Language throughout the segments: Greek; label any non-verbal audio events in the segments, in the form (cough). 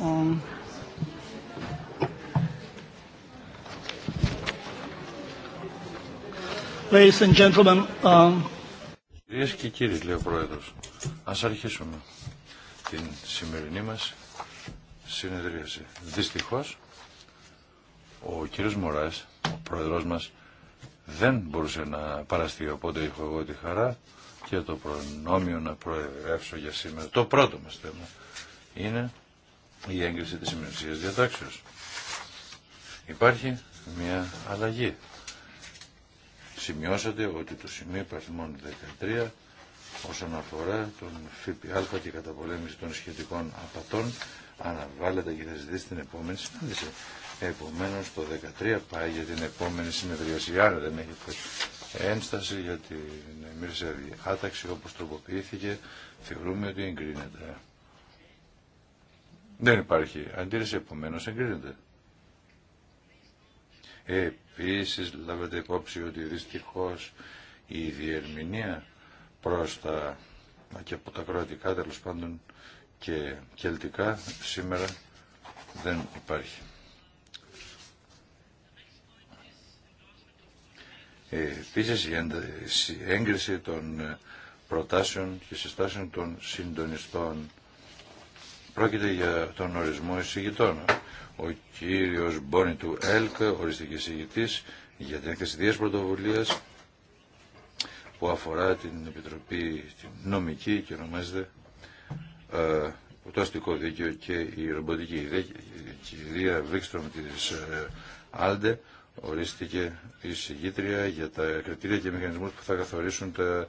Λοιπόν. Um, Κυρίε και κύριοι, λέει ο Πρόεδρο, Α αρχίσουμε την σημερινή μα συνεδρίαση. Δυστυχώ, ο κύριο Μωρά, ο προεδρό μα, δεν μπορούσε να παραστεί, οπότε έχω εγώ τη χαρά και το προνόμιο να προεδρεύσω για σήμερα. Το πρώτο μα θέμα είναι η έγκριση της ημερησίας διατάξεως. Υπάρχει μια αλλαγή. Σημειώσατε ότι το σημείο υπαριθμών 13 όσον αφορά τον ΦΠΑ και καταπολέμηση των σχετικών απατών αναβάλλεται και θα ζητήσει την επόμενη συνάντηση. Επομένως το 13 πάει για την επόμενη συνεδρίαση. Άρα δεν έχει ένσταση για την ημερησία άταξη όπως τροποποιήθηκε. Θεωρούμε ότι εγκρίνεται. Δεν υπάρχει αντίρρηση, επομένω εγκρίνεται. Επίση λάβετε υπόψη ότι δυστυχώ η διερμηνία προ τα και από τα κροατικά τέλο πάντων και κελτικά σήμερα δεν υπάρχει. Επίση, η έγκριση των προτάσεων και συστάσεων των συντονιστών Πρόκειται για τον ορισμό εισηγητών. Ο κύριος Μπόνι του ΕΛΚ, οριστική εισηγητής για την έκθεση Πρωτοβουλία που αφορά την Επιτροπή την νομική και ονομάζεται ε, το αστικό δίκαιο και η ρομποτική η κυρία Βίξτρομ της ε, Άλντε ορίστηκε η συγκήτρια για τα κριτήρια και μηχανισμούς που θα καθορίσουν τα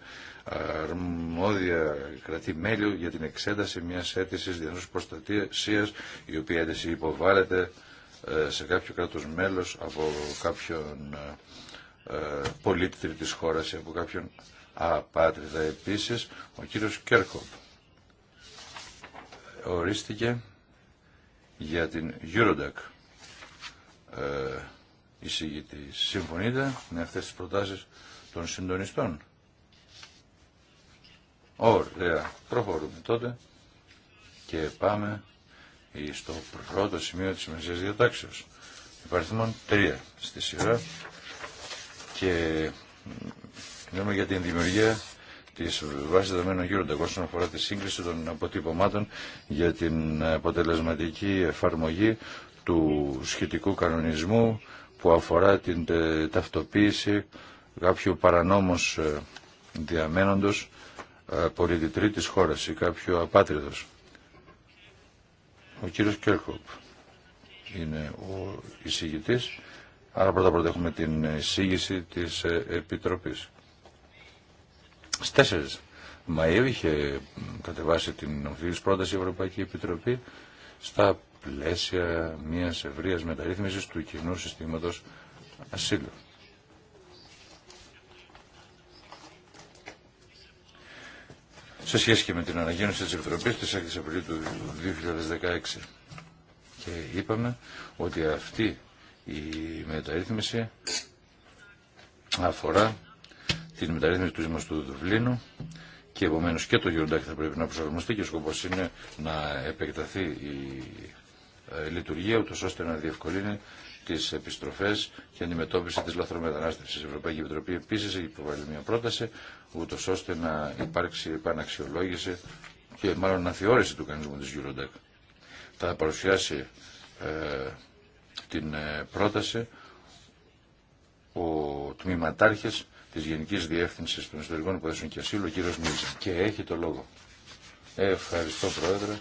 αρμόδια κρατή μέλη για την εξέταση μιας αίτησης διεθνούς προστασίας η οποία αίτηση υποβάλλεται ε, σε κάποιο κράτος μέλος από κάποιον ε, πολίτη της χώρας ή από κάποιον απάτριδα. Επίσης, ο κύριος Κέρκοπ ορίστηκε για την Eurodac ε, εισηγητής. Συμφωνείτε με αυτέ τι προτάσει των συντονιστών. Ωραία, προχωρούμε τότε και πάμε στο πρώτο σημείο της μεσαίας διατάξεως. Υπάρχει 3 στη σειρά και μιλάμε για την δημιουργία της βάσης δεδομένων γύρω όσον αφορά τη σύγκριση των αποτυπωμάτων για την αποτελεσματική εφαρμογή του σχετικού κανονισμού που αφορά την ε, ταυτοποίηση κάποιου παρανόμως ε, διαμένοντος ε, πολίτη τρίτης χώρας ή κάποιου απάτριδος. Ο κύριος Κέρκοπ είναι ο εισηγητής. Άρα πρώτα πρώτα έχουμε την εισήγηση της Επιτροπής. Στις 4 Μαΐου είχε κατεβάσει την οφειλής πρόταση η Ευρωπαϊκή Επιτροπή στα πλαίσια μιας ευρείας μεταρρύθμισης του κοινού συστήματος ασύλου. σε σχέση και με την ανακοίνωση της Επιτροπής της 6 του 2016. Και είπαμε ότι αυτή η μεταρρύθμιση αφορά την μεταρρύθμιση του Δήμου του Δουβλίνου και επομένως και το γεροντάκι θα πρέπει να προσαρμοστεί και ο σκοπός είναι να επεκταθεί η ε, λειτουργία, ούτως ώστε να διευκολύνει τι επιστροφέ και αντιμετώπιση τη λαθρομετανάστευση Η Ευρωπαϊκή Επιτροπή Επίση έχει υποβάλει μια πρόταση, ούτω ώστε να υπάρξει επαναξιολόγηση και μάλλον αναθεώρηση του κανονισμού της Eurodac. Θα παρουσιάσει ε, την ε, πρόταση ο τμήματάρχη τη γενική διεύθυνση των Ιστορικών Υποθέσεων και Ασύλου, ο κ. Και έχει το λόγο. Ε, ευχαριστώ, Πρόεδρε.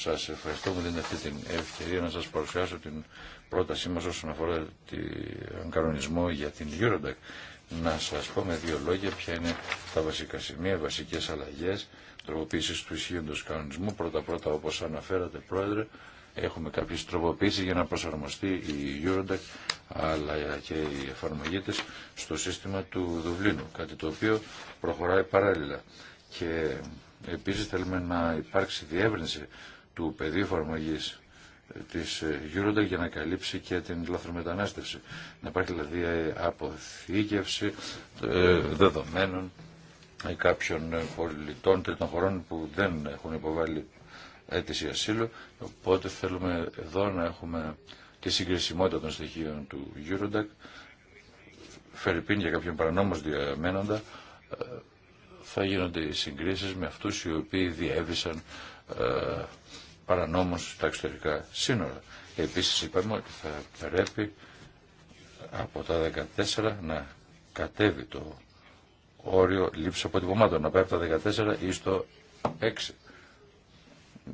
Σας ευχαριστώ που δίνετε αυτή την ευκαιρία να σας παρουσιάσω την πρότασή μας όσον αφορά τον κανονισμό για την Eurodac. Να σας πω με δύο λόγια ποια είναι τα βασικά σημεία, βασικές αλλαγές, τροποποίησης του ισχύοντος κανονισμού. Πρώτα-πρώτα, όπως αναφέρατε, Πρόεδρε, έχουμε κάποιες τροποποίησεις για να προσαρμοστεί η Eurodac αλλά και η εφαρμογή της στο σύστημα του Δουβλίνου, κάτι το οποίο προχωράει παράλληλα. Και επίσης θέλουμε να υπάρξει διεύρυνση του πεδίου εφαρμογή ε, της ε, Eurodac για να καλύψει και την λαθρομετανάστευση. Να υπάρχει δηλαδή ε, αποθήκευση δεδομένων κάποιων πολιτών τρίτων χωρών που δεν έχουν υποβάλει αίτηση ασύλου. Οπότε θέλουμε εδώ να έχουμε τη συγκρισιμότητα των στοιχείων του Eurodac. Φερρυπίν για κάποιον παρανόμως διαμένοντα θα γίνονται οι συγκρίσεις με αυτούς οι οποίοι διέβησαν παρανόμως στα εξωτερικά σύνορα. Επίσης είπαμε ότι θα πρέπει από τα 14 να κατέβει το όριο λήψη αποτυπωμάτων, να πάει από τα 14 ή στο 6.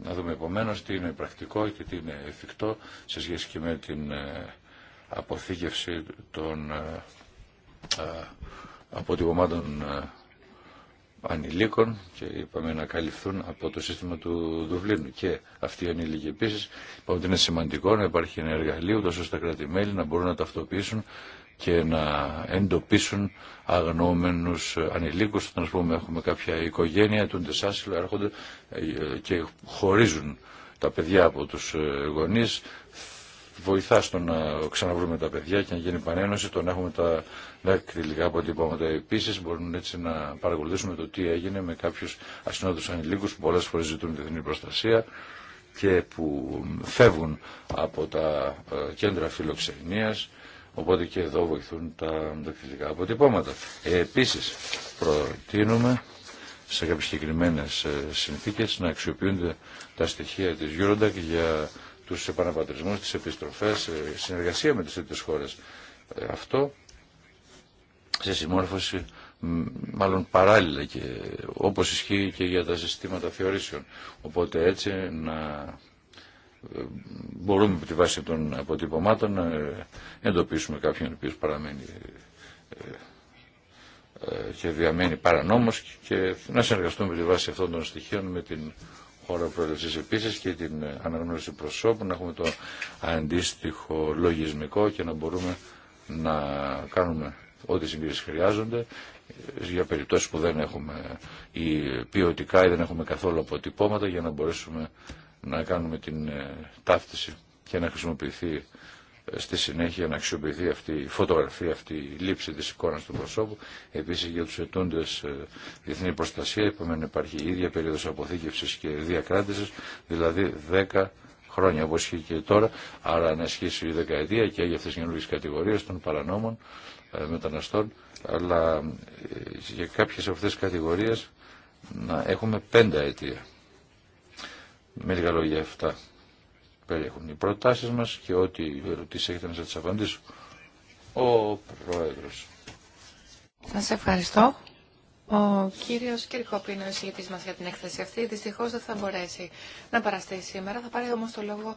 Να δούμε επομένω τι είναι πρακτικό και τι είναι εφικτό σε σχέση και με την ε, αποθήκευση των ε, ε, αποτυπωμάτων ανηλίκων και είπαμε να καλυφθούν από το σύστημα του Δουβλίνου. Και αυτοί οι ανήλικοι επίση είπαμε ότι είναι σημαντικό να υπάρχει ένα εργαλείο τόσο στα κράτη-μέλη να μπορούν να ταυτοποιήσουν και να εντοπίσουν αγνοούμενου ανηλίκους. Όταν, ας πούμε, έχουμε κάποια οικογένεια, του Ντεσάσιλου έρχονται ε, και χωρίζουν τα παιδιά από του ε, γονεί βοηθά στο να ξαναβρούμε τα παιδιά και να γίνει πανένωση, το να έχουμε τα δακτυλικά αποτυπώματα. Επίση, μπορούν έτσι να παρακολουθήσουμε το τι έγινε με κάποιου ασυνόδου ανηλίκου που πολλέ φορέ ζητούν διεθνή προστασία και που φεύγουν από τα ε, κέντρα φιλοξενία. Οπότε και εδώ βοηθούν τα δακτυλικά αποτυπώματα. Επίση, προτείνουμε σε κάποιε συγκεκριμένε ε, συνθήκε να αξιοποιούνται τα στοιχεία τη Eurodac για τους επαναπατρισμούς, τις επιστροφές, ε, συνεργασία με τις τρίτε χώρες. Ε, αυτό σε συμμόρφωση μάλλον παράλληλα και όπως ισχύει και για τα συστήματα θεωρήσεων. Οπότε έτσι να ε, μπορούμε από τη βάση των αποτυπωμάτων να εντοπίσουμε κάποιον ο οποίος παραμένει και διαμένει παρανόμως και να συνεργαστούμε με τη βάση αυτών των στοιχείων με την χώρα προέλευση επίση και την αναγνώριση προσώπου, να έχουμε το αντίστοιχο λογισμικό και να μπορούμε να κάνουμε ό,τι συγκρίσει χρειάζονται για περιπτώσει που δεν έχουμε ή ποιοτικά ή δεν έχουμε καθόλου αποτυπώματα για να μπορέσουμε να κάνουμε την ε, ταύτιση και να χρησιμοποιηθεί στη συνέχεια να αξιοποιηθεί αυτή η φωτογραφία, αυτή η λήψη της εικόνας του προσώπου. Επίσης για τους ετούντες ε, διεθνή προστασία, είπαμε υπάρχει η ίδια περίοδος αποθήκευση και διακράτησης, δηλαδή 10 χρόνια όπως είχε και τώρα, άρα να ισχύσει η δεκαετία και για αυτές τις καινούργιες κατηγορίες των παρανόμων ε, μεταναστών, αλλά ε, για κάποιες αυτές τις κατηγορίες να έχουμε πέντε αιτία. Με λίγα λόγια αυτά περιέχουν οι προτάσεις μας και ό,τι ερωτήσεις έχετε να σας απαντήσω. Ο Πρόεδρος. Σας ευχαριστώ. Ο κύριος Κυρκόπη είναι ο εισηγητής μας για την έκθεση αυτή. Δυστυχώς δεν θα μπορέσει να παραστεί σήμερα. Θα πάρει όμως το λόγο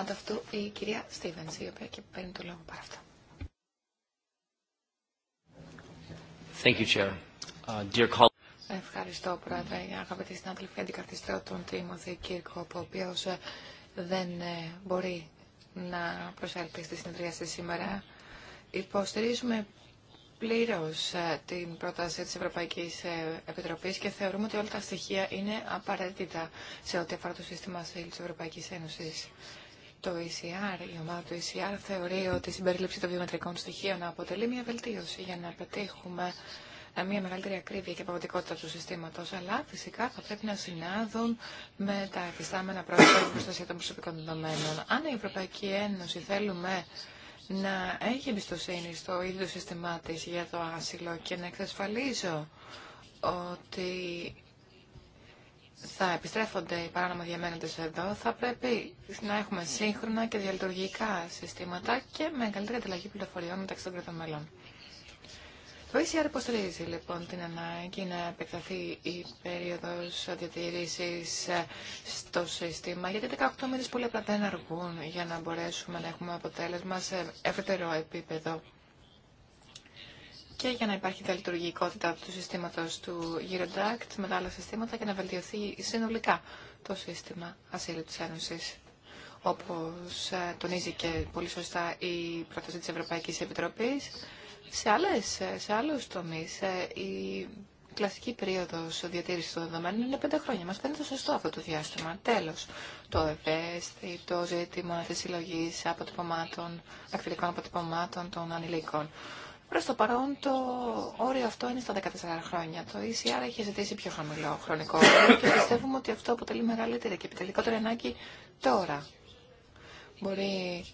ανταυτού η κυρία Στίβενς, η οποία και παίρνει το λόγο παρά αυτά. Thank you, Chair. Uh, dear Ευχαριστώ, Πρόεδρε, αγαπητοί συνάδελφοι. Αντικαθιστώ τον Τίμωθη Κύρκο, ο οποίο ε, δεν ε, μπορεί να προσέλθει στη συνεδρίαση σήμερα. Υποστηρίζουμε πλήρως ε, την πρόταση της Ευρωπαϊκής ε, Επιτροπής και θεωρούμε ότι όλα τα στοιχεία είναι απαραίτητα σε ό,τι αφορά το σύστημα ασύλου της Ευρωπαϊκής Ένωσης. Το ECR, η ομάδα του ECR θεωρεί ότι η συμπερίληψη των βιομετρικών στοιχείων αποτελεί μια βελτίωση για να πετύχουμε ε, μια μεγαλύτερη ακρίβεια και αποδοτικότητα του συστήματο, αλλά φυσικά θα πρέπει να συνάδουν με τα εφιστάμενα πρότυπα για προστασία των προσωπικών δεδομένων. Αν η Ευρωπαϊκή Ένωση θέλουμε να έχει εμπιστοσύνη στο ίδιο σύστημά τη για το άσυλο και να εξασφαλίζω ότι θα επιστρέφονται οι παράνομα διαμένοντες εδώ, θα πρέπει να έχουμε σύγχρονα και διαλειτουργικά συστήματα και μεγαλύτερη ανταλλαγή πληροφοριών μεταξύ των κρατών μελών. Το ECR υποστηρίζει λοιπόν την ανάγκη να επεκταθεί η περίοδος διατηρήσης ε, στο σύστημα, γιατί 18 μήνες πολύ απλά δεν αργούν για να μπορέσουμε να έχουμε αποτέλεσμα σε ευρύτερο επίπεδο και για να υπάρχει τα λειτουργικότητα του συστήματος του Eurodact με τα άλλα συστήματα και να βελτιωθεί συνολικά το σύστημα ασύλου της Ένωσης όπως ε, τονίζει και πολύ σωστά η πρόταση της Ευρωπαϊκής Επιτροπής. Σε, άλλες, σε τομείς ε, η κλασική περίοδος διατήρησης των δεδομένων είναι πέντε χρόνια. Μας φαίνεται σωστό αυτό το διάστημα. Τέλος, το το ζήτημα της συλλογής αποτυπωμάτων, ακτιλικών αποτυπωμάτων των ανηλίκων. Προ το παρόν το όριο αυτό είναι στα 14 χρόνια. Το ECR έχει ζητήσει πιο χαμηλό χρονικό όριο και πιστεύουμε ότι αυτό αποτελεί μεγαλύτερη και επιτελικότερη ανάγκη τώρα. Μπορεί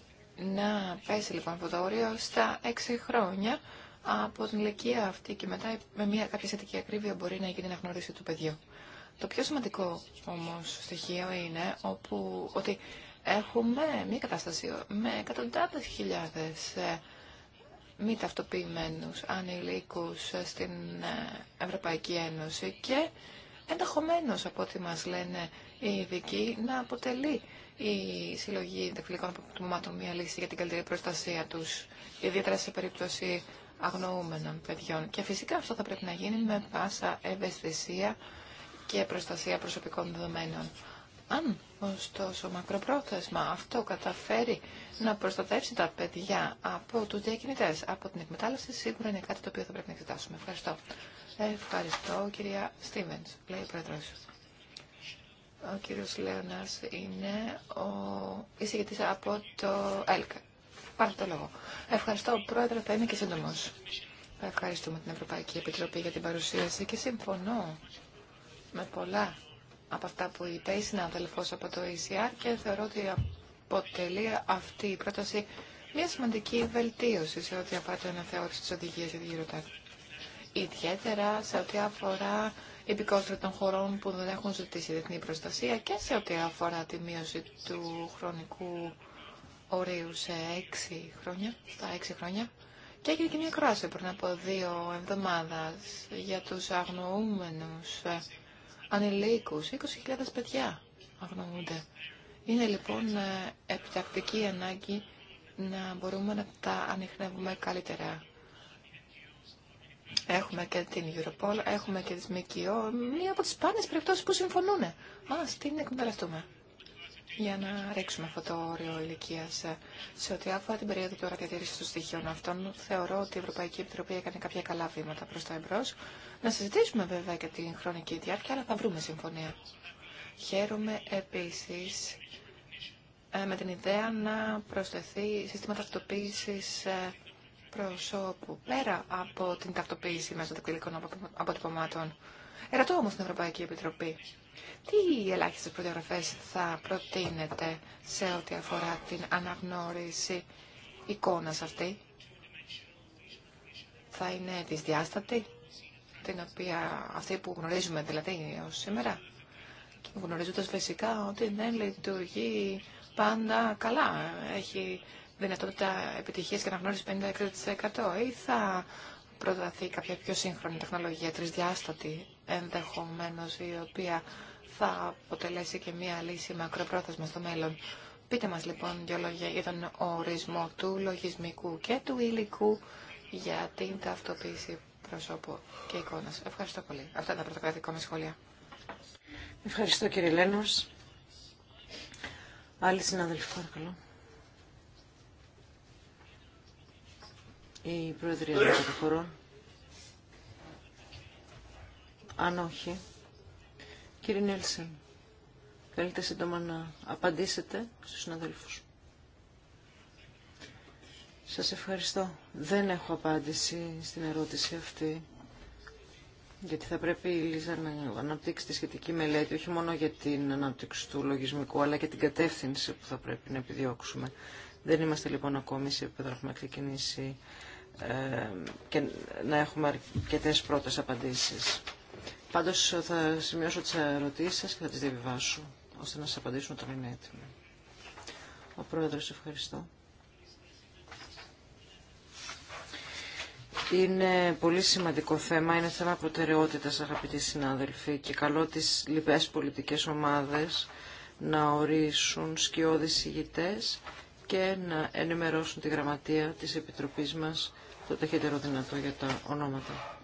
να πέσει λοιπόν από το όριο στα 6 χρόνια από την ηλικία αυτή και μετά με μια κάποια σχετική ακρίβεια μπορεί να γίνει αναγνώριση του παιδιού. Το πιο σημαντικό όμως στοιχείο είναι όπου, ότι έχουμε μια κατάσταση με εκατοντάδες χιλιάδες ε, μη ταυτοποιημένους ανηλίκους ε, στην ε, Ευρωπαϊκή Ένωση και ενδεχομένω από ό,τι μας λένε οι ειδικοί να αποτελεί η συλλογή Δεκφυλικών Αποκτημάτων μια λύση για την καλύτερη προστασία του, ιδιαίτερα σε περίπτωση αγνοούμενων παιδιών. Και φυσικά αυτό θα πρέπει να γίνει με πάσα ευαισθησία και προστασία προσωπικών δεδομένων. Αν ωστόσο μακροπρόθεσμα αυτό καταφέρει να προστατεύσει τα παιδιά από του διακινητέ, από την εκμετάλλευση, σίγουρα είναι κάτι το οποίο θα πρέπει να εξετάσουμε. Ευχαριστώ. Ευχαριστώ, κυρία Στίβεν, λέει ο Πρόεδρο. Ο κύριος Λέωνας είναι ο εισηγητής από το ΕΛΚΑ. Πάρτε το λόγο. Ευχαριστώ, Πρόεδρε, θα είναι και σύντομο. Ευχαριστούμε την Ευρωπαϊκή Επιτροπή για την παρουσίαση και συμφωνώ με πολλά από αυτά που είπε η συνάδελφος από το ECR και θεωρώ ότι αποτελεί αυτή η πρόταση μια σημαντική βελτίωση σε ό,τι αφορά το αναθεώρηση της οδηγίας για τη Ιδιαίτερα σε ό,τι αφορά επικόστρα των χωρών που δεν έχουν ζητήσει διεθνή προστασία και σε ό,τι αφορά τη μείωση του χρονικού ορίου σε 6 χρόνια, στα έξι χρόνια. Και έγινε και μια κράση πριν από δύο εβδομάδες για τους αγνοούμενους ε, ανηλίκους. 20.000 παιδιά αγνοούνται. Είναι λοιπόν ε, επιτακτική ανάγκη να μπορούμε να τα ανοιχνεύουμε καλύτερα. Έχουμε και την Europol, έχουμε και τις ΜΚΟ, μία από τις σπάνιες περιπτώσεις που συμφωνούν. Ας την εκμεταλλευτούμε για να ρίξουμε αυτό το όριο ηλικία. Σε ό,τι αφορά την περίοδο τώρα διατήρηση των στοιχείων αυτών, θεωρώ ότι η Ευρωπαϊκή Επιτροπή έκανε κάποια καλά βήματα προ τα εμπρό. Να συζητήσουμε βέβαια και την χρονική διάρκεια, αλλά θα βρούμε συμφωνία. Χαίρομαι επίση ε, με την ιδέα να προσθεθεί συστήματα αυτοποίηση ε, προσώπου, πέρα από την ταυτοποίηση μέσω δακτυλικών αποτυπωμάτων. Ερωτώ όμως την Ευρωπαϊκή Επιτροπή. Τι ελάχιστες προδιαγραφές θα προτείνετε σε ό,τι αφορά την αναγνώριση εικόνας αυτή. Θα είναι της διάστατη, την οποία αυτή που γνωρίζουμε δηλαδή ω σήμερα. γνωρίζοντα γνωρίζοντας φυσικά ότι δεν λειτουργεί πάντα καλά. Έχει δυνατότητα επιτυχία και αναγνώριση 50-60% ή θα προταθεί κάποια πιο η οποία θα προταθει καποια πιο συγχρονη τεχνολογια τρισδιαστατη ενδεχομενω η οποια θα αποτελεσει και μία λύση μακροπρόθεσμα στο μέλλον. Πείτε μας λοιπόν δύο λόγια για τον ορισμό του λογισμικού και του υλικού για την ταυτοποίηση προσώπου και εικόνας. Ευχαριστώ πολύ. Αυτά είναι τα πρωτοκρατικά με σχόλια. Ευχαριστώ κύριε Λένος. Άλλοι συνάδελφοι, παρακαλώ. Η Προεδρία των Καταφορών. Αν όχι, κύριε Νίλσεν, καλείτε σύντομα να απαντήσετε στους συναδέλφους. Σας ευχαριστώ. Δεν έχω απάντηση στην ερώτηση αυτή. Γιατί θα πρέπει η Λίζα να αναπτύξει τη σχετική μελέτη, όχι μόνο για την ανάπτυξη του λογισμικού, αλλά και την κατεύθυνση που θα πρέπει να επιδιώξουμε. Δεν είμαστε λοιπόν ακόμη σε επίπεδο, έχουμε ξεκινήσει και να έχουμε αρκετές πρώτες απαντήσεις. Πάντως θα σημειώσω τις ερωτήσεις σας και θα τις διαβιβάσω, ώστε να σας απαντήσουν όταν είναι έτοιμοι. Ο Πρόεδρος, ευχαριστώ. Είναι πολύ σημαντικό θέμα, είναι θέμα προτεραιότητας αγαπητοί συνάδελφοι και καλό τις λοιπές πολιτικές ομάδες να ορίσουν σκιώδεις ηγητές και να ενημερώσουν τη γραμματεία της Επιτροπής μας το ταχύτερο δυνατό για τα ονόματα.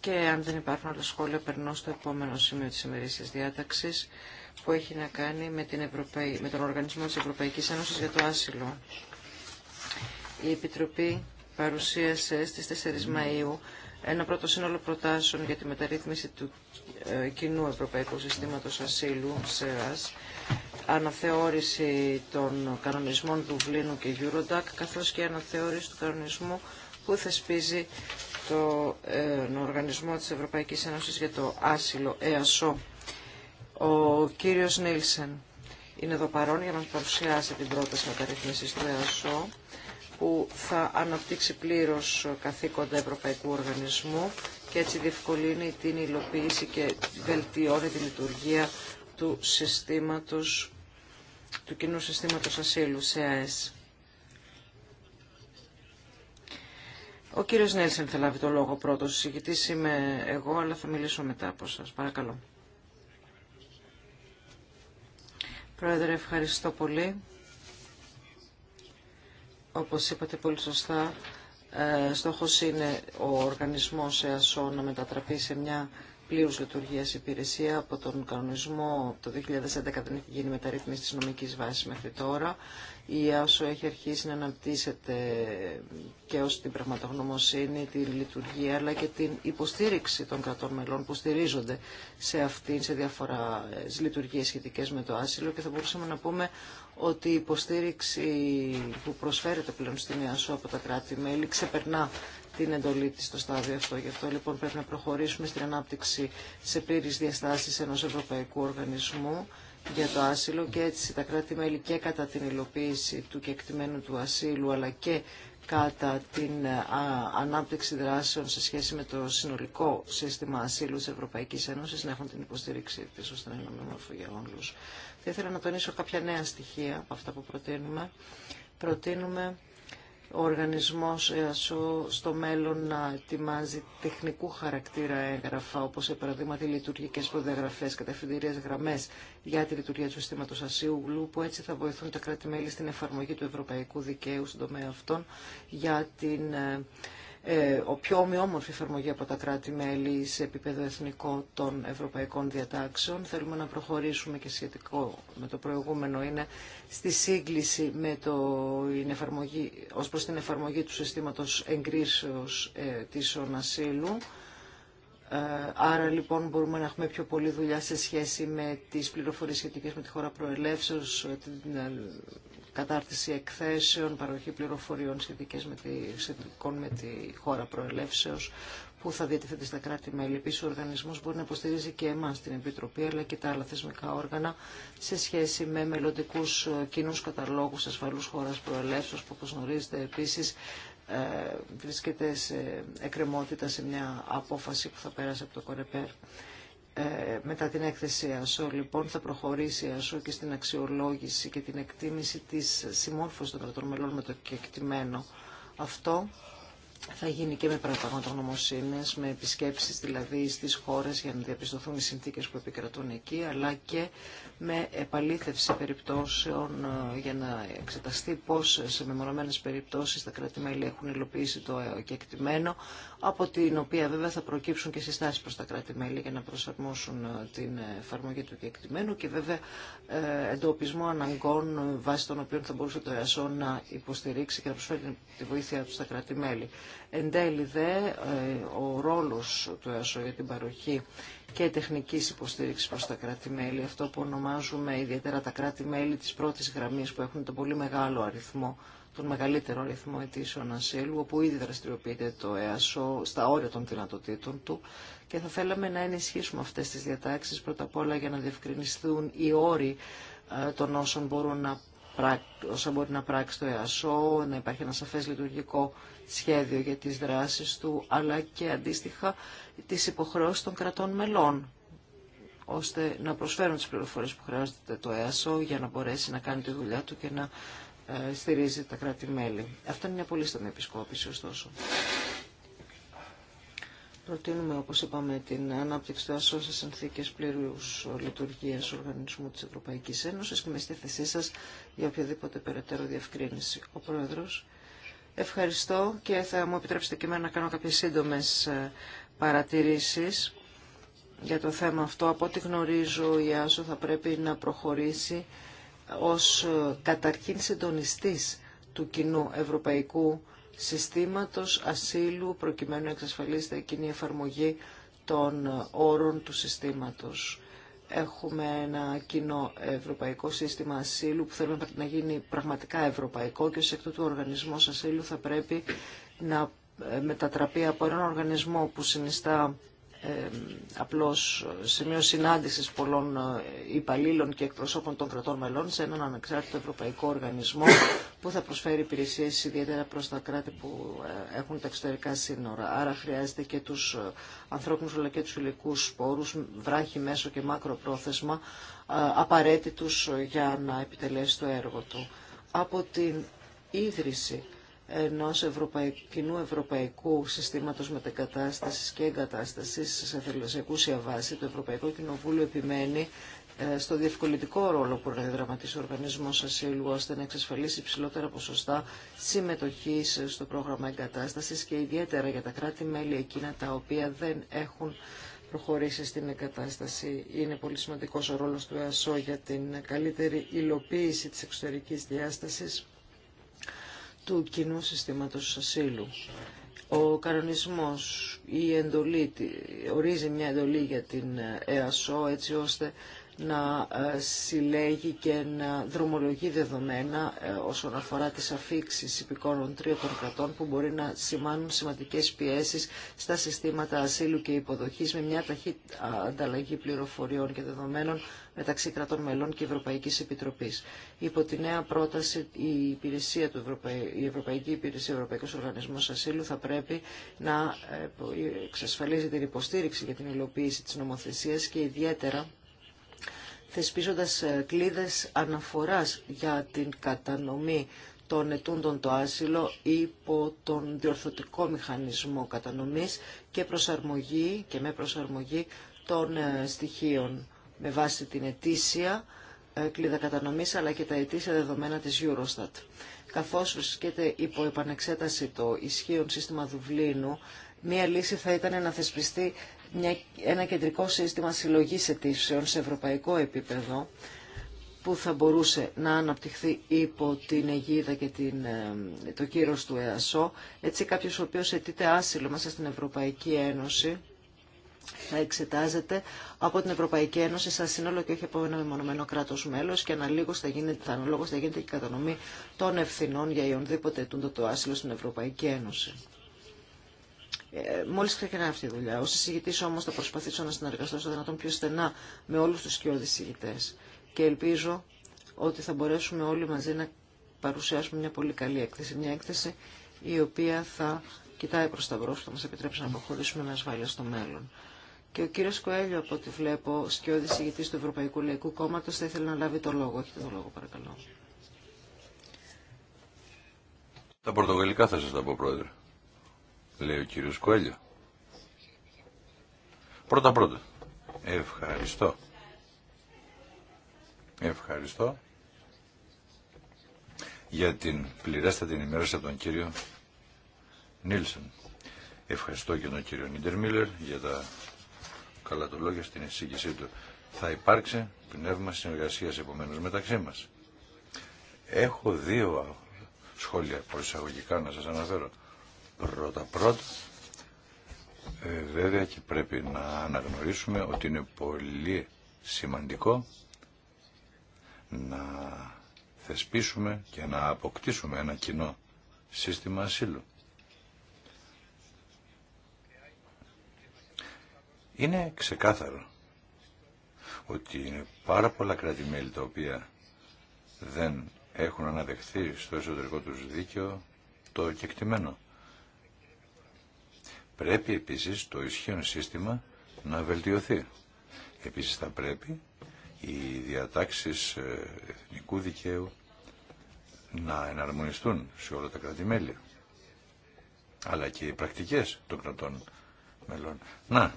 Και αν δεν υπάρχουν άλλα σχόλια, περνώ στο επόμενο σημείο της ημερήσιας διάταξης που έχει να κάνει με, την Ευρωπαϊ... με τον Οργανισμό της Ευρωπαϊκής Ένωσης για το Άσυλο. Η Επιτροπή παρουσίασε στις 4 Μαΐου ένα πρώτο σύνολο προτάσεων για τη μεταρρύθμιση του ε, κοινού Ευρωπαϊκού Συστήματος Ασύλου, ΣΕΑΣ, αναθεώρηση των κανονισμών Δουβλίνου και Eurodac, καθώς και αναθεώρηση του κανονισμού που θεσπίζει το ε, Οργανισμό της Ευρωπαϊκής Ένωσης για το Άσυλο, ΕΑΣΟ. Ο κύριος Νίλσεν είναι εδώ παρόν για να παρουσιάσει την πρόταση μεταρρύθμισης του ΕΑΣΟ που θα αναπτύξει πλήρως καθήκοντα Ευρωπαϊκού Οργανισμού και έτσι διευκολύνει την υλοποίηση και βελτιώνει τη λειτουργία του συστήματος του κοινού συστήματος ασύλου, Ο κύριος Νέλσεν θα λάβει το λόγο πρώτος. Συγητής είμαι εγώ, αλλά θα μιλήσω μετά από σας. Παρακαλώ. Πρόεδρε, ευχαριστώ πολύ. Όπως είπατε πολύ σωστά, ε, στόχος είναι ο οργανισμός ΕΑΣΟ να μετατραπεί σε μια πλήρους λειτουργίας υπηρεσία από τον κανονισμό το 2011 δεν έχει γίνει μεταρρύθμιση της νομικής βάσης μέχρι τώρα. Η ΆΣΟ έχει αρχίσει να αναπτύσσεται και ως την πραγματογνωμοσύνη, τη λειτουργία αλλά και την υποστήριξη των κρατών μελών που στηρίζονται σε αυτήν, σε διάφορα ε, λειτουργίες σχετικές με το άσυλο και θα μπορούσαμε να πούμε ότι η υποστήριξη που προσφέρεται πλέον στην από τα κράτη-μέλη ξεπερνά την εντολή της στο στάδιο αυτό. Γι' αυτό λοιπόν πρέπει να προχωρήσουμε στην ανάπτυξη σε πλήρης διαστάσεις ενός ευρωπαϊκού οργανισμού για το άσυλο και έτσι τα κράτη-μέλη και κατά την υλοποίηση του κεκτημένου του ασύλου αλλά και κατά την ανάπτυξη δράσεων σε σχέση με το συνολικό σύστημα ασύλου της Ευρωπαϊκής Ένωσης να έχουν την υποστήριξή της ώστε να είναι ομοιόμορφο για όλους. Θα ήθελα να τονίσω κάποια νέα στοιχεία από αυτά που προτείνουμε. Προτείνουμε ο οργανισμός ΕΑΣΟ στο μέλλον να ετοιμάζει τεχνικού χαρακτήρα έγγραφα, όπως σε παραδείγματι λειτουργικές προδιαγραφές, καταφυντηρίες γραμμές για τη λειτουργία του συστήματος γλου που έτσι θα βοηθούν τα κράτη-μέλη στην εφαρμογή του ευρωπαϊκού δικαίου στον τομέα αυτών για την ε, ε, ο πιο ομοιόμορφη εφαρμογή από τα κράτη-μέλη σε επίπεδο εθνικό των ευρωπαϊκών διατάξεων. Θέλουμε να προχωρήσουμε και σχετικό με το προηγούμενο είναι στη σύγκληση με το, την εφαρμογή, ως προς την εφαρμογή του συστήματος εγκρίσεως ε, της Ε, Άρα λοιπόν μπορούμε να έχουμε πιο πολλή δουλειά σε σχέση με τις πληροφορίες σχετικές με τη χώρα προελεύσεως, ε, ε, κατάρτιση εκθέσεων, παροχή πληροφοριών σχετικές με τη, σχετικών με τη χώρα προελεύσεως που θα διατίθεται στα κράτη-μέλη. Επίσης, ο οργανισμός μπορεί να υποστηρίζει και εμάς την Επιτροπή αλλά και τα άλλα θεσμικά όργανα σε σχέση με μελλοντικού ε, κοινού καταλόγους ασφαλούς χώρας προελεύσεως που όπως γνωρίζετε επίσης ε, βρίσκεται σε εκκρεμότητα σε μια απόφαση που θα πέρασε από το Κορεπέρ. Ε, μετά την έκθεση ΑΣΟ, λοιπόν, θα προχωρήσει η ΑΣΟ και στην αξιολόγηση και την εκτίμηση της συμμόρφωσης των κρατών μελών με το κεκτημένο. Αυτό θα γίνει και με νομοσύνε, με επισκέψεις δηλαδή στις χώρες για να διαπιστωθούν οι συνθήκες που επικρατούν εκεί, αλλά και με επαλήθευση περιπτώσεων ε, για να εξεταστεί πώς σε μεμονωμένες περιπτώσεις τα κράτη-μέλη έχουν υλοποιήσει το κεκτημένο, από την οποία βέβαια θα προκύψουν και συστάσεις προς τα κράτη-μέλη για να προσαρμόσουν ε, την εφαρμογή του κεκτημένου και βέβαια ε, εντοπισμό αναγκών βάσει των οποίων θα μπορούσε το ΕΑΣΟ να υποστηρίξει και να προσφέρει τη βοήθειά του στα κράτη-μέλη. Εν τέλει δε, ο ρόλος του ΕΑΣΟ για την παροχή και τεχνικής υποστήριξης προς τα κράτη-μέλη, αυτό που ονομάζουμε ιδιαίτερα τα κράτη-μέλη της πρώτης γραμμής που έχουν τον πολύ μεγάλο αριθμό, τον μεγαλύτερο αριθμό ετήσεων ασύλου, όπου ήδη δραστηριοποιείται το ΕΑΣΟ στα όρια των δυνατοτήτων του και θα θέλαμε να ενισχύσουμε αυτές τις διατάξεις πρώτα απ' όλα για να διευκρινιστούν οι όροι ε, των όσων μπορούν να όσα μπορεί να πράξει το ΕΑΣΟ, να υπάρχει ένα σαφές λειτουργικό σχέδιο για τις δράσεις του, αλλά και αντίστοιχα τις υποχρεώσεις των κρατών μελών, ώστε να προσφέρουν τις πληροφορίες που χρειάζεται το ΕΑΣΟ για να μπορέσει να κάνει τη δουλειά του και να ε, στηρίζει τα κράτη-μέλη. Αυτό είναι μια πολύ στενή επισκόπηση, ωστόσο. Προτείνουμε, όπως είπαμε, την ανάπτυξη του ΑΣΟ σε συνθήκες πλήρους λειτουργίας οργανισμού της Ευρωπαϊκής Ένωσης και με στη θέσή σας για οποιαδήποτε περαιτέρω διευκρίνηση. Ο Πρόεδρος, ευχαριστώ και θα μου επιτρέψετε και εμένα να κάνω κάποιες σύντομες ε, παρατηρήσεις για το θέμα αυτό. Από ό,τι γνωρίζω, η ΑΣΟ θα πρέπει να προχωρήσει ως ε, καταρχήν συντονιστής του κοινού ευρωπαϊκού συστήματος ασύλου προκειμένου να εξασφαλίσετε εκείνη εφαρμογή των όρων του συστήματος. Έχουμε ένα κοινό ευρωπαϊκό σύστημα ασύλου που θέλουμε να γίνει πραγματικά ευρωπαϊκό και ως εκ του ο οργανισμός ασύλου θα πρέπει να ε, μετατραπεί από έναν οργανισμό που συνιστά ε, απλώς σημείο συνάντησης πολλών ε, υπαλλήλων και εκπροσώπων των κρατών μελών σε έναν ανεξάρτητο ευρωπαϊκό οργανισμό που θα προσφέρει υπηρεσίες ιδιαίτερα προς τα κράτη που ε, έχουν τα εξωτερικά σύνορα. Άρα χρειάζεται και τους ε, ανθρώπινους αλλά και τους υλικούς σπόρους, βράχη, μέσο και μακροπρόθεσμα, ε, απαραίτητους για να επιτελέσει το έργο του. Από την ίδρυση ενός κοινού ευρωπαϊκού συστήματος μετεγκατάστασης και εγκατάστασης σε θελασσιακούσια βάση, το Ευρωπαϊκό Κοινοβούλιο επιμένει ε, στο διευκολυντικό ρόλο που διαδραματίσει ο οργανισμό ασύλου ώστε να εξασφαλίσει υψηλότερα ποσοστά συμμετοχή στο πρόγραμμα εγκατάσταση και ιδιαίτερα για τα κράτη-μέλη εκείνα τα οποία δεν έχουν προχωρήσει στην εγκατάσταση. Είναι πολύ σημαντικό ο ρόλο του ΕΑΣΟ για την καλύτερη υλοποίηση τη εξωτερική διάσταση του κοινού συστήματος ασύλου. Ο κανονισμός, η εντολή, ορίζει μια εντολή για την ΕΑΣΟ έτσι ώστε να ε, συλλέγει και να δρομολογεί δεδομένα ε, όσον αφορά τις αφήξεις υπηκόνων τρίτων κρατών που μπορεί να σημάνουν σημαντικές πιέσεις στα συστήματα ασύλου και υποδοχής με μια ταχύ ανταλλαγή πληροφοριών και δεδομένων μεταξύ κρατών μελών και Ευρωπαϊκής Επιτροπής. Υπό τη νέα πρόταση η, υπηρεσία του Ευρωπαϊ... η Ευρωπαϊκή Υπηρεσία Ευρωπαϊκός Οργανισμός Ασύλου θα πρέπει να ε, εξασφαλίζει την υποστήριξη για την υλοποίηση της νομοθεσίας και ιδιαίτερα θεσπίζοντας ε, κλίδες αναφοράς για την κατανομή των ετούντων το άσυλο υπό τον διορθωτικό μηχανισμό κατανομής και προσαρμογή και με προσαρμογή των ε, στοιχείων με βάση την ετήσια ε, κλίδα κατανομής αλλά και τα ετήσια δεδομένα της Eurostat. Καθώς βρίσκεται υπό επανεξέταση το ισχύον σύστημα Δουβλίνου, μία λύση θα ήταν να θεσπιστεί μια, ένα κεντρικό σύστημα συλλογής αιτήσεων σε ευρωπαϊκό επίπεδο που θα μπορούσε να αναπτυχθεί υπό την αιγίδα και την, ε, το κύρος του ΕΑΣΟ. Έτσι κάποιος ο οποίος αιτείται άσυλο μέσα στην Ευρωπαϊκή Ένωση θα εξετάζεται από την Ευρωπαϊκή Ένωση σαν σύνολο και όχι από ένα μεμονωμένο κράτο μέλο και αναλόγω θα, γίνεται, θα, θα γίνεται η κατανομή των ευθυνών για οποιονδήποτε ετούντο το άσυλο στην Ευρωπαϊκή Ένωση. Μόλι ε, μόλις ξεκινάει αυτή η δουλειά. Ως εισηγητής όμω θα προσπαθήσω να συνεργαστώ στο δυνατόν πιο στενά με όλου του σκιώδεις εισηγητές. Και ελπίζω ότι θα μπορέσουμε όλοι μαζί να παρουσιάσουμε μια πολύ καλή έκθεση. Μια έκθεση η οποία θα κοιτάει προ τα μπρος, θα μα επιτρέψει να προχωρήσουμε με ασφάλεια στο μέλλον. Και ο κύριο Κοέλιο, από ό,τι βλέπω, σκιώδη ηγητή του Ευρωπαϊκού Λαϊκού Κόμματο, θα ήθελε να λάβει το λόγο. Έχετε το λόγο, παρακαλώ. Τα πορτογαλικά θα σα τα πω, Πρόεδρε λέει ο κύριο Κοέλιο. Πρώτα πρώτα. Ευχαριστώ. Ευχαριστώ για την πληρέστατη ενημέρωση από τον κύριο Νίλσον. Ευχαριστώ και τον κύριο Νίντερ Μίλλερ για τα καλά του λόγια στην εισήγησή του. Θα υπάρξει πνεύμα συνεργασίας επομένως μεταξύ μας. Έχω δύο σχόλια προσαγωγικά να σας αναφέρω. Πρώτα-πρώτα, ε, βέβαια και πρέπει να αναγνωρίσουμε ότι είναι πολύ σημαντικό να θεσπίσουμε και να αποκτήσουμε ένα κοινό σύστημα ασύλου. Είναι ξεκάθαρο ότι είναι πάρα πολλά κράτη-μέλη τα οποία δεν έχουν αναδεχθεί στο εσωτερικό τους δίκαιο το κεκτημένο. Πρέπει επίσης το ισχύον σύστημα να βελτιωθεί. Επίσης θα πρέπει οι διατάξεις ε, εθνικού δικαίου να εναρμονιστούν σε όλα τα κρατη αλλά και οι πρακτικές των κρατών μελών. Να,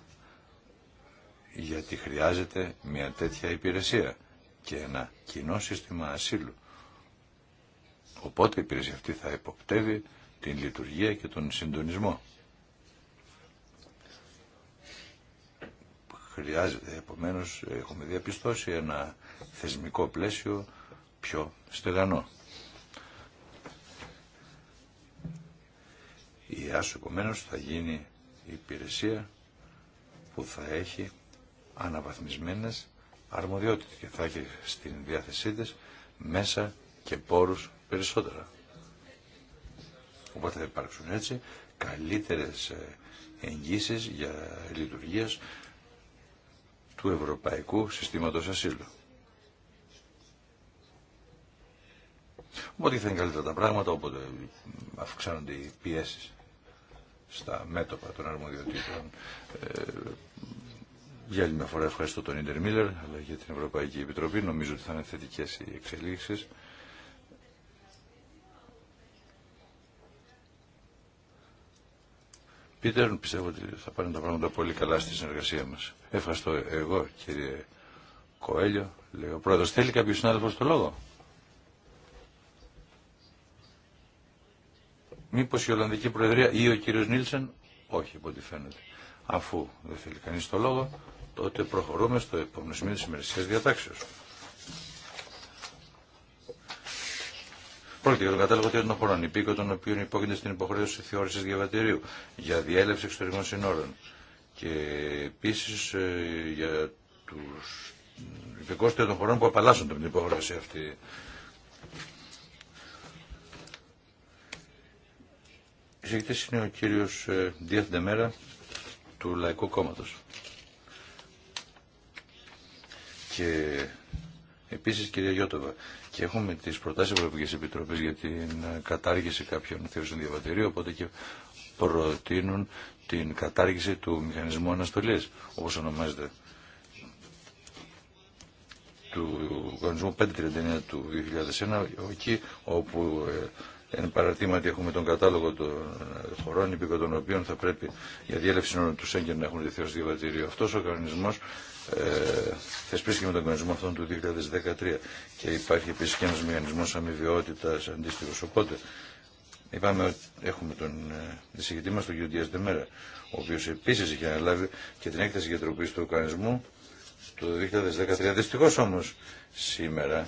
γιατί χρειάζεται μια τέτοια υπηρεσία και ένα κοινό σύστημα ασύλου. Οπότε η υπηρεσία αυτή θα υποπτεύει την λειτουργία και τον συντονισμό. Χρειάζεται, επομένως, έχουμε διαπιστώσει ένα θεσμικό πλαίσιο πιο στεγανό. Η ΕΑΣΟ, επομένως, θα γίνει η υπηρεσία που θα έχει αναβαθμισμένες αρμοδιότητες και θα έχει στην διάθεσή της μέσα και πόρους περισσότερα. Οπότε θα υπάρξουν έτσι καλύτερες ε, εγγύσεις για λειτουργίες του Ευρωπαϊκού Συστήματος Ασύλου. Οπότε θα είναι καλύτερα τα πράγματα, όποτε αυξάνονται οι πιέσεις στα μέτωπα των αρμοδιοτήτων. Ε, για άλλη μια φορά ευχαριστώ τον Ιντερ Μίλλερ, αλλά για την Ευρωπαϊκή Επιτροπή νομίζω ότι θα είναι θετικές οι εξελίξεις Πίτερ, πιστεύω ότι θα πάνε τα πράγματα πολύ καλά στη συνεργασία μας. Ευχαριστώ εγώ, κύριε Κοέλιο. Λέει ο πρόεδρος, θέλει κάποιος συνάδελφος το λόγο. Μήπως η Ολλανδική Προεδρία ή ο κύριος Νίλσεν, όχι από ό,τι φαίνεται. Αφού δεν θέλει κανείς το λόγο, τότε προχωρούμε στο επόμενο σημείο της ημερησίας διατάξεως. Πρόκειται για τον κατάλογο των χωρών υπήκο των οποίων υπόκεινται στην υποχρέωση θεώρηση διαβατηρίου για διέλευση εξωτερικών συνόρων και επίση ε, για του υπηκόστου των χωρών που απαλλάσσονται από την υποχρέωση αυτή. Εισηγητής είναι ο κύριο ε, Δίαθ του Λαϊκού Κόμματο. Και επίση κυρία Γιώτοβα και έχουμε τις προτάσεις Ευρωπαϊκής Επιτροπής για την κατάργηση κάποιων θεωρήσεων διαβατηρίου, οπότε και προτείνουν την κατάργηση του μηχανισμού αναστολής, όπως ονομάζεται του κανονισμού 539 του 2001, εκεί όπου ε, εν παρατήματι έχουμε τον κατάλογο των ε, χωρών υπήκο των οποίων θα πρέπει για διέλευση του Σέγγεν να έχουν τη θέση διαβατηρίου. Αυτό ο οργανισμός ε, θεσπίστηκε με τον κανονισμό αυτόν του 2013 και υπάρχει επίση και ένα μηχανισμό αμοιβαιότητα αντίστοιχο. Οπότε είπαμε ότι έχουμε τον ε, εισηγητή μα τον κ. Διά Δεμέρα, ο οποίο επίση είχε αναλάβει και την έκθεση για του οργανισμού το 2013. Δυστυχώ όμω, σήμερα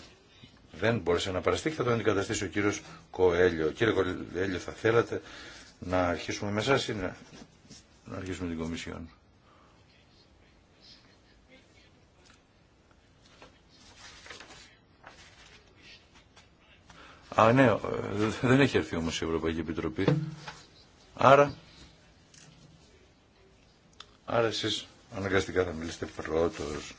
δεν μπόρεσε να παραστεί και θα τον αντικαταστήσει ο κύριος Κοέλιο. Κύριε Κοέλιο, θα θέλατε να αρχίσουμε με εσά ή να, να αρχίσουμε την Κομισιόν. Α, ναι, ε, δεν έχει έρθει όμως η Ευρωπαϊκή Επιτροπή. Άρα, άρα εσείς αναγκαστικά θα μιλήσετε πρώτος.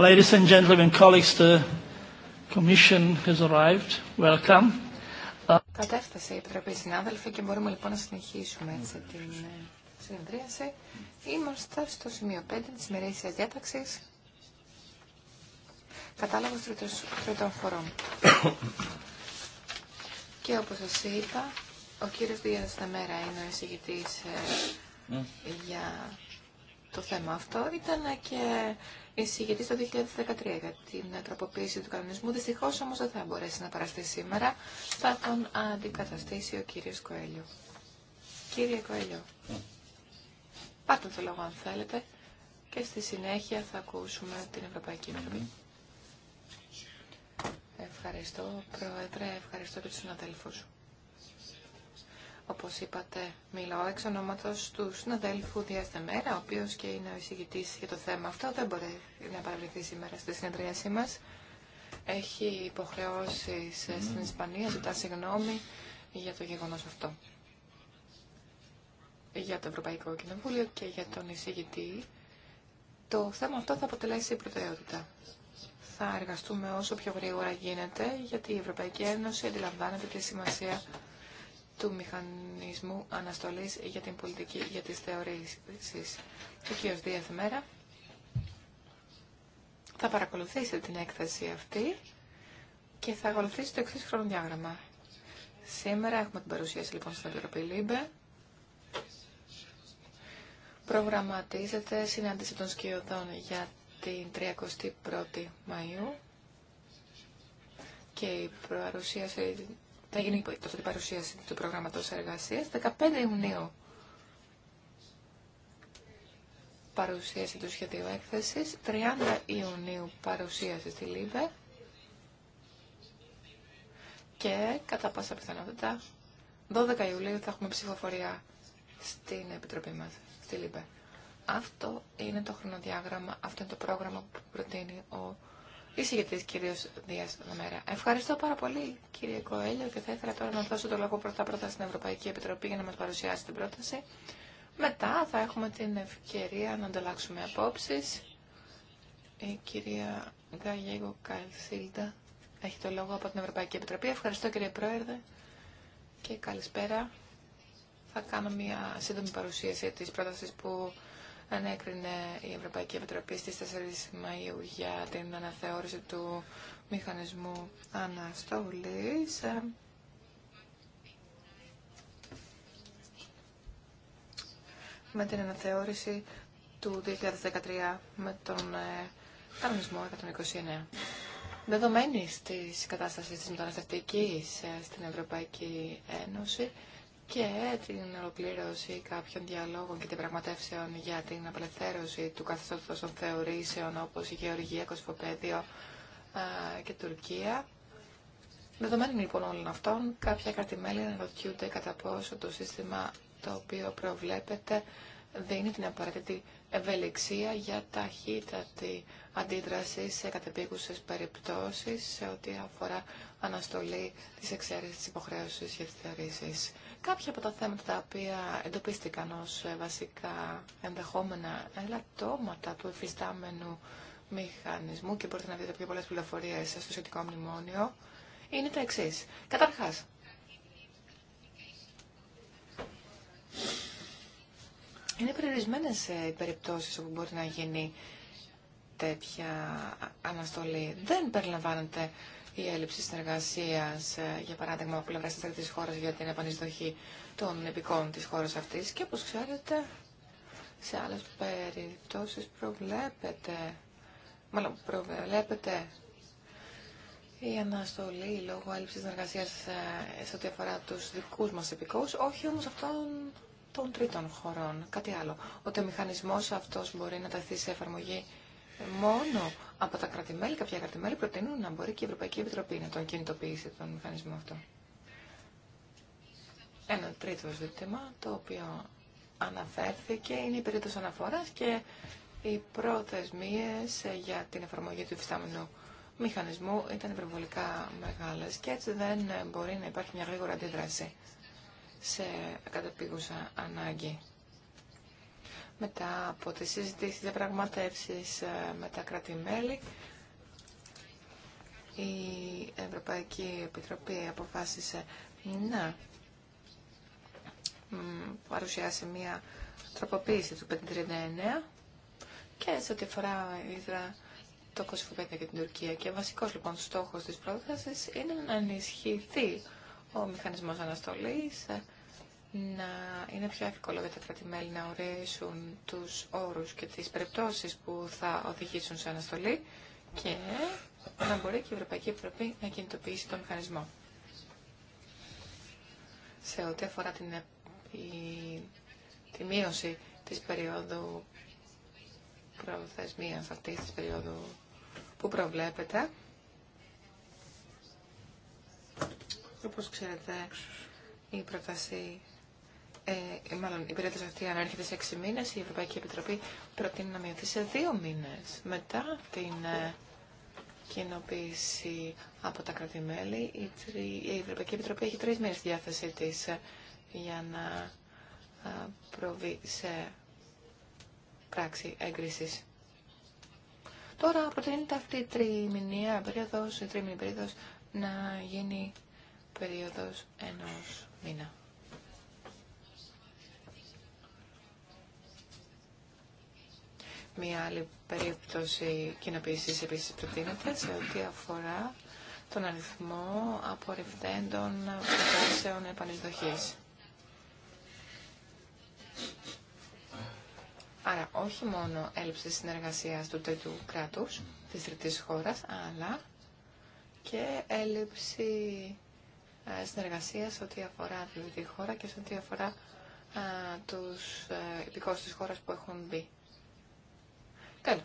Ladies and gentlemen, colleagues, the Commission has arrived. Welcome. Uh, Κατέφτασε η Επιτροπή Συνάδελφοι και μπορούμε λοιπόν να συνεχίσουμε έτσι την ε, συνεδρίαση. Είμαστε στο σημείο 5 της ημερήσιας διάταξης. Κατάλογος τρίτων φορών. (coughs) και όπως σας είπα, ο κύριος Δίας Δαμέρα είναι ο εισηγητής ε, ναι. για το θέμα αυτό. Ήταν και εισηγητής το 2013 για την τροποποίηση του κανονισμού. Δυστυχώ όμως δεν θα μπορέσει να παραστεί σήμερα. Θα τον αντικαταστήσει ο κύριος Κοέλιο. Κύριε Κοέλιο, πάρτε το λόγο αν θέλετε και στη συνέχεια θα ακούσουμε την Ευρωπαϊκή Επιτροπή. Ευχαριστώ, Πρόεδρε, ευχαριστώ και τους συναδέλφους όπως είπατε, μιλάω εξ ονόματος του συναδέλφου Διαστεμέρα, ο οποίος και είναι ο εισηγητής για το θέμα αυτό, δεν μπορεί να παρευρεθεί σήμερα στη συνεδρίασή μας. Έχει υποχρεώσει στην Ισπανία, ζητά συγγνώμη για το γεγονός αυτό. Για το Ευρωπαϊκό Κοινοβούλιο και για τον εισηγητή, το θέμα αυτό θα αποτελέσει προτεραιότητα. Θα εργαστούμε όσο πιο γρήγορα γίνεται, γιατί η Ευρωπαϊκή Ένωση αντιλαμβάνεται τη σημασία του μηχανισμού αναστολής για την πολιτική για τις θεωρήσεις. Ο κ. Διεθμέρα. θα παρακολουθήσετε την έκθεση αυτή και θα ακολουθήσει το εξή χρονοδιάγραμμα. Σήμερα έχουμε την παρουσίαση λοιπόν στην Ευρωπαϊκή. Προγραμματίζεται συνάντηση των σκιωδών για την 31η Μαΐου και η παρουσίαση θα γίνει η παρουσίαση του προγράμματος εργασίας. 15 Ιουνίου παρουσίαση του σχεδίου έκθεσης. 30 Ιουνίου παρουσίαση στη λίβε Και κατά πάσα πιθανότητα 12 Ιουλίου θα έχουμε ψηφοφορία στην Επιτροπή μας, στη ΛΥΜΠΕ. Αυτό είναι το χρονοδιάγραμμα, αυτό είναι το πρόγραμμα που προτείνει ο Είσαι Δία Δομέρα. Ευχαριστώ πάρα πολύ, κύριε Κοέλιο, και θα ήθελα τώρα να δώσω το λόγο πρώτα-πρώτα στην Ευρωπαϊκή Επιτροπή για να μα παρουσιάσει την πρόταση. Μετά θα έχουμε την ευκαιρία να ανταλλάξουμε απόψει. Η κυρία Γκαγέγο Καλσίλτα έχει το λόγο από την Ευρωπαϊκή Επιτροπή. Ευχαριστώ, κύριε Πρόεδρε, και καλησπέρα. Θα κάνω μια σύντομη παρουσίαση τη πρόταση που ανέκρινε η Ευρωπαϊκή Επιτροπή στις 4 Μαΐου για την αναθεώρηση του μηχανισμού αναστολής. με την αναθεώρηση του 2013 με τον ε, κανονισμό 129. Δεδομένη τη κατάσταση τη μεταναστευτική ε, στην Ευρωπαϊκή Ένωση, και την ολοκλήρωση κάποιων διαλόγων και πραγματεύσεων για την απελευθέρωση του καθεστώτος των θεωρήσεων όπως η Γεωργία, Κοσμοπέδιο και Τουρκία. Δεδομένων λοιπόν όλων αυτών, κάποια κρατημέλη αναρωτιούνται κατά πόσο το σύστημα το οποίο προβλέπεται δίνει την απαραίτητη ευελιξία για ταχύτατη αντίδραση σε κατεπίκουσες περιπτώσεις σε ό,τι αφορά αναστολή της εξαίρεσης της υποχρέωσης για τις θεωρήσεις κάποια από τα θέματα τα οποία εντοπίστηκαν ως ε, βασικά ενδεχόμενα ελαττώματα του εφιστάμενου μηχανισμού και μπορείτε να δείτε πιο πολλές πληροφορίες στο σχετικό μνημόνιο, είναι τα εξής. Καταρχάς, είναι περιορισμένες ε, οι περιπτώσεις όπου μπορεί να γίνει τέτοια αναστολή. Δεν περιλαμβάνεται η έλλειψη συνεργασία, ε, για παράδειγμα, από πλευρά τη τρίτη χώρα για την επανειστοχή των επικών τη χώρα αυτή. Και όπω ξέρετε, σε άλλε περιπτώσει προβλέπεται, μάλλον προβλέπεται η αναστολή λόγω έλλειψη συνεργασία ε, σε ό,τι αφορά του δικού μα επικού, όχι όμω αυτών των τρίτων χωρών. Κάτι άλλο. Ότι ο μηχανισμό αυτό μπορεί να ταθεί σε εφαρμογή μόνο από τα κρατημέλη, κάποια κρατημέλη προτείνουν να μπορεί και η Ευρωπαϊκή Επιτροπή να τον κινητοποιήσει τον μηχανισμό αυτό. Ένα τρίτο ζήτημα το οποίο αναφέρθηκε είναι η περίπτωση αναφοράς και οι πρόθεσμίε για την εφαρμογή του υφιστάμενου μηχανισμού ήταν υπερβολικά μεγάλες και έτσι δεν μπορεί να υπάρχει μια γρήγορα αντίδραση σε καταπήγουσα ανάγκη μετά από τις συζητήσεις διαπραγματεύσεις ε, με τα κράτη-μέλη, η Ευρωπαϊκή Επιτροπή αποφάσισε να παρουσιάσει μια τροποποίηση του 539 και σε ό,τι αφορά ίδρα το Κωσυφοπέδιο και την Τουρκία. Και βασικός λοιπόν στόχος της πρότασης είναι να ενισχυθεί ο μηχανισμός αναστολής, να είναι πιο εύκολο για τα κράτη-μέλη να ορίσουν τους όρους και τις περιπτώσεις που θα οδηγήσουν σε αναστολή και να μπορεί και η Ευρωπαϊκή Επιτροπή να κινητοποιήσει τον μηχανισμό. Σε ό,τι αφορά την, η, τη μείωση της περίοδου προθεσμίας αυτής της περίοδου που προβλέπεται, όπως ξέρετε, η πρόταση ε, μάλλον η περίοδος αυτή ανέρχεται σε έξι μήνες, η Ευρωπαϊκή Επιτροπή προτείνει να μειωθεί σε δύο μήνες. Μετά την ε, κοινοποίηση από τα κρατημέλη, η, η Ευρωπαϊκή Επιτροπή έχει τρεις μήνες στη διάθεσή της ε, για να ε, προβεί σε πράξη έγκρισης. Τώρα προτείνεται αυτή η τριμηνία περίοδος, η τριμηνή περίοδος να γίνει περίοδος ενός μήνα. Μία άλλη περίπτωση κοινοποίηση επίση προτείνεται σε ό,τι αφορά τον αριθμό απορριφθέντων προτάσεων επανεισδοχής. Άρα όχι μόνο έλλειψη συνεργασίας του τέτοιου κράτους, της τρίτης χώρας, αλλά και έλλειψη ε, συνεργασίας ό,τι αφορά τη τρίτη χώρα και σε ό,τι αφορά του ε, τους ε, τη της χώρας που έχουν μπει. Τέλο.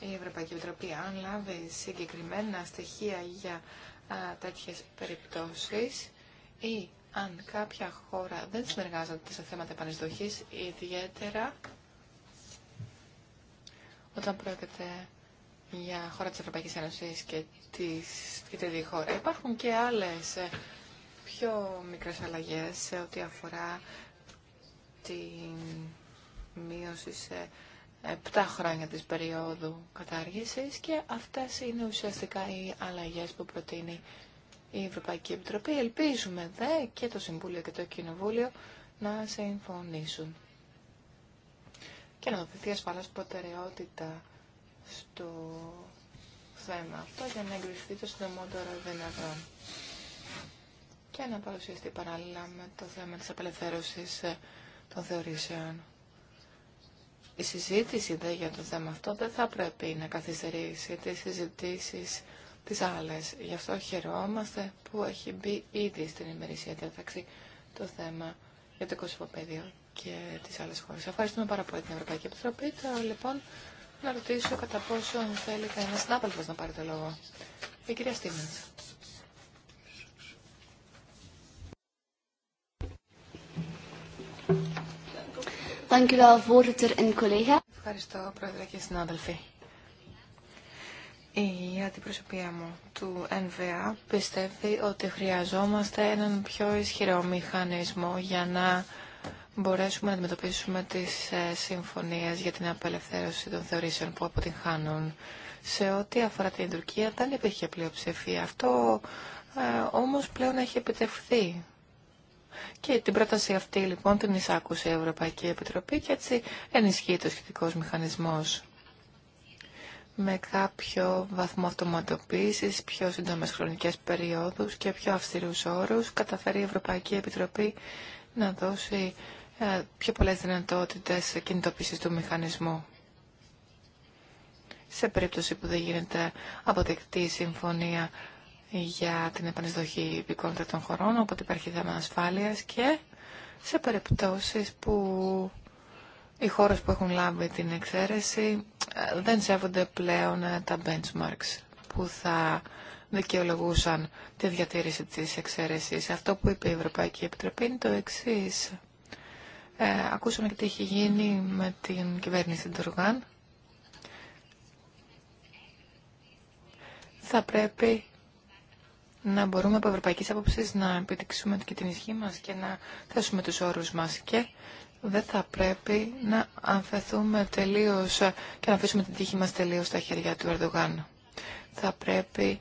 Η Ευρωπαϊκή Επιτροπή, αν λάβει συγκεκριμένα στοιχεία για α, τέτοιες περιπτώσεις ή αν κάποια χώρα δεν συνεργάζεται σε θέματα επανεισδοχής, ιδιαίτερα όταν πρόκειται για χώρα της Ευρωπαϊκής Ένωσης και της τρίτη χώρα. Υπάρχουν και άλλες ε, πιο μικρές αλλαγές σε ό,τι αφορά την σε 7 χρόνια της περίοδου κατάργησης και αυτές είναι ουσιαστικά οι αλλαγές που προτείνει η Ευρωπαϊκή Επιτροπή. Ελπίζουμε δε και το Συμβούλιο και το Κοινοβούλιο να συμφωνήσουν και να δοθεί ασφαλώς προτεραιότητα στο θέμα αυτό για να εγκριθεί το συντομότερο δυνατόν και να παρουσιαστεί παράλληλα με το θέμα της απελευθέρωσης των θεωρήσεων. Η συζήτηση δε για το θέμα αυτό δεν θα πρέπει να καθυστερήσει τις συζητήσεις τις άλλε. Γι' αυτό χαιρόμαστε που έχει μπει ήδη στην ημερησία διάταξη το θέμα για το κοσμοπέδιο και τις άλλες χώρες. Ευχαριστούμε πάρα πολύ την Ευρωπαϊκή Επιτροπή. Τώρα λοιπόν να ρωτήσω κατά πόσο θέλει κανένα συνάδελφο να πάρει το λόγο. Η κυρία Στήμενς. Ευχαριστώ, Πρόεδρε και συνάδελφοι. Η αντιπροσωπεία μου του NVA πιστεύει ότι χρειαζόμαστε έναν πιο ισχυρό μηχανισμό για να μπορέσουμε να αντιμετωπίσουμε τις ε, συμφωνίες για την απελευθέρωση των θεωρήσεων που αποτυγχάνουν. Σε ό,τι αφορά την Τουρκία δεν υπήρχε πλειοψηφία. Αυτό ε, όμως πλέον έχει επιτευχθεί και την πρόταση αυτή λοιπόν την εισάκουσε η Ευρωπαϊκή Επιτροπή και έτσι ενισχύει το σχετικός μηχανισμός με κάποιο βαθμό αυτοματοποίησης, πιο σύντομες χρονικές περιόδους και πιο αυστηρούς όρους, καταφέρει η Ευρωπαϊκή Επιτροπή να δώσει ε, πιο πολλές δυνατότητες κινητοποίησης του μηχανισμού. Σε περίπτωση που δεν γίνεται αποδεκτή συμφωνία για την επανεισδοχή υπηκών των χωρών, οπότε υπάρχει θέμα ασφάλεια και σε περιπτώσεις που οι χώρες που έχουν λάβει την εξαίρεση ε, δεν σέβονται πλέον ε, τα benchmarks που θα δικαιολογούσαν τη διατήρηση τη εξαίρεση. Αυτό που είπε η Ευρωπαϊκή Επιτροπή είναι το εξή. Ε, ακούσαμε και τι έχει γίνει με την κυβέρνηση Τουργάν. Θα πρέπει να μπορούμε από ευρωπαϊκή άποψη να επιδείξουμε και την ισχύ μα και να θέσουμε του όρου μα. Και δεν θα πρέπει να αφαιθούμε τελείω και να αφήσουμε την τύχη μα τελείω στα χέρια του Ερντογάν. Θα πρέπει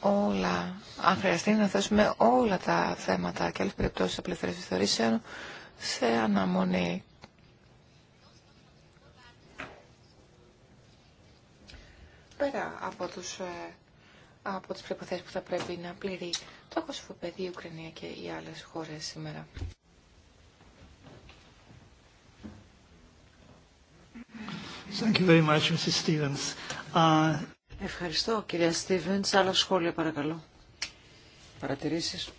όλα, αν χρειαστεί, να θέσουμε όλα τα θέματα και άλλε περιπτώσει απελευθέρωση θεωρήσεων σε αναμονή. Πέρα από τους ε, από τις προϋποθέσεις που θα πρέπει να πληρεί το Κωσοφοπέδι, η Ουκρανία και οι άλλες χώρες σήμερα. Thank you very much, uh, Ευχαριστώ, κυρία Στίβενς. Άλλα σχόλια, παρακαλώ. Παρατηρήσεις.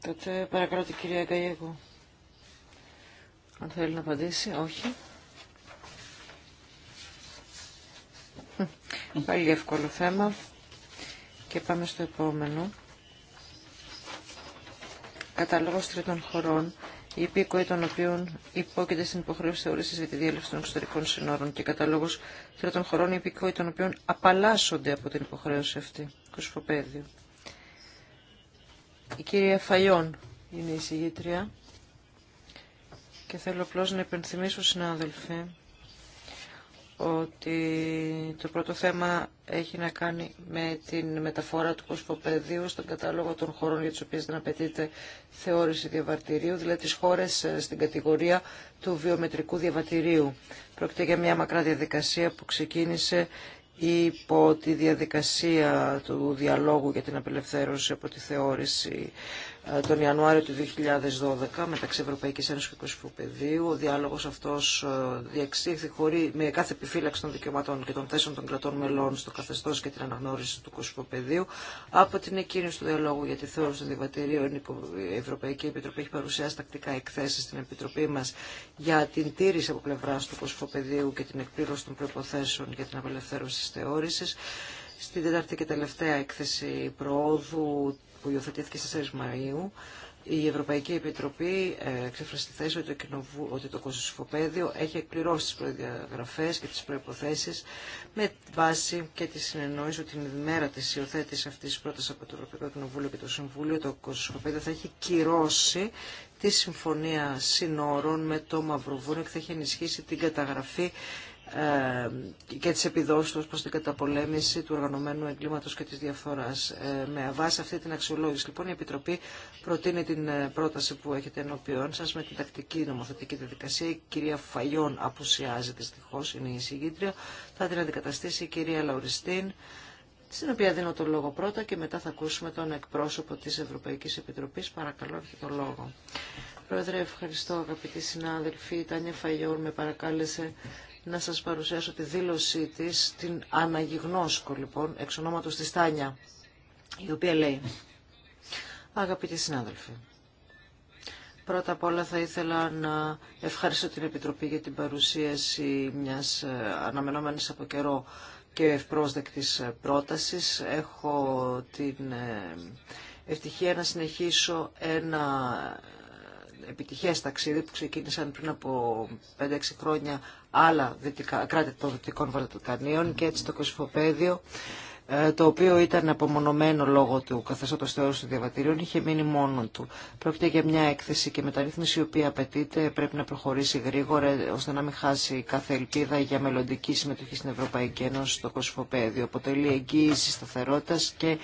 Τότε παρακαλώ την κυρία Καγιέκου. Αν θέλει να απαντήσει, όχι. Πάλι εύκολο θέμα. Και πάμε στο επόμενο. Κατάλογος τρίτων χωρών, η υπήκοη των οποίων υπόκειται στην υποχρέωση θεωρήση για τη διέλευση των εξωτερικών συνόρων και κατάλογος τρίτων χωρών, η υπήκοη των οποίων απαλλάσσονται από την υποχρέωση αυτή. Κουσφοπέδιο. Η κυρία Φαϊόν είναι η συγγήτρια και θέλω απλώ να υπενθυμίσω, συνάδελφοι, ότι το πρώτο θέμα έχει να κάνει με την μεταφορά του κοσμοπεδίου στον κατάλογο των χωρών για τις οποίες δεν απαιτείται θεώρηση διαβατηρίου, δηλαδή τις χώρες ε, στην κατηγορία του βιομετρικού διαβατηρίου. Πρόκειται για μια μακρά διαδικασία που ξεκίνησε υπό τη διαδικασία του διαλόγου για την απελευθέρωση από τη θεώρηση ε, τον Ιανουάριο του 2012 μεταξύ Ευρωπαϊκή Ένωση και Κωσυφοπεδίου. Ο διάλογο αυτό ε, διεξήχθη χωρί, με κάθε επιφύλαξη των δικαιωμάτων και των θέσεων των κρατών μελών στο καθεστώ και την αναγνώριση του Κωσυφοπεδίου. Από την εκκίνηση του διαλόγου για τη θεώρηση των διαβατηρίων η Ευρωπαϊκή Επιτροπή έχει παρουσιάσει τακτικά εκθέσεις στην Επιτροπή μα για την τήρηση από πλευρά του Κωσυφοπεδίου και την εκπλήρωση των προποθέσεων για την απελευθέρωση τη θεώρηση. Στην τέταρτη και τελευταία έκθεση προόδου που υιοθετήθηκε στις 4 Μαΐου, η Ευρωπαϊκή Επιτροπή ε, εξέφρασε τη θέση ότι το, κοινοβου... ότι το κοσμοσυφοπαίδιο έχει εκπληρώσει τις προδιαγραφές και τις προϋποθέσεις με βάση και τη συνεννόηση ότι την ημέρα της υιοθέτησης αυτής της πρότασης από το Ευρωπαϊκό Κοινοβούλιο και το Συμβούλιο το κοσμοσυφοπαίδιο θα έχει κυρώσει τη Συμφωνία Συνόρων με το Μαυροβούνιο και θα έχει ενισχύσει την καταγραφή ε, και τις επιδόσεις ως προς την καταπολέμηση του οργανωμένου εγκλήματος και της διαφθοράς. Ε, με βάση αυτή την αξιολόγηση, λοιπόν, η Επιτροπή προτείνει την ε, πρόταση που έχετε ενώπιόν σας με την τακτική νομοθετική διαδικασία. Η κυρία Φαγιόν απουσιάζει δυστυχώ, είναι η εισηγήτρια. Θα την αντικαταστήσει η κυρία Λαουριστίν, στην οποία δίνω τον λόγο πρώτα και μετά θα ακούσουμε τον εκπρόσωπο της Ευρωπαϊκής Επιτροπής. Παρακαλώ, έχετε τον λόγο. Πρόεδρε, ευχαριστώ αγαπητοί συνάδελφοι. Η Τάνια με παρακάλεσε να σας παρουσιάσω τη δήλωσή της, την Αναγιγνώσκο λοιπόν, εξ ονόματος της Τάνια, η οποία λέει «Αγαπητοί συνάδελφοι, Πρώτα απ' όλα θα ήθελα να ευχαριστώ την Επιτροπή για την παρουσίαση μιας ε, αναμενόμενης από καιρό και ευπρόσδεκτης πρότασης. Έχω την ε, ευτυχία να συνεχίσω ένα επιτυχές ταξίδι που ξεκίνησαν πριν από 5-6 χρόνια άλλα δυτικά, κράτη των Δυτικών βαλτοκανίων και έτσι το Κωσυφοπαίδιο ε, το οποίο ήταν απομονωμένο λόγω του καθεστώτος θεώρησης των διαβατηρίων, είχε μείνει μόνο του. Πρόκειται για μια έκθεση και μεταρρύθμιση η οποία απαιτείται, πρέπει να προχωρήσει γρήγορα ώστε να μην χάσει κάθε ελπίδα για μελλοντική συμμετοχή στην Ευρωπαϊκή Ένωση στο κοσφοπέδιο. Αποτελεί εγγύηση σταθερότητας και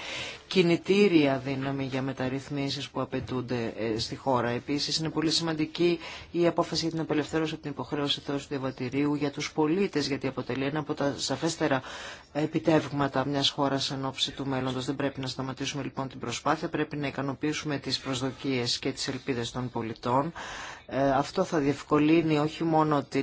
κινητήρια δύναμη για μεταρρυθμίσεις που απαιτούνται ε, στη χώρα. Επίσης είναι πολύ σημαντική η απόφαση για την απελευθέρωση από την υποχρέωση θέωση του διαβατηρίου για τους πολίτες γιατί αποτελεί ένα από τα σαφέστερα επιτεύγματα μιας χώρας εν ώψη του μέλλοντος. Δεν πρέπει να σταματήσουμε λοιπόν την προσπάθεια, πρέπει να ικανοποιήσουμε τις προσδοκίες και τις ελπίδες των πολιτών. Ε, αυτό θα διευκολύνει όχι μόνο τις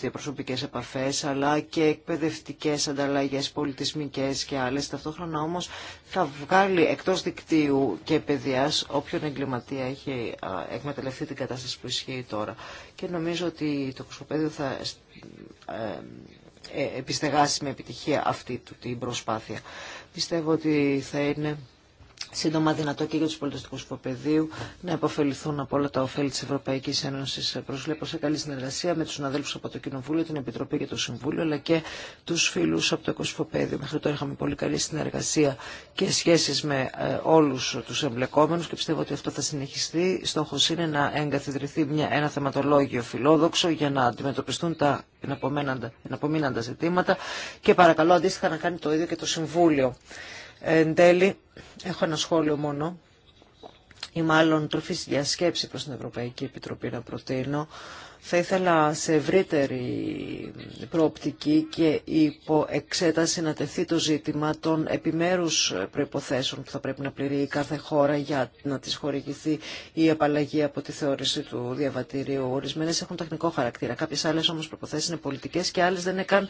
διαπροσωπικές επαφές αλλά και εκπαιδευτικέ ανταλλαγές, πολιτισμικές και άλλες. Ταυτόχρονα όμως θα βγάλει εκτός δικτύου και παιδείας όποιον εγκληματία έχει εκμεταλλευτεί την κατάσταση που ισχύει τώρα. Και νομίζω ότι το κοσμοπέδιο θα ε, ε, επιστεγάσει με επιτυχία αυτή του την προσπάθεια. Πιστεύω ότι θα είναι σύντομα δυνατό και για του πολίτες του να υποφεληθούν από όλα τα ωφέλη τη Ευρωπαϊκή Ένωση. Προσβλέπω σε καλή συνεργασία με του συναδέλφου από το Κοινοβούλιο, την Επιτροπή και το Συμβούλιο, αλλά και του φίλου από το Κοσμοπεδίο. Μέχρι τώρα είχαμε πολύ καλή συνεργασία και σχέσει με ε, όλου του εμπλεκόμενου. και πιστεύω ότι αυτό θα συνεχιστεί. Στόχος είναι να εγκαθιδρυθεί μια, ένα θεματολόγιο φιλόδοξο για να αντιμετωπιστούν τα εναπομείναντα ζητήματα και παρακαλώ αντίστοιχα να κάνει το ίδιο και το Συμβούλιο. Εν τέλει, έχω ένα σχόλιο μόνο ή μάλλον τροφή για σκέψη προς την Ευρωπαϊκή Επιτροπή να προτείνω θα ήθελα σε ευρύτερη προοπτική και υπό εξέταση να τεθεί το ζήτημα των επιμέρους προϋποθέσεων που θα πρέπει να πληρεί κάθε χώρα για να της χορηγηθεί η απαλλαγή από τη θεώρηση του διαβατηρίου. Ορισμένες έχουν τεχνικό χαρακτήρα, κάποιες άλλες όμως προϋποθέσεις είναι πολιτικές και άλλες δεν είναι καν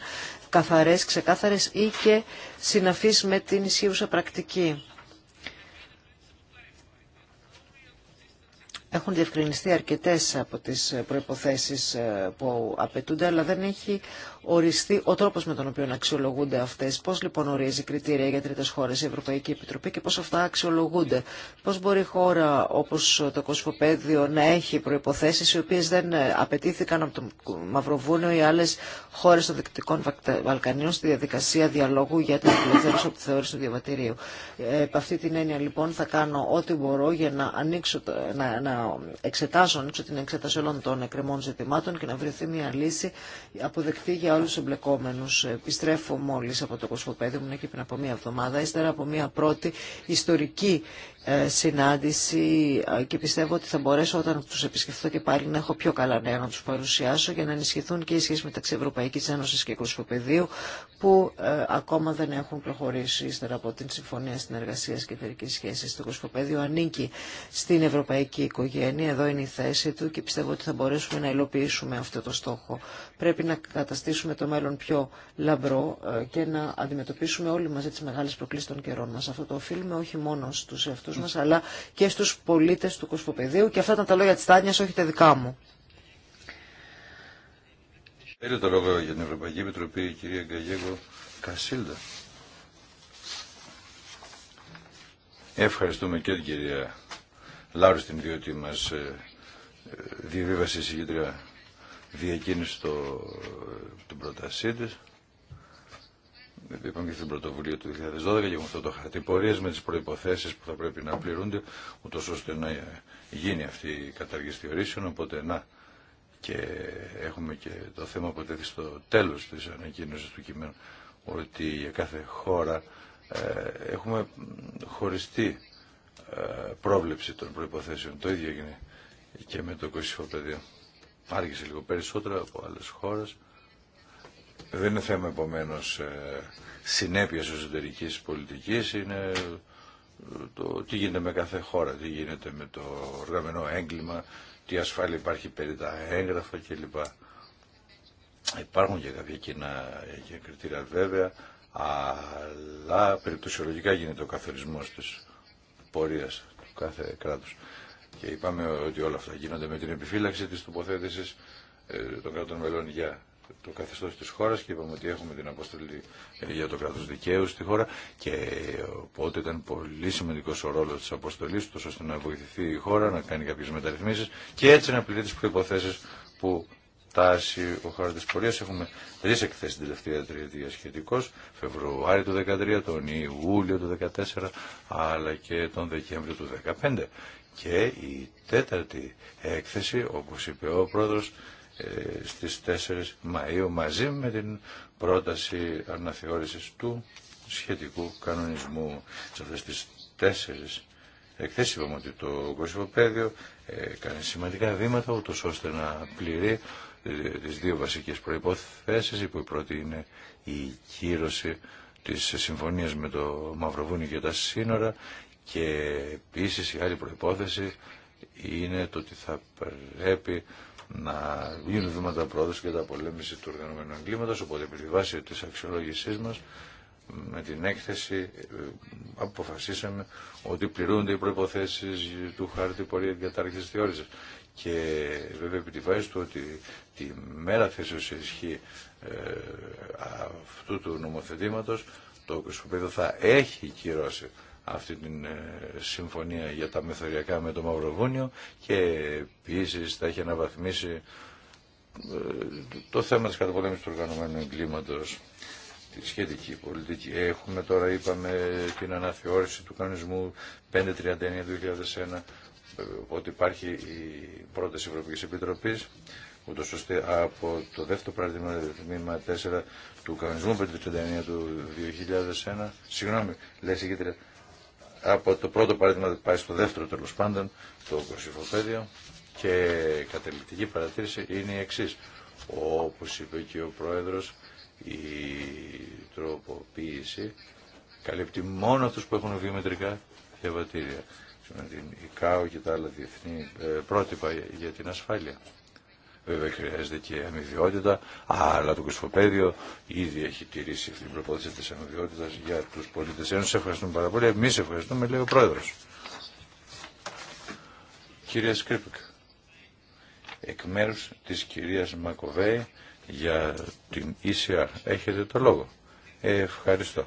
καθαρές, ξεκάθαρες ή και συναφείς με την ισχύουσα πρακτική. Έχουν διευκρινιστεί αρκετές από τις προϋποθέσεις ε, που απαιτούνται, αλλά δεν έχει οριστεί ο τρόπος με τον οποίο αξιολογούνται αυτές. Πώς λοιπόν ορίζει κριτήρια για τρίτες χώρες η Ευρωπαϊκή Επιτροπή και πώς αυτά αξιολογούνται. Πώς μπορεί η χώρα όπως το Κοσμοπέδιο να έχει προϋποθέσεις οι οποίες δεν απαιτήθηκαν από το Μαυροβούνιο ή άλλες χώρες των Δυτικών Βαλκανίων στη διαδικασία διαλόγου για την απελευθέρωση από τη θεώρηση του διαβατηρίου. Ε, επ' αυτή την έννοια λοιπόν θα κάνω ό,τι μπορώ για να, ανοίξω, να, να εξετάσω, ανοίξω την εξέταση όλων των εκκρεμών ζητημάτων και να βρεθεί μια λύση αποδεκτή για όλους τους εμπλεκόμενους. Επιστρέφω μόλις από το κοσμοπέδιο μου, εκεί πριν από μία εβδομάδα, ύστερα από μία πρώτη ιστορική ε, συνάντηση ε, και πιστεύω ότι θα μπορέσω όταν τους επισκεφθώ και πάλι να έχω πιο καλά νέα να τους παρουσιάσω για να ενισχυθούν και οι σχέσεις μεταξύ Ευρωπαϊκής Ένωσης και Κοσμοπεδίου που ε, ακόμα δεν έχουν προχωρήσει ύστερα από την Συμφωνία Συνεργασίας και Εταιρικής Σχέσης. Το Κοσμοπεδίο ανήκει στην Ευρωπαϊκή Οικογένεια, εδώ είναι η θέση του και πιστεύω ότι θα μπορέσουμε να υλοποιήσουμε αυτό το στόχο. Πρέπει να καταστήσουμε το μέλλον πιο λαμπρό και να αντιμετωπίσουμε όλοι μαζί τις μεγάλες προκλήσεις των καιρών μας. Αυτό το οφείλουμε όχι μόνο στους εαυτούς μας αλλά και στους πολίτες του Κοσμοπεδίου και αυτά ήταν τα λόγια της Τάνιας, όχι τα δικά μου. Πέρι το λόγο για την Ευρωπαϊκή Επιτροπή η κυρία Γκαγέγο Κασίλτα. Ευχαριστούμε και την κυρία στην διότι μας ε, ε, διαβίβασε η συγκεντρία διακίνηση το, ε, την πρότασή είπαμε και στην πρωτοβουλία του 2012 και με αυτό το χαρτί πορεία, με τι προποθέσει που θα πρέπει να πληρούνται, ούτω ώστε να γίνει αυτή η καταργήση θεωρήσεων, οπότε να. Και έχουμε και το θέμα που στο τέλο τη ανακοίνωση του κειμένου, ότι για κάθε χώρα ε, έχουμε χωριστή ε, πρόβλεψη των προϋποθέσεων. Το ίδιο έγινε και με το πεδίο. Άργησε λίγο περισσότερο από άλλε χώρε. Δεν είναι θέμα επομένω ε, συνέπεια εσωτερική πολιτική, είναι ε, το τι γίνεται με κάθε χώρα, τι γίνεται με το οργανωμένο έγκλημα, τι ασφάλεια υπάρχει περί τα έγγραφα κλπ. Υπάρχουν και κάποια κοινά κριτήρια βέβαια, αλλά περιπτωσιολογικά γίνεται ο καθορισμό τη πορεία του κάθε κράτου. Και είπαμε ότι όλα αυτά γίνονται με την επιφύλαξη τη τοποθέτηση ε, των κρατών μελών για το καθεστώς της χώρας και είπαμε ότι έχουμε την αποστολή για το κράτος δικαίου στη χώρα και οπότε ήταν πολύ σημαντικός ο ρόλος της αποστολής του ώστε να βοηθηθεί η χώρα να κάνει κάποιες μεταρρυθμίσεις και έτσι να πληρεί τις προϋποθέσεις που τάση ο της πορεία. Έχουμε τρει εκθέσει την τελευταία τριετία σχετικώ. Φεβρουάριο του 2013, τον Ιούλιο του 2014, αλλά και τον Δεκέμβριο του 2015. Και η τέταρτη έκθεση, όπως είπε ο πρόεδρο, στις 4 Μαΐου μαζί με την πρόταση αναθεώρησης του σχετικού κανονισμού σε αυτές τις τέσσερις εκθέσεις είπαμε ότι το κοσμοπέδιο κάνει σημαντικά βήματα ούτως ώστε να πληρεί ε, τις δύο βασικές προϋποθέσεις που η πρώτη είναι η κύρωση της συμφωνίας με το Μαυροβούνι και τα σύνορα και επίσης η άλλη προϋπόθεση είναι το ότι θα πρέπει να γίνουν βήματα πρόοδος και τα πολέμηση του οργανωμένου εγκλήματος, οπότε επί τη βάση της αξιολόγησής μας με την έκθεση ε, αποφασίσαμε ότι πληρούνται οι προϋποθέσεις του χάρτη πορεία διατάρχης θεώρησης. Και βέβαια επί τη βάση του ότι τη μέρα θέσεως σε ισχύ ε, αυτού του νομοθετήματος το κοσμοπέδιο θα έχει κυρώσει αυτή την ε, συμφωνία για τα μεθοριακά με το Μαυροβούνιο και επίση θα έχει αναβαθμίσει ε, το θέμα της καταπολέμησης του οργανωμένου εγκλήματος τη σχετική πολιτική. Έχουμε τώρα, είπαμε, την αναθεώρηση του κανονισμού 539-2001, ε, ότι υπάρχει η πρόταση Ευρωπαϊκής Επιτροπής, ούτως ώστε από το δεύτερο παράδειγμα, τμήμα 4 του κανονισμού 539 του 2001, συγγνώμη, λέει η από το πρώτο παράδειγμα πάει στο δεύτερο τέλο πάντων, το κοσυφοπαίδιο και καταληκτική παρατήρηση είναι η εξή. Όπως είπε και ο Πρόεδρος, η τροποποίηση καλύπτει μόνο αυτού που έχουν βιομετρικά διαβατήρια. η ΚΑΟ και τα άλλα διεθνή ε, πρότυπα για την ασφάλεια. Βέβαια χρειάζεται και αμοιβιότητα, αλλά το Κοσμοπέδιο ήδη έχει τηρήσει αυτή την προπόθεση τη αμοιβιότητα για του πολίτε. Ένωση, ευχαριστούμε πάρα πολύ. Εμεί ευχαριστούμε, λέει ο Πρόεδρο. Κυρία Σκρίπικ, εκ μέρου τη κυρία Μακοβέη για την ECR, έχετε το λόγο. Ε, ευχαριστώ.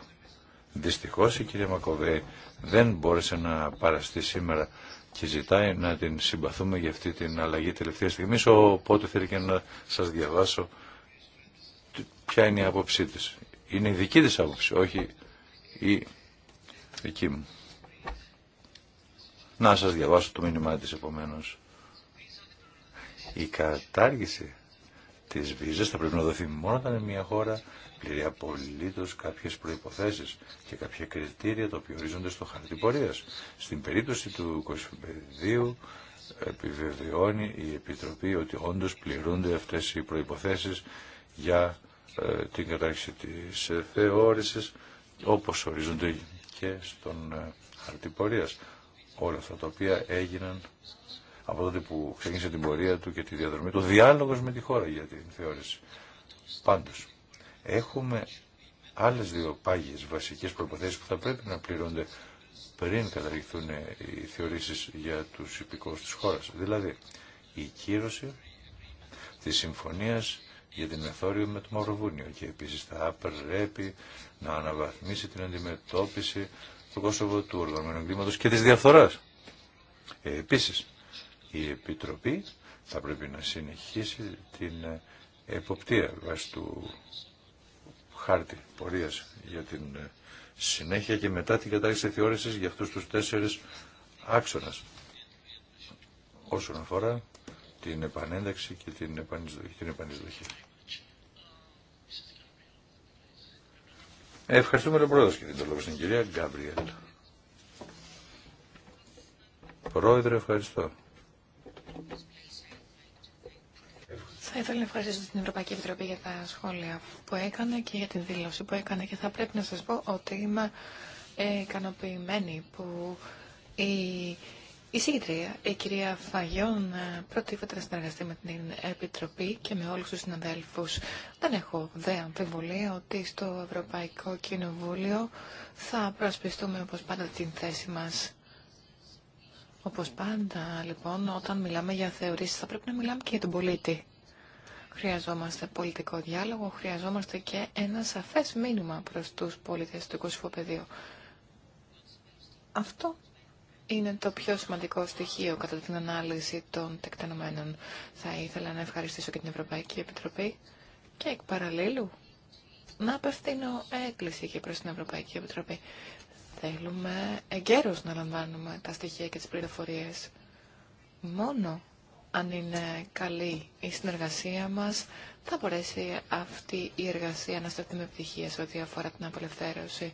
Δυστυχώ η κυρία Μακοβέη δεν μπόρεσε να παραστεί σήμερα και ζητάει να την συμπαθούμε για αυτή την αλλαγή τελευταία στιγμή, οπότε θέλει και να σας διαβάσω ποια είναι η άποψή της. Είναι η δική της άποψη, όχι η δική μου. Να σας διαβάσω το μήνυμά της επομένως. Η κατάργηση τις βίζες θα πρέπει να δοθεί μόνο όταν μια χώρα πληρεί απολύτω κάποιες προϋποθέσεις και κάποια κριτήρια τα οποία ορίζονται στο χαρτί πορεία. Στην περίπτωση του Κοσμοπεδίου επιβεβαιώνει η Επιτροπή ότι όντως πληρούνται αυτές οι προϋποθέσεις για ε, την κατάρξη της θεώρηση όπως ορίζονται και στον ε, χαρτί πορεία. Όλα αυτά τα οποία έγιναν από τότε που ξεκίνησε την πορεία του και τη διαδρομή του, διάλογο με τη χώρα για την θεώρηση. πάντω. έχουμε άλλε δύο πάγιε βασικέ προποθέσει που θα πρέπει να πληρώνται πριν καταργηθούν οι θεωρήσει για του υπηκόου τη χώρα. Δηλαδή, η κύρωση τη συμφωνία για την μεθόριο με το Μαυροβούνιο και επίσης θα πρέπει να αναβαθμίσει την αντιμετώπιση του Κόσοβο του οργανωμένου εγκλήματος και της διαφθοράς. επίση. επίσης, η Επιτροπή θα πρέπει να συνεχίσει την ε, εποπτεία βάσει του χάρτη πορείας για την ε, συνέχεια και μετά την κατάσταση θεώρησης για αυτούς τους τέσσερις άξονας όσον αφορά την επανένταξη και την επανεισδοχή. Ε, ευχαριστούμε τον πρόεδρο και την κυρία Γκάμπριελ. Πρόεδρε, ευχαριστώ. Θα ήθελα να ευχαριστήσω την Ευρωπαϊκή Επιτροπή για τα σχόλια που έκανε και για την δήλωση που έκανε και θα πρέπει να σας πω ότι είμαι ικανοποιημένη που η, η η κυρία Φαγιόν, προτίθεται να συνεργαστεί με την Επιτροπή και με όλους τους συναδέλφους. Δεν έχω δε αμφιβολία ότι στο Ευρωπαϊκό Κοινοβούλιο θα προσπιστούμε όπως πάντα την θέση μας όπως πάντα, λοιπόν, όταν μιλάμε για θεωρήσεις θα πρέπει να μιλάμε και για τον πολίτη. Χρειαζόμαστε πολιτικό διάλογο, χρειαζόμαστε και ένα σαφές μήνυμα προς τους πολίτες του Αυτό είναι το πιο σημαντικό στοιχείο κατά την ανάλυση των τεκτενωμένων. Θα ήθελα να ευχαριστήσω και την Ευρωπαϊκή Επιτροπή και εκ παραλλήλου να απευθύνω έκκληση και προς την Ευρωπαϊκή Επιτροπή. Θέλουμε εγκαίρως να λαμβάνουμε τα στοιχεία και τις πληροφορίες. Μόνο αν είναι καλή η συνεργασία μας, θα μπορέσει αυτή η εργασία να σταθεί με επιτυχία σε ό,τι αφορά την απελευθέρωση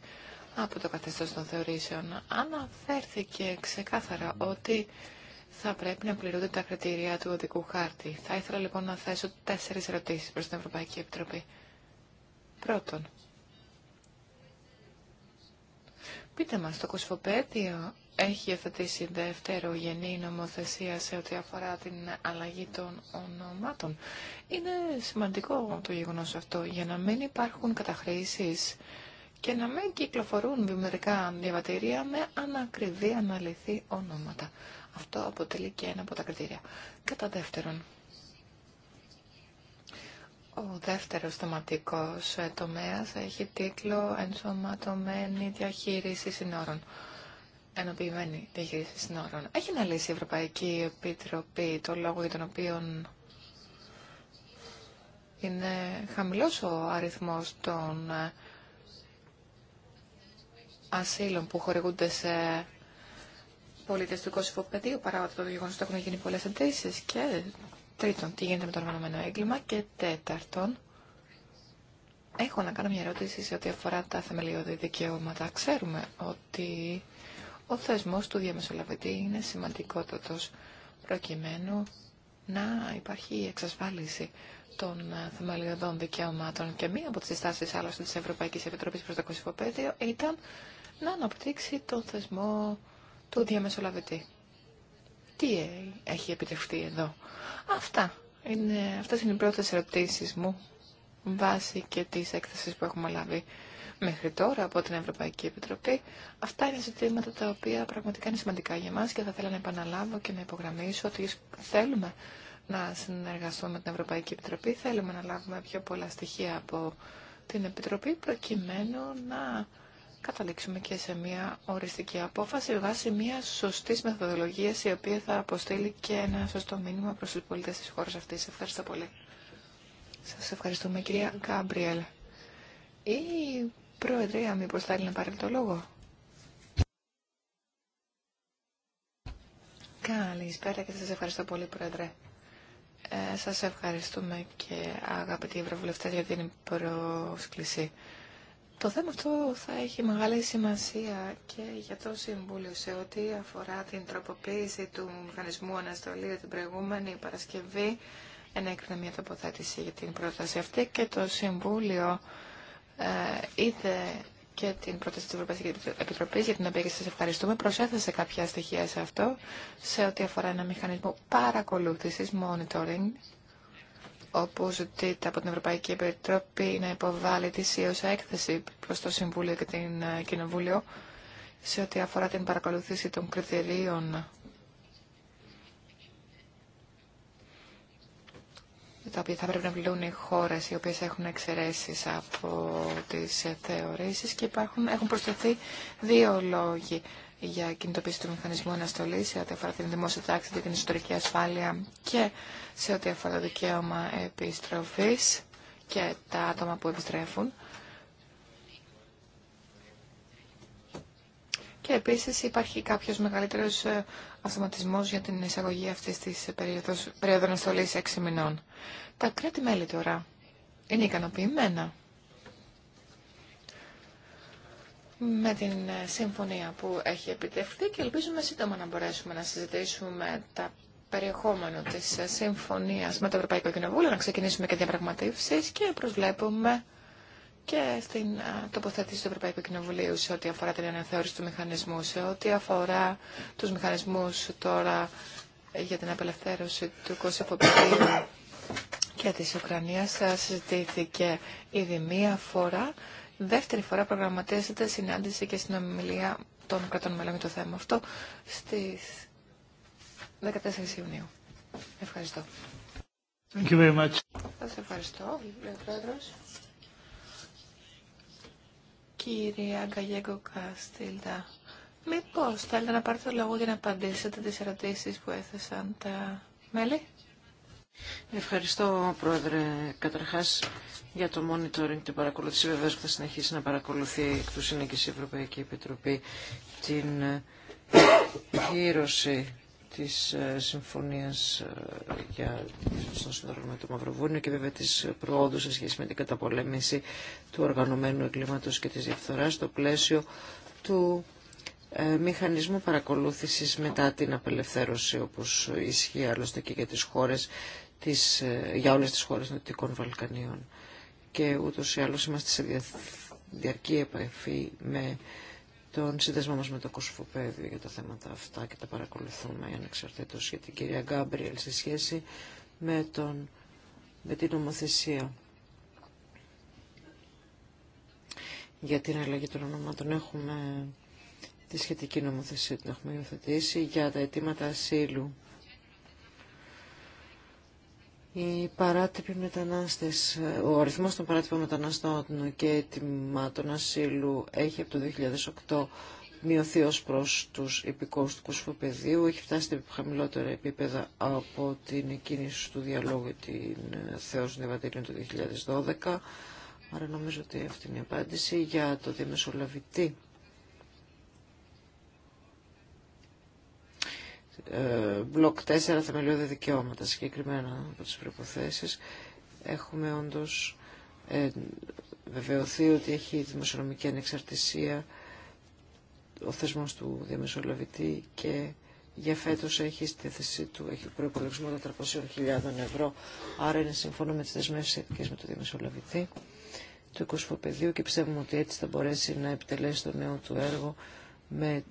από το καθεστώς των θεωρήσεων. Αναφέρθηκε ξεκάθαρα ότι θα πρέπει να πληρούνται τα κριτήρια του οδικού χάρτη. Θα ήθελα λοιπόν να θέσω τέσσερις ερωτήσεις προς την Ευρωπαϊκή Επιτροπή. Πρώτον, Πείτε μας, το κοσφοπέτιο έχει δεύτερο δευτερογενή νομοθεσία σε ό,τι αφορά την αλλαγή των ονομάτων. Είναι σημαντικό το γεγονός αυτό για να μην υπάρχουν καταχρήσεις και να μην κυκλοφορούν βιομετρικά διαβατηρία με ανακριβή αναλυθή ονόματα. Αυτό αποτελεί και ένα από τα κριτήρια. Κατά δεύτερον, ο δεύτερος θεματικός ε, τομέας έχει τίτλο «Ενσωματωμένη διαχείριση συνόρων». Ενοποιημένη διαχείριση συνόρων. Έχει αναλύσει η Ευρωπαϊκή Επιτροπή το λόγο για τον οποίο είναι χαμηλός ο αριθμός των ε, ασύλων που χορηγούνται σε πολίτες του Κωσυφοπεδίου παρά το γεγονός ότι έχουν γίνει πολλές αντίσεις και Τρίτον, τι γίνεται με το οργανωμένο έγκλημα. Και τέταρτον, έχω να κάνω μια ερώτηση σε ό,τι αφορά τα θεμελιώδη δικαιώματα. Ξέρουμε ότι ο θεσμός του διαμεσολαβητή είναι σημαντικότατος προκειμένου να υπάρχει η εξασφάλιση των ε, θεμελιωδών δικαιωμάτων. Και μία από τις συστάσεις άλλωστε της Ευρωπαϊκής Επιτροπής προς το Κωσυφοπαίδιο ήταν να αναπτύξει τον θεσμό του διαμεσολαβητή τι έχει επιτευχθεί εδώ. Αυτά είναι, αυτές είναι οι πρώτες ερωτήσεις μου βάσει και της έκθεσης που έχουμε λάβει μέχρι τώρα από την Ευρωπαϊκή Επιτροπή. Αυτά είναι ζητήματα τα οποία πραγματικά είναι σημαντικά για μας και θα ήθελα να επαναλάβω και να υπογραμμίσω ότι θέλουμε να συνεργαστούμε με την Ευρωπαϊκή Επιτροπή, θέλουμε να λάβουμε πιο πολλά στοιχεία από την Επιτροπή προκειμένου να καταλήξουμε και σε μια οριστική απόφαση βάσει μια σωστή μεθοδολογία η οποία θα αποστείλει και ένα σωστό μήνυμα προ του πολίτε τη χώρα αυτή. Ευχαριστώ πολύ. Σα ευχαριστούμε, κυρία Γκάμπριελ. Η Προεδρία, μήπω θέλει να πάρει το λόγο. Καλησπέρα και σας ευχαριστώ πολύ, Πρόεδρε. Ε, σας ευχαριστούμε και αγαπητοί ευρωβουλευτές για την πρόσκληση. Το θέμα αυτό θα έχει μεγάλη σημασία και για το Συμβούλιο σε ό,τι αφορά την τροποποίηση του μηχανισμού αναστολή την προηγούμενη Παρασκευή. Ενέκρινε μια τοποθέτηση για την πρόταση αυτή και το Συμβούλιο ε, είδε και την πρόταση της Ευρωπαϊκής Επιτροπής για την οποία και σας ευχαριστούμε. Προσέθεσε κάποια στοιχεία σε αυτό σε ό,τι αφορά ένα μηχανισμό παρακολούθησης, monitoring, όπου ζητείται από την Ευρωπαϊκή Επιτροπή να υποβάλει τη ΣΥΟΣΑ έκθεση προς το Συμβούλιο και την ε, Κοινοβούλιο σε ό,τι αφορά την παρακολουθήση των κριτηρίων τα οποία θα πρέπει να βλούν οι χώρε οι οποίες έχουν εξαιρεσει από τις θεωρήσεις και υπάρχουν, έχουν προσθεθεί δύο λόγοι για κινητοποίηση του μηχανισμού αναστολή σε ό,τι αφορά την δημόσια τάξη και την ιστορική ασφάλεια και σε ό,τι αφορά το δικαίωμα επιστροφή και τα άτομα που επιστρέφουν. Και επίσης υπάρχει κάποιο μεγαλύτερο ε, αυτοματισμό για την εισαγωγή αυτή τη περίοδο αναστολή 6 μηνών. Τα κράτη-μέλη τώρα είναι ικανοποιημένα με την ε, συμφωνία που έχει επιτευχθεί και ελπίζουμε σύντομα να μπορέσουμε να συζητήσουμε τα περιεχόμενα της ε, συμφωνίας με το Ευρωπαϊκό Κοινοβούλιο, να ξεκινήσουμε και διαπραγματεύσεις και προσβλέπουμε και στην ε, τοποθέτηση του Ευρωπαϊκού Κοινοβουλίου σε ό,τι αφορά την αναθεώρηση του μηχανισμού, σε ό,τι αφορά τους μηχανισμούς τώρα για την απελευθέρωση του Κωσυφοπεδίου και της Ουκρανίας συζητήθηκε ήδη μία φορά Δεύτερη φορά προγραμματίζεται συνάντηση και συνομιλία των κρατών μελών με το θέμα αυτό στις 14 Ιουνίου. Ευχαριστώ. Thank you very much. Σας ευχαριστώ, κύριε Πρόεδρος. Κύριε Αγκαγέγκο Καστίλτα, μήπως θέλετε να πάρετε το λόγο για να απαντήσετε τις ερωτήσεις που έθεσαν τα μέλη. Ευχαριστώ, Πρόεδρε. Καταρχάς, για το monitoring, την παρακολούθηση, βεβαίως θα συνεχίσει να παρακολουθεί εκ του και η Ευρωπαϊκή Επιτροπή την γύρωση ε, της ε, συμφωνίας ε, για το συνδρόμο με το Μαυροβούνιο και βέβαια της προόδου σε σχέση με την καταπολέμηση του οργανωμένου εγκλήματος και της διαφθοράς στο πλαίσιο του μηχανισμού παρακολούθησης μετά την απελευθέρωση όπως ισχύει άλλωστε και για τις χώρες της, ε, για όλες τις χώρες Δυτικών Βαλκανίων. Και ούτως ή άλλως είμαστε σε διαρκή επαφή με τον σύνδεσμό μας με το Κωσοφοπέδιο για τα θέματα αυτά και τα παρακολουθούμε ανεξαρτήτως για την κυρία Γκάμπριελ σε σχέση με, τον, με την νομοθεσία. Για την αλλαγή των ονομάτων έχουμε τη σχετική νομοθεσία την έχουμε υιοθετήσει για τα αιτήματα ασύλου οι παράτυποι μετανάστες, ο αριθμός των παράτυπων μεταναστών και ετοιμάτων ασύλου έχει από το 2008 μειωθεί ως προς τους υπηκόους του έχει φτάσει σε χαμηλότερα επίπεδα από την κίνηση του διαλόγου την ε, Θεός Νεβατήριο το 2012. Άρα νομίζω ότι αυτή είναι η απάντηση για το διαμεσολαβητή Ε, μπλοκ 4 θεμελιώδη δικαιώματα συγκεκριμένα από τις προϋποθέσεις έχουμε όντως ε, βεβαιωθεί ότι έχει δημοσιονομική ανεξαρτησία ο θεσμός του διαμεσολαβητή και για φέτος έχει στη θέση του έχει προϋπολογισμό 400.000 ευρώ άρα είναι σύμφωνο με τις δεσμεύσεις με το διαμεσολαβητή του οικοσφοπεδίου και πιστεύουμε ότι έτσι θα μπορέσει να επιτελέσει το νέο του έργο με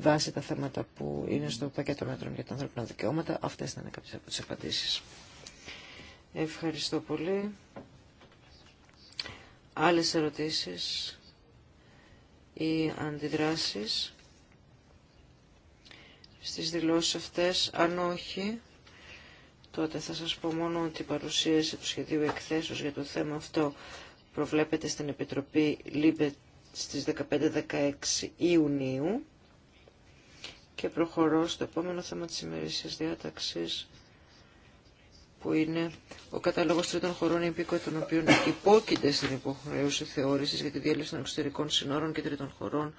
βάσει τα θέματα που είναι στο πακέτο μέτρων για τα ανθρώπινα δικαιώματα. Αυτές είναι κάποιες από τις απαντήσεις. Ευχαριστώ πολύ. Άλλες ερωτήσεις ή αντιδράσεις στις δηλώσεις αυτές, αν όχι, τότε θα σας πω μόνο ότι η παρουσίαση του σχεδίου εκθέσεως για το θέμα αυτό προβλέπεται στην Επιτροπή ΛΥΜΠΕ στις 15-16 Ιουνίου και προχωρώ στο επόμενο θέμα της ημερήσιας διάταξης που είναι ο κατάλογος τρίτων χωρών υπήκοε των οποίων υπόκειται στην υποχρέωση θεώρησης για τη διέλευση των εξωτερικών συνόρων και τρίτων χωρών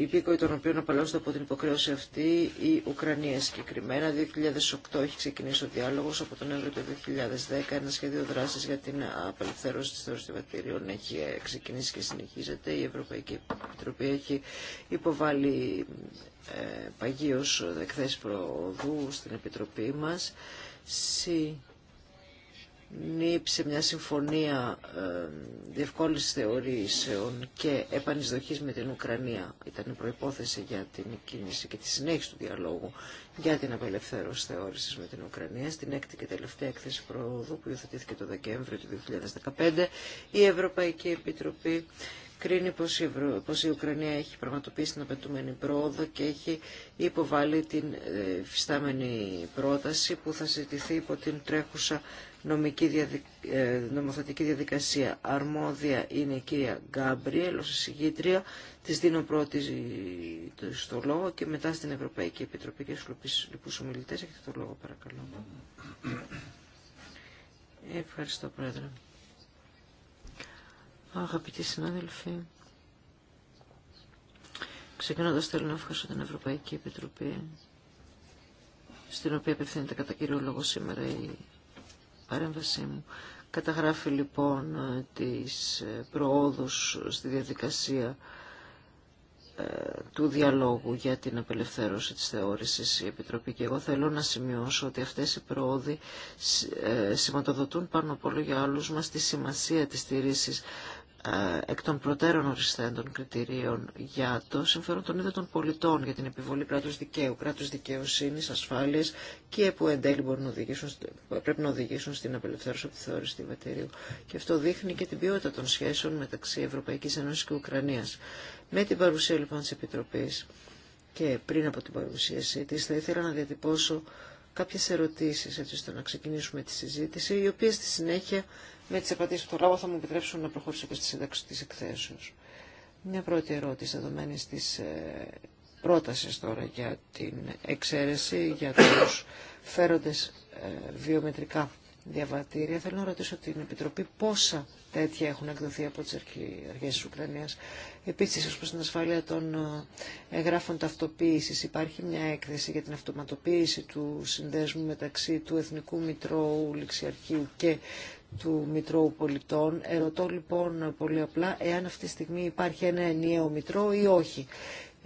υπήκοοι των οποίων απαλλάσσονται από την υποκρέωση αυτή η Ουκρανία συγκεκριμένα. 2008 έχει ξεκινήσει ο διάλογο. Από τον Εύρωο του 2010 ένα σχέδιο δράση για την απελευθέρωση τη θεωρία βατηρίων έχει ε, ξεκινήσει και συνεχίζεται. Η Ευρωπαϊκή Επιτροπή έχει υποβάλει ε, παγίω εκθέσει προοδού στην Επιτροπή μα νύψε μια συμφωνία ε, διευκόλυνσης θεωρήσεων και επανεισδοχής με την Ουκρανία. Ήταν η προϋπόθεση για την κίνηση και τη συνέχιση του διαλόγου για την απελευθέρωση θεώρησης με την Ουκρανία. Στην έκτη και τελευταία έκθεση προόδου που υιοθετήθηκε το Δεκέμβριο του 2015, η Ευρωπαϊκή Επιτροπή κρίνει πως η, η Ουκρανία έχει πραγματοποιήσει την απαιτούμενη πρόοδο και έχει υποβάλει την ε, φυστάμενη πρόταση που θα συζητηθεί υπό την τρέχουσα νομική ε, νομοθετική διαδικασία αρμόδια είναι η κυρία Γκάμπριελ ως εισηγήτρια. Της δίνω πρώτη στο λόγο και μετά στην Ευρωπαϊκή Επιτροπή και στους λοιπούς ομιλητές. Έχετε το λόγο παρακαλώ. Ευχαριστώ Πρόεδρε. Αγαπητοί συνάδελφοι, ξεκινώντας θέλω να ευχαριστώ την Ευρωπαϊκή Επιτροπή στην οποία απευθύνεται κατά κύριο λόγο σήμερα η παρέμβασή μου. Καταγράφει λοιπόν ε, τις ε, προόδους στη διαδικασία ε, του διαλόγου για την απελευθέρωση της θεώρησης η Επιτροπή και εγώ θέλω να σημειώσω ότι αυτές οι προόδοι σηματοδοτούν πάνω από όλο για μας τη σημασία της στηρίσης ε, εκ των προτέρων οριστέντων κριτηρίων για το συμφέρον των ίδιων των πολιτών, για την επιβολή κράτου δικαίου, κράτου δικαιοσύνη, ασφάλεια και που εν τέλει οδηγήσουν, πρέπει να οδηγήσουν στην απελευθέρωση από τη θεώρηση διαβατηρίου. Και αυτό δείχνει και την ποιότητα των σχέσεων μεταξύ Ευρωπαϊκή Ένωση και Ουκρανία. Με την παρουσία λοιπόν τη Επιτροπή και πριν από την παρουσίασή τη, θα ήθελα να διατυπώσω κάποιε ερωτήσει, έτσι ώστε να ξεκινήσουμε τη συζήτηση, οι οποία στη συνέχεια με τι απαντήσει που θα λάβω θα μου επιτρέψουν να προχωρήσω και στη σύνταξη τη εκθέσεω. Μια πρώτη ερώτηση δεδομένη της ε, πρότασης τώρα για την εξαίρεση για τους φέροντες ε, βιομετρικά διαβατήρια. Θέλω να ρωτήσω την Επιτροπή πόσα τέτοια έχουν εκδοθεί από τι αρχέ τη Ουκρανία. Επίσης, ω προ την ασφάλεια των ε, εγγράφων ταυτοποίηση, υπάρχει μια έκθεση για την αυτοματοποίηση του συνδέσμου μεταξύ του Εθνικού Μητρώου Ληξιαρχείου και του Μητρώου Πολιτών. Ερωτώ λοιπόν πολύ απλά εάν αυτή τη στιγμή υπάρχει ένα ενιαίο Μητρώο ή όχι.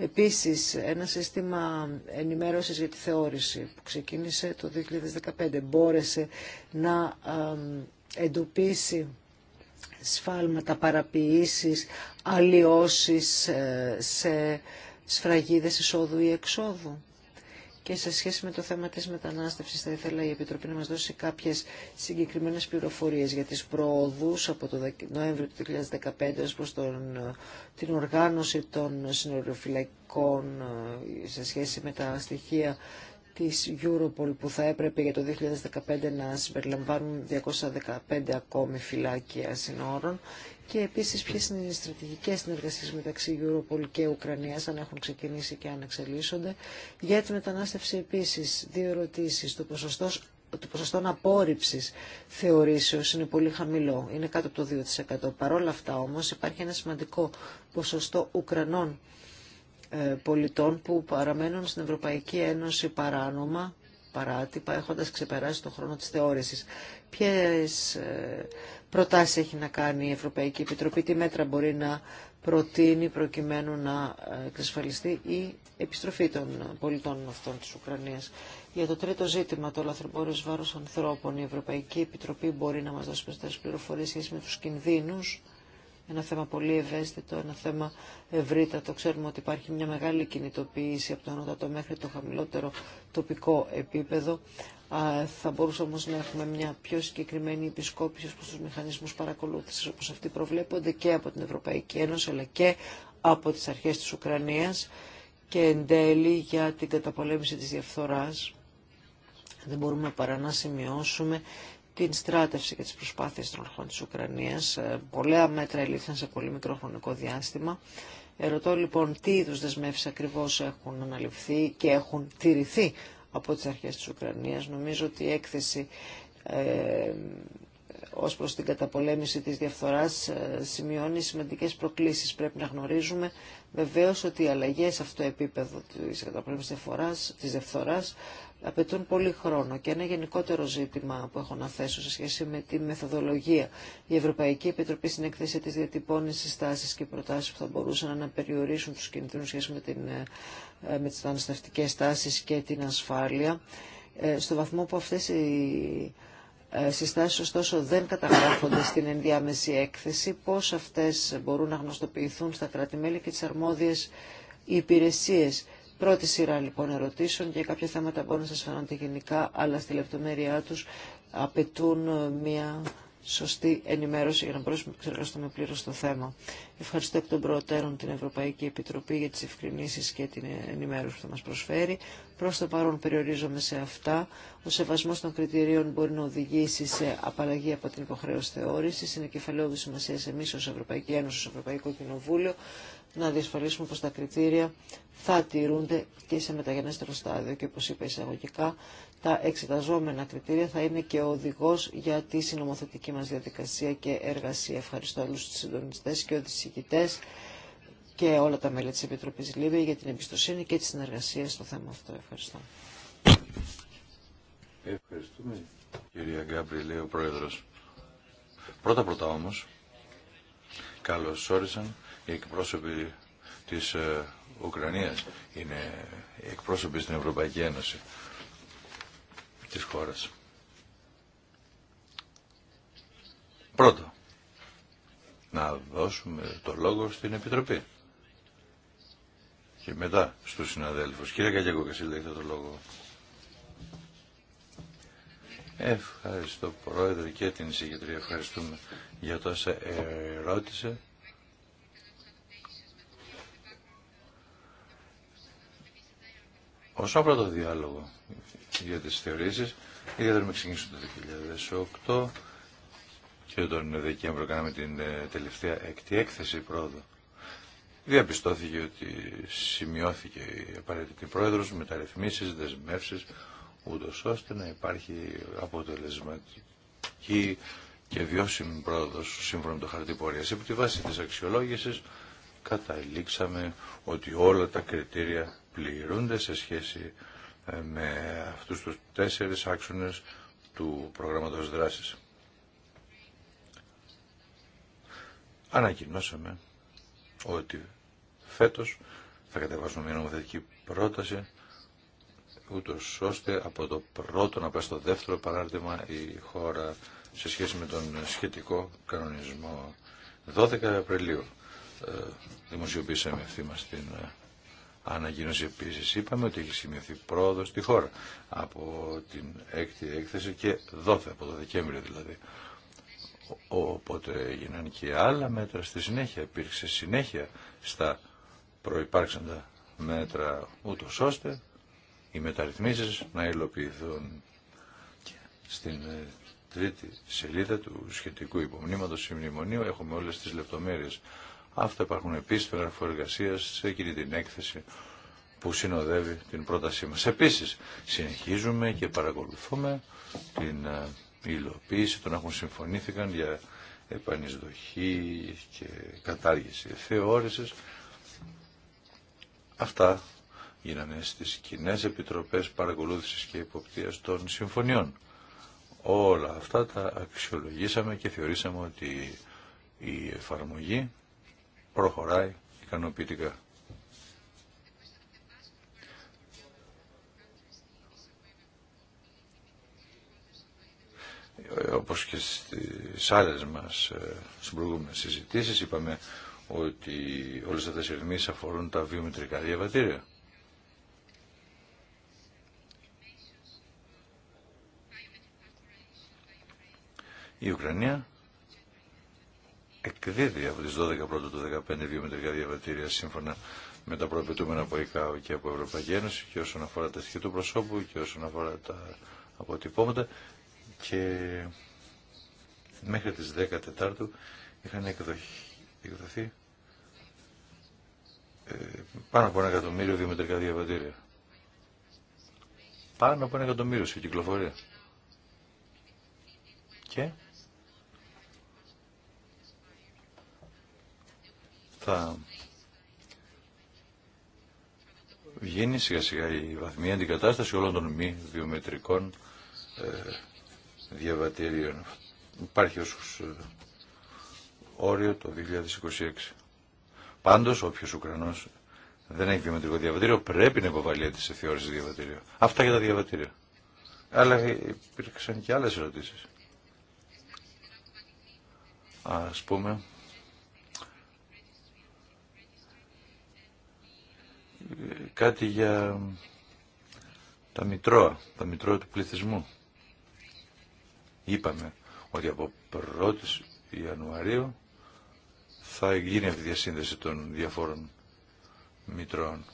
Επίσης, ένα σύστημα ενημέρωσης για τη θεώρηση που ξεκίνησε το 2015 μπόρεσε να εντοπίσει σφάλματα, παραποιήσεις, αλλοιώσεις ε, σε σφραγίδες εισόδου ή εξόδου και σε σχέση με το θέμα της μετανάστευσης θα ήθελα η Επιτροπή να μας δώσει κάποιες συγκεκριμένες πληροφορίες για τις προοδούς από το Νοέμβριο του 2015 ως προς τον, ε, την οργάνωση των συνοριοφυλακών ε, σε σχέση με τα στοιχεία της Europol που θα έπρεπε για το 2015 να συμπεριλαμβάνουν 215 ακόμη φυλάκια συνόρων και επίσης ποιες είναι οι στρατηγικές συνεργασίες μεταξύ Europol και Ουκρανίας, αν έχουν ξεκινήσει και αν εξελίσσονται. Για τη μετανάστευση επίσης, δύο ερωτήσεις. Το ποσοστό το ποσοστό απόρριψη θεωρήσεω είναι πολύ χαμηλό, είναι κάτω από το 2%. Παρ' όλα αυτά όμω υπάρχει ένα σημαντικό ποσοστό Ουκρανών ε, πολιτών που παραμένουν στην Ευρωπαϊκή Ένωση παράνομα, παράτυπα, έχοντας ξεπεράσει τον χρόνο της θεώρησης. Ποιες ε, προτάσεις έχει να κάνει η Ευρωπαϊκή Επιτροπή, τι μέτρα μπορεί να προτείνει προκειμένου να ε, εξασφαλιστεί η επιστροφή των πολιτών αυτών της Ουκρανίας. Για το τρίτο ζήτημα, το λαθρεμπόριο βάρος ανθρώπων, η Ευρωπαϊκή Επιτροπή μπορεί να μας δώσει περισσότερες πληροφορίες σχέση με τους κινδύνους ένα θέμα πολύ ευαίσθητο, ένα θέμα ευρύτατο. Ξέρουμε ότι υπάρχει μια μεγάλη κινητοποίηση από το ανώτατο μέχρι το χαμηλότερο τοπικό επίπεδο. Θα μπορούσαμε όμως να έχουμε μια πιο συγκεκριμένη επισκόπηση προς τους μηχανισμούς παρακολούθησης όπως αυτοί προβλέπονται και από την Ευρωπαϊκή Ένωση αλλά και από τις αρχές της Ουκρανίας και εν τέλει για την καταπολέμηση της διαφθοράς. Δεν μπορούμε παρά να σημειώσουμε την στράτευση και τις προσπάθειες των αρχών της Ουκρανίας. Ε, πολλά μέτρα ελήφθαν σε πολύ μικρό χρονικό διάστημα. Ερωτώ λοιπόν τι είδου δεσμεύσει ακριβώς έχουν αναλυφθεί και έχουν τηρηθεί από τις αρχές της Ουκρανίας. Νομίζω ότι η έκθεση ε, ως προς την καταπολέμηση της διαφθοράς ε, σημειώνει σημαντικές προκλήσεις. Πρέπει να γνωρίζουμε βεβαίως ότι οι αλλαγές σε αυτό το επίπεδο της καταπολέμησης της διαφθοράς, της διαφθοράς απαιτούν πολύ χρόνο. Και ένα γενικότερο ζήτημα που έχω να θέσω σε σχέση με τη μεθοδολογία. Η Ευρωπαϊκή Επιτροπή στην εκθέση τη διατυπώνει συστάσει και προτάσει που θα μπορούσαν να περιορίσουν του κινδύνου σχέση με, την, ε, με τι μεταναστευτικέ τάσει και την ασφάλεια. Ε, στο βαθμό που αυτέ οι ε, συστάσεις ωστόσο δεν καταγράφονται στην ενδιάμεση έκθεση, πώς αυτές μπορούν να γνωστοποιηθούν στα κράτη-μέλη και τις αρμόδιες υπηρεσίες. Πρώτη σειρά λοιπόν ερωτήσεων και κάποια θέματα μπορούν να σας φαίνονται γενικά, αλλά στη λεπτομέρειά τους απαιτούν ε, μια σωστή ενημέρωση για να μπορέσουμε να εξεργαστούμε πλήρω το θέμα. Ευχαριστώ εκ των προτέρων την Ευρωπαϊκή Επιτροπή για τι ευκρινήσει και την ενημέρωση που θα μα προσφέρει. Προ το παρόν περιορίζομαι σε αυτά. Ο σεβασμό των κριτηρίων μπορεί να οδηγήσει σε απαλλαγή από την υποχρέωση θεώρηση. Είναι κεφαλαίου σημασία εμεί ω Ευρωπαϊκή Ένωση, Ευρωπαϊκό Κοινοβούλιο, να διασφαλίσουμε πως τα κριτήρια θα τηρούνται και σε μεταγενέστερο στάδιο. Και όπως είπα εισαγωγικά, τα εξεταζόμενα κριτήρια θα είναι και ο οδηγός για τη συνομοθετική μας διαδικασία και εργασία. Ευχαριστώ όλους τους συντονιστές και οδησηγητές και όλα τα μέλη της Επιτροπής Λίβη για την εμπιστοσύνη και τη συνεργασία στο θέμα αυτό. Ευχαριστώ. Ευχαριστούμε. Κυρία ο Πρόεδρος. Πρώτα-πρώτα όμως, καλώς όρισαν οι εκπρόσωποι της ε, Ουκρανίας είναι εκπρόσωποι στην Ευρωπαϊκή Ένωση της χώρας. Πρώτο, να δώσουμε το λόγο στην Επιτροπή. Και μετά στους συναδέλφους. Κύριε Καγιακό Κασίλη, έχετε το λόγο. Ευχαριστώ Πρόεδρε και την εισηγητρία. Ευχαριστούμε για τόσα ερώτησε Όσο αφορά το διάλογο για τις θεωρήσεις, ιδιαίτερα με ξεκίνησε το 2008 και τον Δεκέμβριο κάναμε την ε, τελευταία έκτη έκθεση πρόοδου. Διαπιστώθηκε ότι σημειώθηκε η απαραίτητη πρόεδρος, μεταρρυθμίσεις, δεσμεύσεις, ούτω ώστε να υπάρχει αποτελεσματική και βιώσιμη πρόοδο σύμφωνα με το χαρτί πορεία Επί τη βάση τη αξιολόγηση καταλήξαμε ότι όλα τα κριτήρια πληρούνται σε σχέση ε, με αυτούς τους τέσσερις άξονες του προγράμματος δράσης. Ανακοινώσαμε ότι φέτος θα κατεβάσουμε μια νομοθετική πρόταση ούτω ώστε από το πρώτο να πάει στο δεύτερο παράρτημα η χώρα σε σχέση με τον σχετικό κανονισμό. 12 Απριλίου ε, δημοσιοποίησαμε αυτή μας την ε, ανακοίνωση επίση είπαμε ότι έχει σημειωθεί πρόοδο στη χώρα από την έκτη έκθεση και δόθε, από το Δεκέμβριο δηλαδή. Οπότε έγιναν και άλλα μέτρα στη συνέχεια, υπήρξε συνέχεια στα προϋπάρξαντα μέτρα ούτω ώστε οι μεταρρυθμίσεις να υλοποιηθούν και στην ε, τρίτη σελίδα του σχετικού υπομνήματος μνημονίου έχουμε όλες τις λεπτομέρειες Αυτά υπάρχουν επίση στο γραφό εργασία σε εκείνη την έκθεση που συνοδεύει την πρότασή μας. Επίσης, συνεχίζουμε και παρακολουθούμε την ε, υλοποίηση των έχουν συμφωνήθηκαν για επανεισδοχή και κατάργηση θεώρηση. Αυτά γίνανε στις κοινέ επιτροπές παρακολούθησης και υποπτίας των συμφωνιών. Όλα αυτά τα αξιολογήσαμε και θεωρήσαμε ότι η εφαρμογή προχωράει ικανοποιητικά. όπως και στις άλλες μας ε, στις προηγούμενες συζητήσεις είπαμε ότι όλες αυτές οι ρυθμίσεις αφορούν τα βιομητρικά διαβατήρια. Η Ουκρανία εκδίδει από τις 12 πρώτου του 15 βιομετρικά διαβατήρια σύμφωνα με τα προεπιτούμενα από ΕΚΑΟ και από Ευρωπαϊκή Ένωση και όσον αφορά τα στοιχεία του προσώπου και όσον αφορά τα αποτυπώματα και μέχρι τις 14 του είχαν εκδοθεί ε, πάνω από ένα εκατομμύριο μετρικά διαβατήρια. Πάνω από ένα εκατομμύριο σε κυκλοφορία. Και θα γίνει σιγά σιγά η βαθμία αντικατάσταση όλων των μη βιομετρικών ε, διαβατηρίων. Υπάρχει ως ε, όριο το 2026. Πάντως όποιος Ουκρανός δεν έχει βιομετρικό διαβατήριο πρέπει να υποβαλεί σε θεώρηση διαβατήριο. Αυτά για τα διαβατήρια. Αλλά υπήρξαν και άλλες ερωτήσεις. Ας πούμε κάτι για τα μητρώα, τα μητρώα του πληθυσμού. Είπαμε ότι από 1η Ιανουαρίου θα γίνει αυτή η διασύνδεση των διαφόρων μητρώων.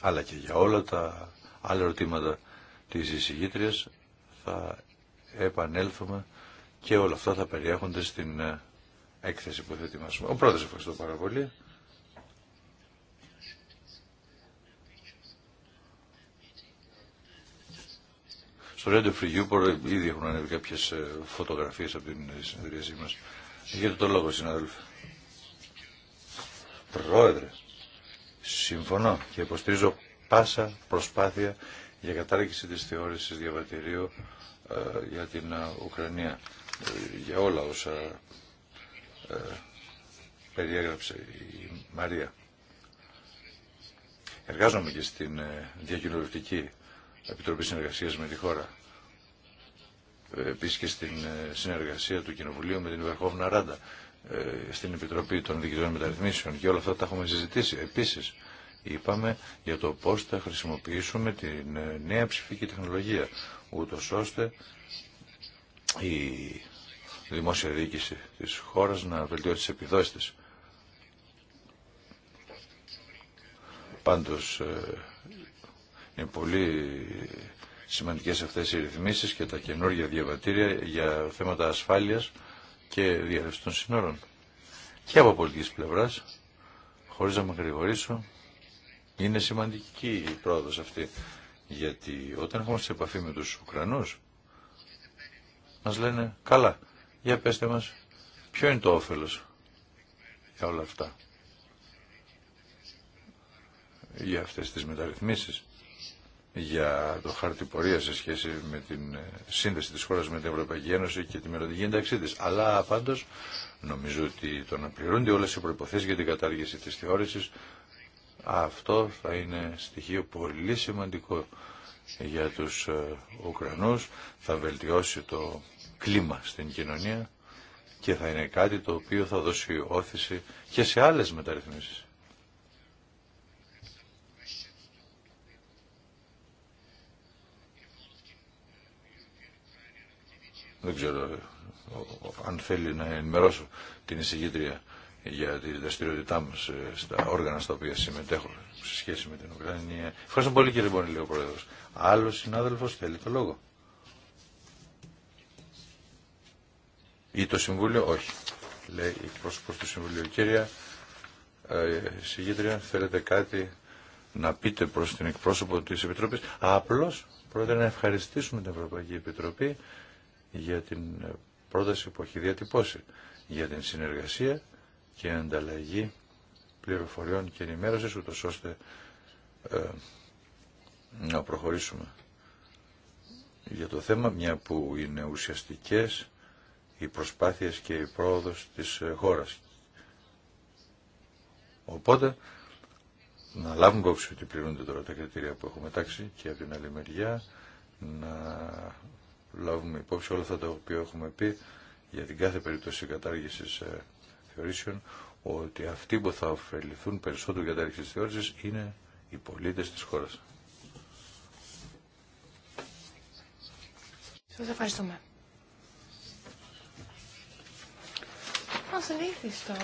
Αλλά και για όλα τα άλλα ερωτήματα της εισηγήτριας θα επανέλθουμε και όλα αυτά θα περιέχονται στην ε, έκθεση που θα ετοιμάσουμε. Ο πρώτος ευχαριστώ πάρα πολύ. Στο Radio Free Europe ήδη έχουν ανέβει κάποιε φωτογραφίε από την συνεδρίασή μα. Για το λόγο, συνάδελφε. Πρόεδρε, συμφωνώ και υποστηρίζω πάσα προσπάθεια για κατάργηση της θεώρηση διαβατηρίου ε, για την ε, Ουκρανία. Ε, για όλα όσα περιέγραψε η Μαρία. Εργάζομαι και στην διακοινωνιστική Επιτροπή συνεργασία με τη χώρα. Ε, Επίση και στην ε, συνεργασία του Κοινοβουλίου με την Βερχόβνα Ράντα, ε, στην Επιτροπή των Διοικητών Μεταρρυθμίσεων και όλα αυτά τα έχουμε συζητήσει. Επίσης, είπαμε για το πώ θα χρησιμοποιήσουμε την νέα ψηφική τεχνολογία, ούτω ώστε η δημόσια διοίκηση τη χώρα να βελτιώσει τι επιδόσεις τη. Πάντως είναι πολύ σημαντικές αυτές οι ρυθμίσεις και τα καινούργια διαβατήρια για θέματα ασφάλειας και διαρρεύση των συνόρων. Και από πολιτικής πλευράς, χωρίς να με γρηγορήσω, είναι σημαντική η πρόοδος αυτή. Γιατί όταν έχουμε σε επαφή με τους Ουκρανούς, μας λένε, καλά, για πέστε μας, ποιο είναι το όφελος για όλα αυτά. Για αυτές τις μεταρρυθμίσεις για το χάρτη πορεία σε σχέση με την ε, σύνδεση τη χώρα με την Ευρωπαϊκή Ένωση και τη μελλοντική ένταξή τη. Αλλά πάντω νομίζω ότι το να πληρούνται όλες οι προποθέσει για την κατάργηση της θεώρηση αυτό θα είναι στοιχείο πολύ σημαντικό για τους ε, Ουκρανούς, θα βελτιώσει το κλίμα στην κοινωνία και θα είναι κάτι το οποίο θα δώσει όθηση και σε άλλες μεταρρυθμίσεις. Δεν ξέρω αν θέλει να ενημερώσω την εισηγήτρια για τη δραστηριότητά μα ε, στα όργανα στα οποία συμμετέχω σε σχέση με την Ουκρανία. Ευχαριστώ πολύ κύριε Μπονιλή, ο Πρόεδρο. Άλλο συνάδελφο θέλει το λόγο. Ή το Συμβούλιο, όχι. Λέει η πρόσωπο του Συμβουλίου. κύριε ε, εισηγήτρια θέλετε κάτι να πείτε προς την εκπρόσωπο της Επιτροπής. Απλώς πρώτα να ευχαριστήσουμε την Ευρωπαϊκή Επιτροπή για την πρόταση που έχει διατυπώσει για την συνεργασία και ανταλλαγή πληροφοριών και ενημέρωση, ούτως ώστε ε, να προχωρήσουμε για το θέμα, μια που είναι ουσιαστικές οι προσπάθειες και η πρόοδος της ε, χώρας. Οπότε, να λάβουμε υπόψη ότι πληρούνται τώρα τα κριτήρια που έχουμε τάξει και από την άλλη μεριά να λάβουμε υπόψη όλα αυτά τα οποία έχουμε πει για την κάθε περίπτωση κατάργησης ε, θεωρήσεων ότι αυτοί που θα ωφεληθούν περισσότερο για κατάργηση της θεώρησης είναι οι πολίτες της χώρας. Σας ευχαριστούμε. Ασυνήθιστο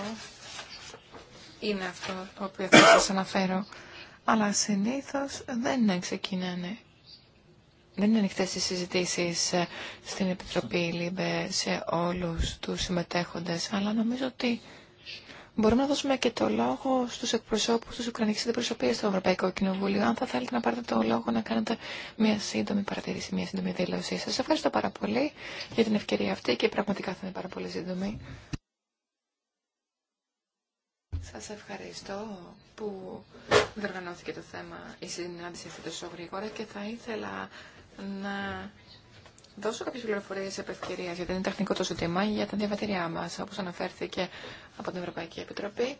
είναι αυτό το οποίο θα σας αναφέρω, αλλά συνήθως δεν ξεκινάνε δεν είναι ανοιχτέ οι συζητήσει ε, στην Επιτροπή ΛΥΜΠΕ σε όλου του συμμετέχοντε, αλλά νομίζω ότι μπορούμε να δώσουμε και το λόγο στου εκπροσώπου τη Ουκρανική Αντιπροσωπεία στο Ευρωπαϊκό Κοινοβούλιο. Αν θα θέλετε να πάρετε το λόγο, να κάνετε μια σύντομη παρατήρηση, μια σύντομη δήλωσή σα. Ευχαριστώ πάρα πολύ για την ευκαιρία αυτή και πραγματικά θα είναι πάρα πολύ σύντομη. Σα ευχαριστώ που διοργανώθηκε το θέμα η συνάντηση αυτή τόσο γρήγορα και θα ήθελα να δώσω κάποιες πληροφορίες σε για γιατί είναι τεχνικό το ζήτημα, για τα διαβατήριά μας, όπως αναφέρθηκε από την Ευρωπαϊκή Επιτροπή,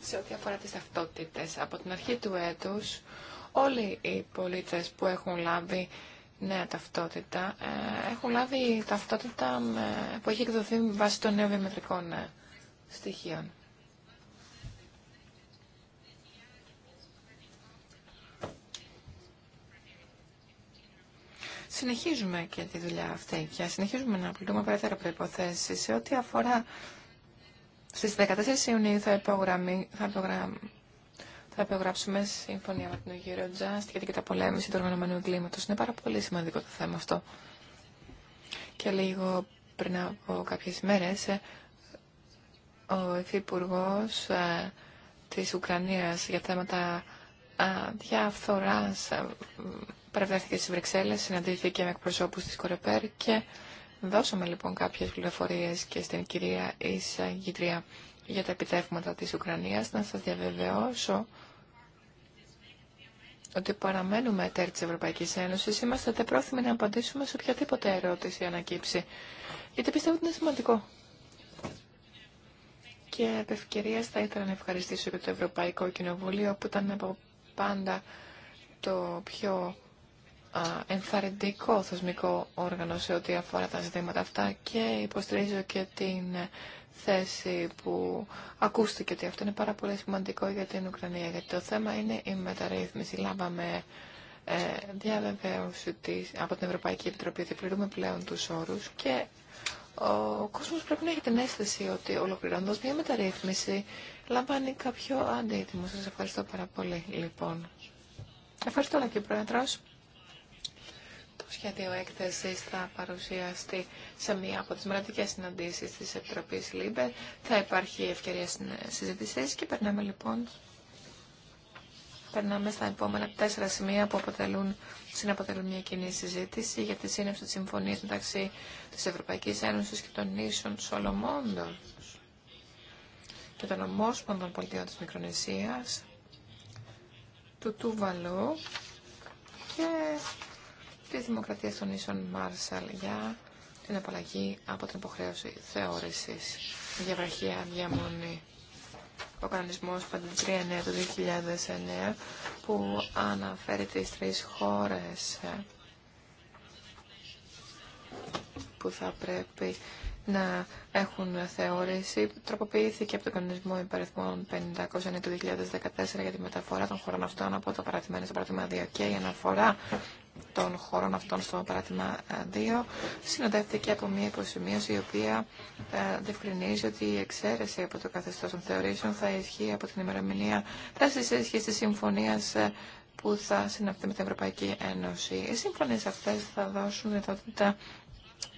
σε ό,τι αφορά τις ταυτότητες. Από την αρχή του έτους, όλοι οι πολίτες που έχουν λάβει νέα ταυτότητα, ε, έχουν λάβει ταυτότητα που έχει εκδοθεί βάση των νέων βιομετρικών ε, στοιχείων. συνεχίζουμε και τη δουλειά αυτή και συνεχίζουμε να πληρούμε περαιτέρω προποθέσει σε ό,τι αφορά στις 14 Ιουνίου θα, θα, θα υπογράψουμε συμφωνία με την γιατί για την καταπολέμηση του οργανωμένου Κλίματος Είναι πάρα πολύ σημαντικό το θέμα αυτό. Και λίγο πριν από κάποιες μέρες ο Υφυπουργό ε, της Ουκρανίας για θέματα ε, διαφθοράς ε, παρευρέθηκε στις Βρυξέλλες, συναντήθηκε με εκπροσώπους της Κορεπέρ και δώσαμε λοιπόν κάποιες πληροφορίες και στην κυρία Ισαγητρία για τα επιτεύγματα της Ουκρανίας. Να σας διαβεβαιώσω ότι παραμένουμε εταίροι της Ευρωπαϊκής Ένωσης. Είμαστε πρόθυμοι να απαντήσουμε σε οποιαδήποτε ερώτηση ανακύψει. Γιατί πιστεύω ότι είναι σημαντικό. Και επ' ευκαιρία θα ήθελα να ευχαριστήσω και το Ευρωπαϊκό Κοινοβούλιο που ήταν από πάντα το πιο ενθαρρυντικό θεσμικό όργανο σε ό,τι αφορά τα ζητήματα αυτά και υποστηρίζω και την θέση που ακούστηκε ότι αυτό είναι πάρα πολύ σημαντικό για την Ουκρανία γιατί το θέμα είναι η μεταρρύθμιση. Λάβαμε ε, διαβεβαίωση της, από την Ευρωπαϊκή Επιτροπή ότι πληρούμε πλέον τους όρους και ο κόσμος πρέπει να έχει την αίσθηση ότι ολοκληρώνοντας μια μεταρρύθμιση λαμβάνει κάποιο αντίτιμο. Σας ευχαριστώ πάρα πολύ λοιπόν. Ευχαριστώ Λακή πρόεδρος. Το σχέδιο έκθεση θα παρουσιαστεί σε μία από τι μελλοντικές συναντησει τη Επιτροπή ΛΥΜΠΕ. Θα υπάρχει ευκαιρία συζήτηση και περνάμε λοιπόν περνάμε στα επόμενα τέσσερα σημεία που αποτελούν, συναποτελούν μια κοινή συζήτηση για τη σύνευση της συμφωνίας μεταξύ της Ευρωπαϊκής Ένωσης και των νήσων Σολομόντων και των ομόσπονδων πολιτείων της Μικρονησίας, του Τούβαλου και Τη δημοκρατία των Ίσων Μάρσαλ για την απαλλαγή από την υποχρέωση θεώρηση για διαμονή. Ο κανονισμό 539 του 2009 που αναφέρει τι τρει χώρε ε, που θα πρέπει να έχουν θεώρηση τροποποιήθηκε από τον κανονισμό υπαριθμών 509 του 2014 για τη μεταφορά των χωρών αυτών από το παρατημένο στο παρατημένο 2 και η αναφορά των χωρών αυτών στο παράδειγμα 2 ε, συνοδεύτηκε από μια υποσημείωση η οποία ε, διευκρινίζει ότι η εξαίρεση από το καθεστώς των θεωρήσεων θα ισχύει από την ημερομηνία τη ισχύς της συμφωνίας ε, που θα συναυτεί με την Ευρωπαϊκή Ένωση. Οι συμφωνίε αυτές θα δώσουν δυνατότητα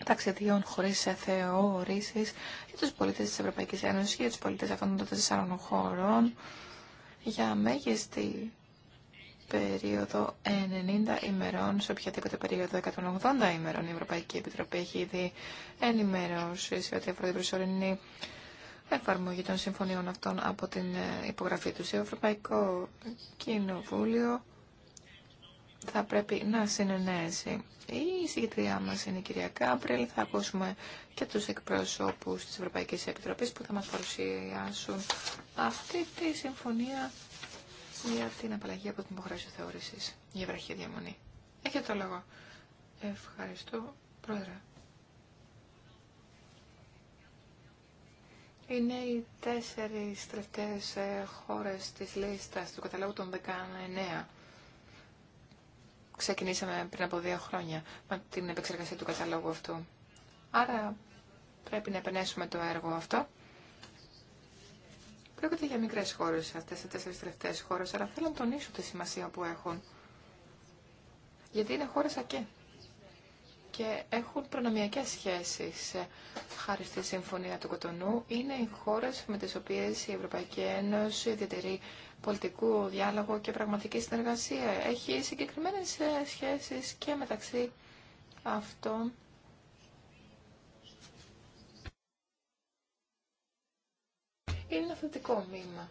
ταξιδιών χωρί θεωρήσει για του πολίτε τη Ευρωπαϊκή Ένωση και για του πολίτε αυτών των τεσσάρων χωρών για μέγιστη περίοδο 90 ημερών σε οποιαδήποτε περίοδο 180 ημερών. Η Ευρωπαϊκή Επιτροπή έχει ήδη ενημερώσει σε ό,τι αφορά την προσωρινή εφαρμογή των συμφωνιών αυτών από την ε, υπογραφή του. Το Ευρωπαϊκό Κοινοβούλιο θα πρέπει να συνενέσει. Η συγκεκριά μα είναι η κυρία Κάπριλ. Θα ακούσουμε και τους εκπροσώπους της Ευρωπαϊκής Επιτροπής που θα μας παρουσιάσουν αυτή τη συμφωνία για την απαλλαγή από την υποχρέωση θεώρηση για βραχή διαμονή. Έχετε το λόγο. Ευχαριστώ, Πρόεδρε. Είναι οι τέσσερι τελευταίε ε, χώρε τη λίστα του καταλόγου των 19. Ξεκινήσαμε πριν από δύο χρόνια με την επεξεργασία του καταλόγου αυτού. Άρα πρέπει να επενέσουμε το έργο αυτό Πρόκειται για μικρέ χώρε αυτέ οι τέσσερι τελευταίε χώρε, αλλά θέλω να τονίσω τη σημασία που έχουν. Γιατί είναι χώρε ΑΚΕ και έχουν προνομιακέ σχέσει. Χάρη στη Συμφωνία του Κοτονού, είναι οι χώρε με τι οποίε η Ευρωπαϊκή Ένωση διατηρεί πολιτικού διάλογο και πραγματική συνεργασία. Έχει συγκεκριμένε ε, σχέσει και μεταξύ αυτών Είναι ένα θετικό μήνυμα,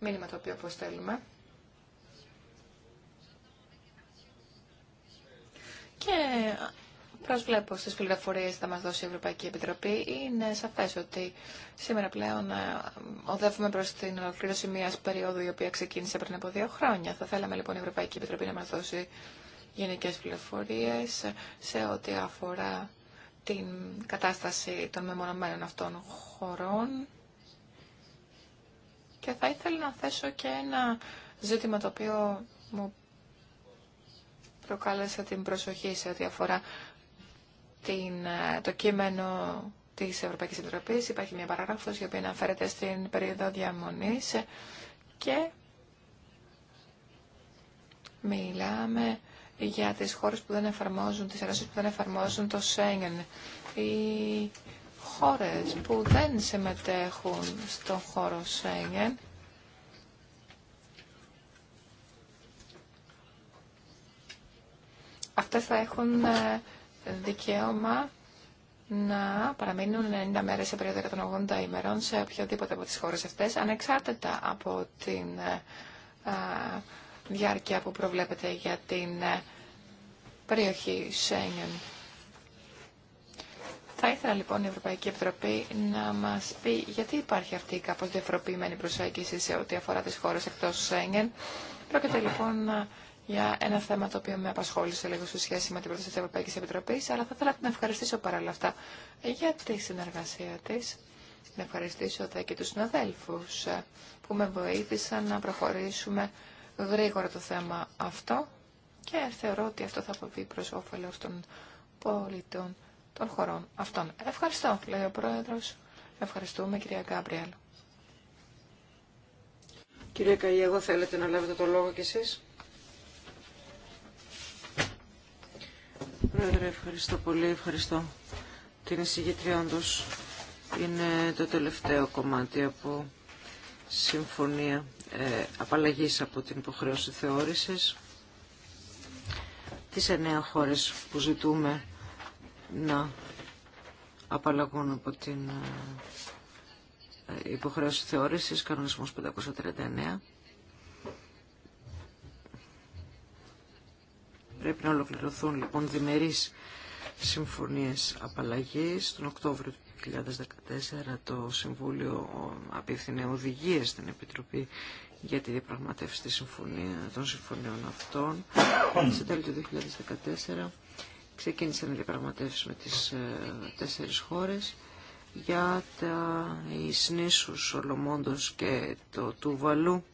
μήνυμα το οποίο αποστέλουμε. Και προσβλέπω στις πληροφορίες που θα μας δώσει η Ευρωπαϊκή Επιτροπή. Είναι σαφές ότι σήμερα πλέον ε, οδεύουμε προς την ολοκλήρωση μιας περίοδου η οποία ξεκίνησε πριν από δύο χρόνια. Θα θέλαμε λοιπόν η Ευρωπαϊκή Επιτροπή να μας δώσει γενικές πληροφορίες σε ό,τι αφορά την κατάσταση των μεμονωμένων αυτών χωρών και θα ήθελα να θέσω και ένα ζήτημα το οποίο μου προκάλεσε την προσοχή σε ό,τι αφορά την, ε, το κείμενο της Ευρωπαϊκής Επιτροπής. Υπάρχει μια παράγραφος η οποία αναφέρεται στην περίοδο διαμονής και μιλάμε για τις χώρες που δεν εφαρμόζουν, τις ενώσεις που δεν εφαρμόζουν το Σέγγεν χώρες που δεν συμμετέχουν στον χώρο Σέγγεν αυτές θα έχουν ε, δικαίωμα να παραμείνουν 90 μέρες σε περίοδο 180 ημερών σε οποιοδήποτε από τις χώρες αυτές, ανεξάρτητα από την ε, α, διάρκεια που προβλέπεται για την ε, περιοχή Σέγγεν. Θα ήθελα λοιπόν η Ευρωπαϊκή Επιτροπή να μα πει γιατί υπάρχει αυτή η κάπω διαφοροποιημένη προσέγγιση σε ό,τι αφορά τι χώρες εκτός Σέγγεν. Πρόκειται λοιπόν για ένα θέμα το οποίο με απασχόλησε λίγο σε σχέση με την πρόταση τη Ευρωπαϊκή Επιτροπή, αλλά θα ήθελα να την ευχαριστήσω παράλληλα αυτά για τη συνεργασία τη, Να ευχαριστήσω και του συναδέλφου που με βοήθησαν να προχωρήσουμε γρήγορα το θέμα αυτό και θεωρώ ότι αυτό θα αποβεί προ όφελο των πολιτών των χωρών αυτών. Ευχαριστώ, λέει ο Πρόεδρος. Ευχαριστούμε, κυρία Γκάμπριελ. Κυρία Καϊ, εγώ θέλετε να λάβετε το λόγο κι εσείς. Πρόεδρε, ευχαριστώ πολύ, ευχαριστώ την εισηγητρία όντως. Είναι το τελευταίο κομμάτι από συμφωνία ε, απαλλαγής από την υποχρέωση θεώρησης. Τις εννέα χώρες που ζητούμε να απαλλαγούν από την ε, ε, υποχρέωση θεώρησης, κανονισμός 539. Πρέπει να ολοκληρωθούν λοιπόν διμερείς συμφωνίες απαλλαγής. Τον Οκτώβριο του 2014 το Συμβούλιο απίθυνε οδηγίες στην Επιτροπή για τη διαπραγματεύση των συμφωνιών αυτών. Σε τέλη του 2014 ξεκίνησαν οι διαπραγματεύσει με τις ε, τέσσερις χώρες για τα Ισνήσους, Σολομόντος και το Τούβαλου.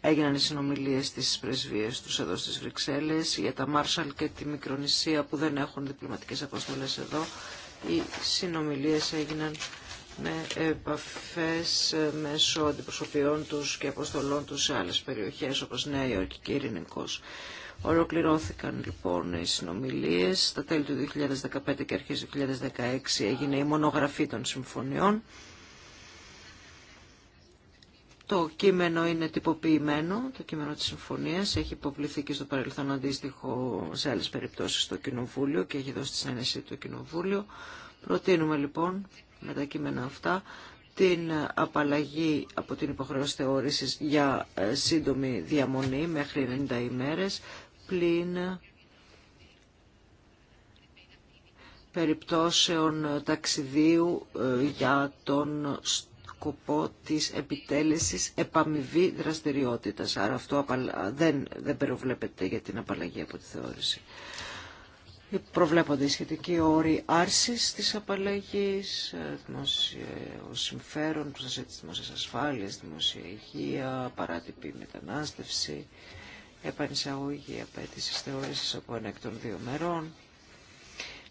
Έγιναν οι συνομιλίες στις πρεσβείες τους εδώ στις Βρυξέλλες για τα Μάρσαλ και τη Μικρονησία που δεν έχουν διπλωματικές αποστολές εδώ. Οι συνομιλίες έγιναν με επαφές ε, μέσω αντιπροσωπιών τους και αποστολών τους σε άλλες περιοχές όπως Νέα Υόρκη και ειρηνικό. Ολοκληρώθηκαν λοιπόν οι συνομιλίες στα τέλη του 2015 και αρχές του 2016 έγινε η μονογραφή των συμφωνιών. Το κείμενο είναι τυποποιημένο, το κείμενο της συμφωνίας έχει υποβληθεί και στο παρελθόν αντίστοιχο σε άλλες περιπτώσεις στο Κοινοβούλιο και έχει δώσει τη συνένεση του Κοινοβούλιο. Προτείνουμε λοιπόν με τα κείμενα αυτά την απαλλαγή από την υποχρέωση θεώρησης για ε, σύντομη διαμονή μέχρι 90 ημέρες πλην περιπτώσεων ταξιδίου ε, για τον σκοπό της επιτέλεσης επαμοιβή δραστηριότητας. Άρα αυτό δεν, δεν περιβλέπεται για την απαλλαγή από τη θεώρηση. Προβλέπονται οι σχετικοί όροι άρσης της απαλλαγής, ε, δημοσιο συμφέρον, προστασία της δημόσιας ασφάλειας, δημοσιακή υγεία, παράτυπη μετανάστευση επανεισαγωγή απέτηση θεώρηση από ένα εκ των δύο μερών,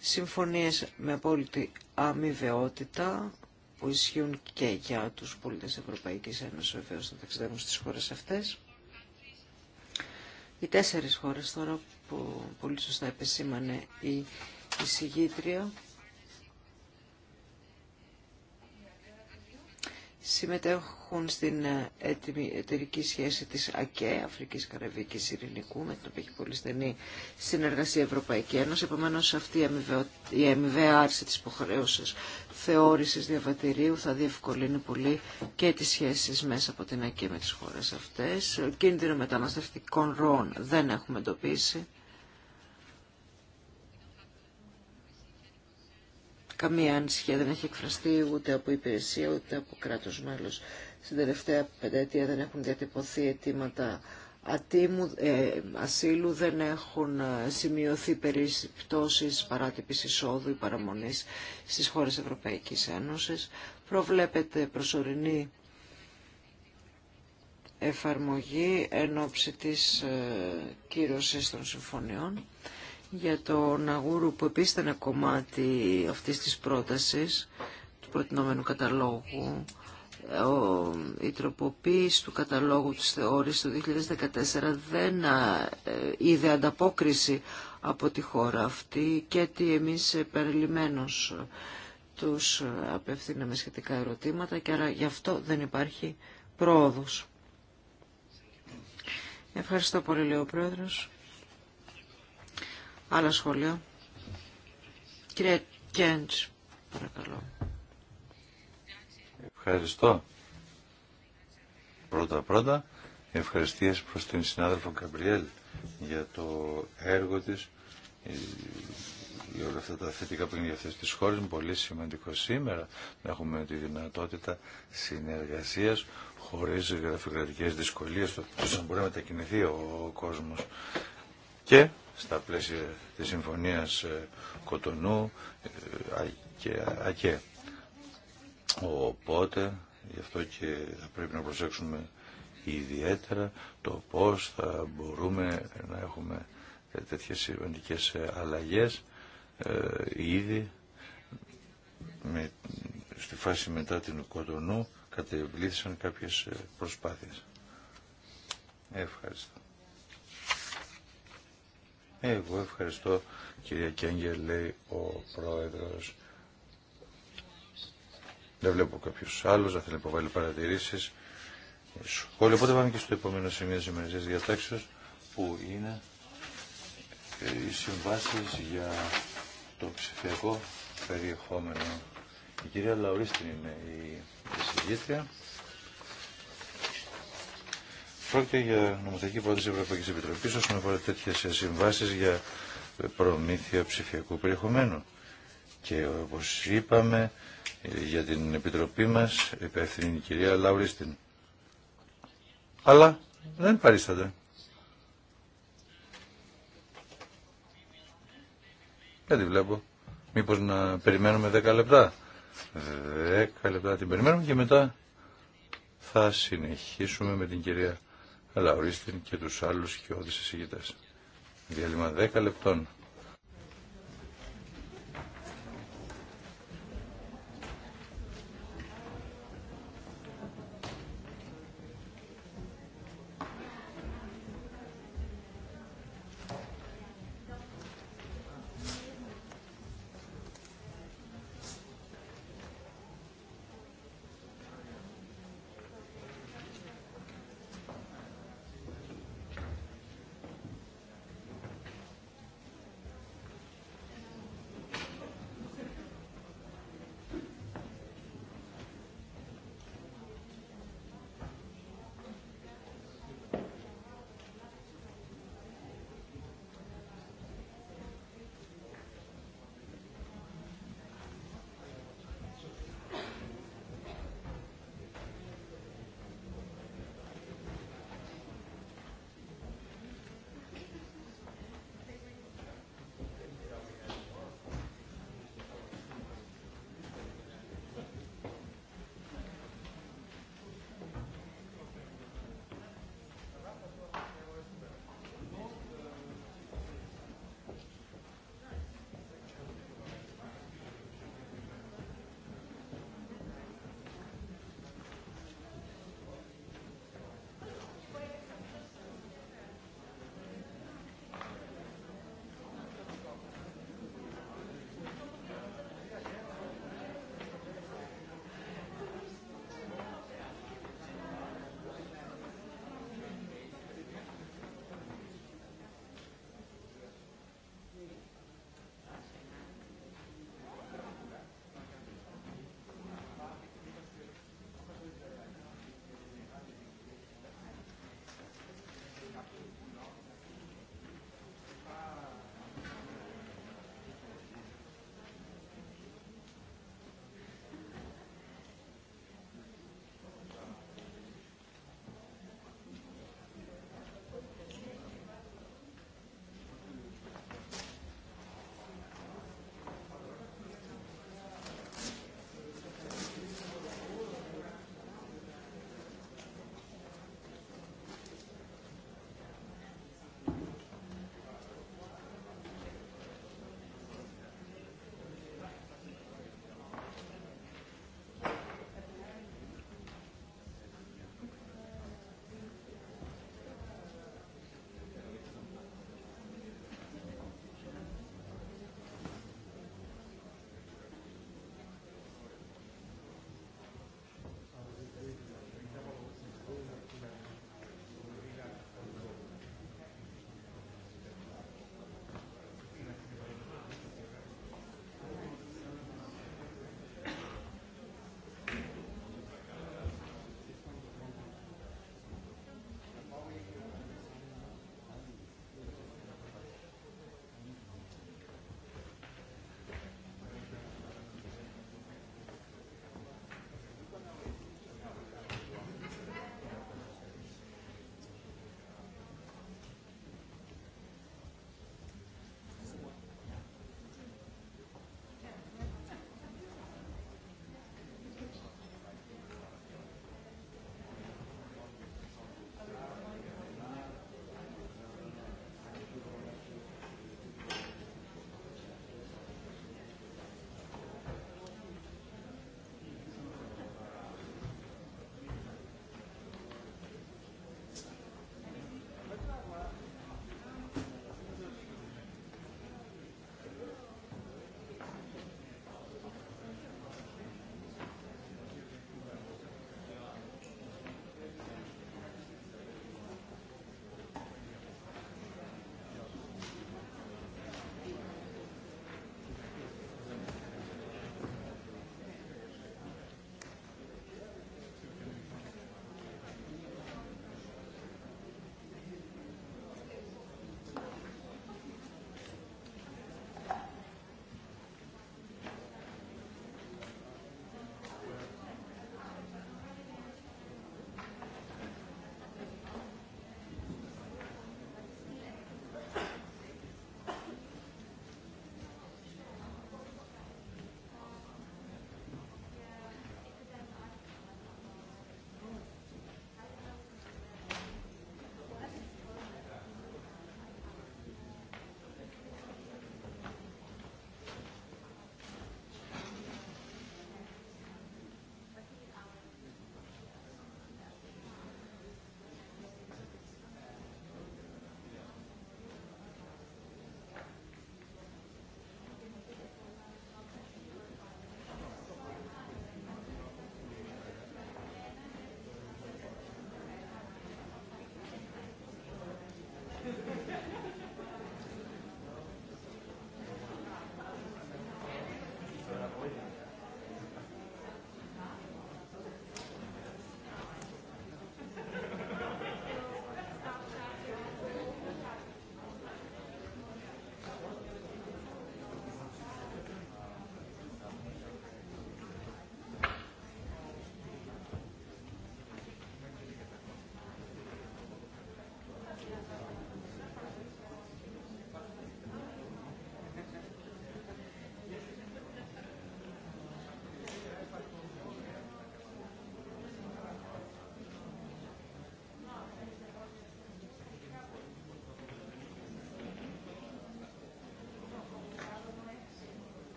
συμφωνίες με απόλυτη αμοιβαιότητα που ισχύουν και για τους πολίτες Ευρωπαϊκής Ένωσης βεβαίως να ταξιδεύουν στις χώρες αυτές. Οι τέσσερις χώρες τώρα που πολύ σωστά επεσήμανε η εισηγήτρια συμμετέχουν στην ε, εταιρική σχέση της ΑΚΕ, Αφρικής Καραβίκης Ειρηνικού, με την οποία έχει πολύ στενή συνεργασία Ευρωπαϊκή Ένωση. Επομένως αυτή η αμοιβαία άρση της υποχρέωσης θεώρησης διαβατηρίου θα διευκολύνει πολύ και τις σχέσεις μέσα από την ΑΚΕ με τις χώρες αυτές. Κίνδυνο μεταναστευτικών ροών δεν έχουμε εντοπίσει. καμία ανησυχία δεν έχει εκφραστεί ούτε από υπηρεσία ούτε από κράτος μέλος. Στην τελευταία πενταετία δεν έχουν διατυπωθεί αιτήματα ε, ασύλου, δεν έχουν ε, σημειωθεί περιπτώσεις παράτυπης εισόδου ή παραμονής στις χώρες Ευρωπαϊκής Ένωσης. Προβλέπεται προσωρινή εφαρμογή εν ώψη της ε, κύρωσης των συμφωνιών για τον Αγούρου που επίση ήταν κομμάτι αυτή της πρότασης του προτινόμενου καταλόγου. Ο, η τροποποίηση του καταλόγου της θεώρησης το 2014 δεν ε, είδε ανταπόκριση από τη χώρα αυτή και τι εμείς περιλημμένως τους ε, απευθύναμε σχετικά ερωτήματα και άρα γι' αυτό δεν υπάρχει πρόοδος. Ευχαριστώ πολύ, λέει ο Πρόεδρος. Άλλα Κύριε Κυρία Κέντς, παρακαλώ. Ευχαριστώ. Πρώτα-πρώτα, ευχαριστίες προς την συνάδελφο Καμπριέλ για το έργο της, για όλα αυτά τα θετικά που είναι για αυτές τις χώρες. Είναι πολύ σημαντικό σήμερα να έχουμε τη δυνατότητα συνεργασίας χωρίς γραφειοκρατικές δυσκολίες, ώστε να μπορεί να μετακινηθεί ο κόσμος. Και στα πλαίσια της Συμφωνίας ε, Κοτονού ε, και ΑΚΕ. Οπότε, γι' αυτό και θα πρέπει να προσέξουμε ιδιαίτερα το πώς θα μπορούμε να έχουμε ε, τέτοιες σημαντικέ αλλαγές ήδη με, στη φάση μετά την Κοτονού κατεβλήθησαν κάποιες προσπάθειες. Ευχαριστώ. Εγώ ευχαριστώ κυρία Κέγγε, λέει ο πρόεδρος. Δεν βλέπω κάποιο άλλο δεν θέλει να υποβάλει παρατηρήσει. Σχόλια. Οπότε πάμε και στο επόμενο σημείο τη ημερησία διατάξεω που είναι οι συμβάσει για το ψηφιακό περιεχόμενο. Η κυρία Λαουρίστη είναι η εισηγήτρια. Πρόκειται για νομοθετική πρόταση Ευρωπαϊκή Επιτροπή όσον αφορά τέτοιε συμβάσει για προμήθεια ψηφιακού περιεχομένου. Και όπω είπαμε, για την Επιτροπή μα υπεύθυνη η κυρία Λαουρίστην. Αλλά δεν παρίσταται. Δεν τη βλέπω. Μήπως να περιμένουμε 10 λεπτά. 10 λεπτά την περιμένουμε και μετά θα συνεχίσουμε με την κυρία αλλά ορίστε και τους άλλους και όδης εισηγητές. Διάλειμμα 10 λεπτών.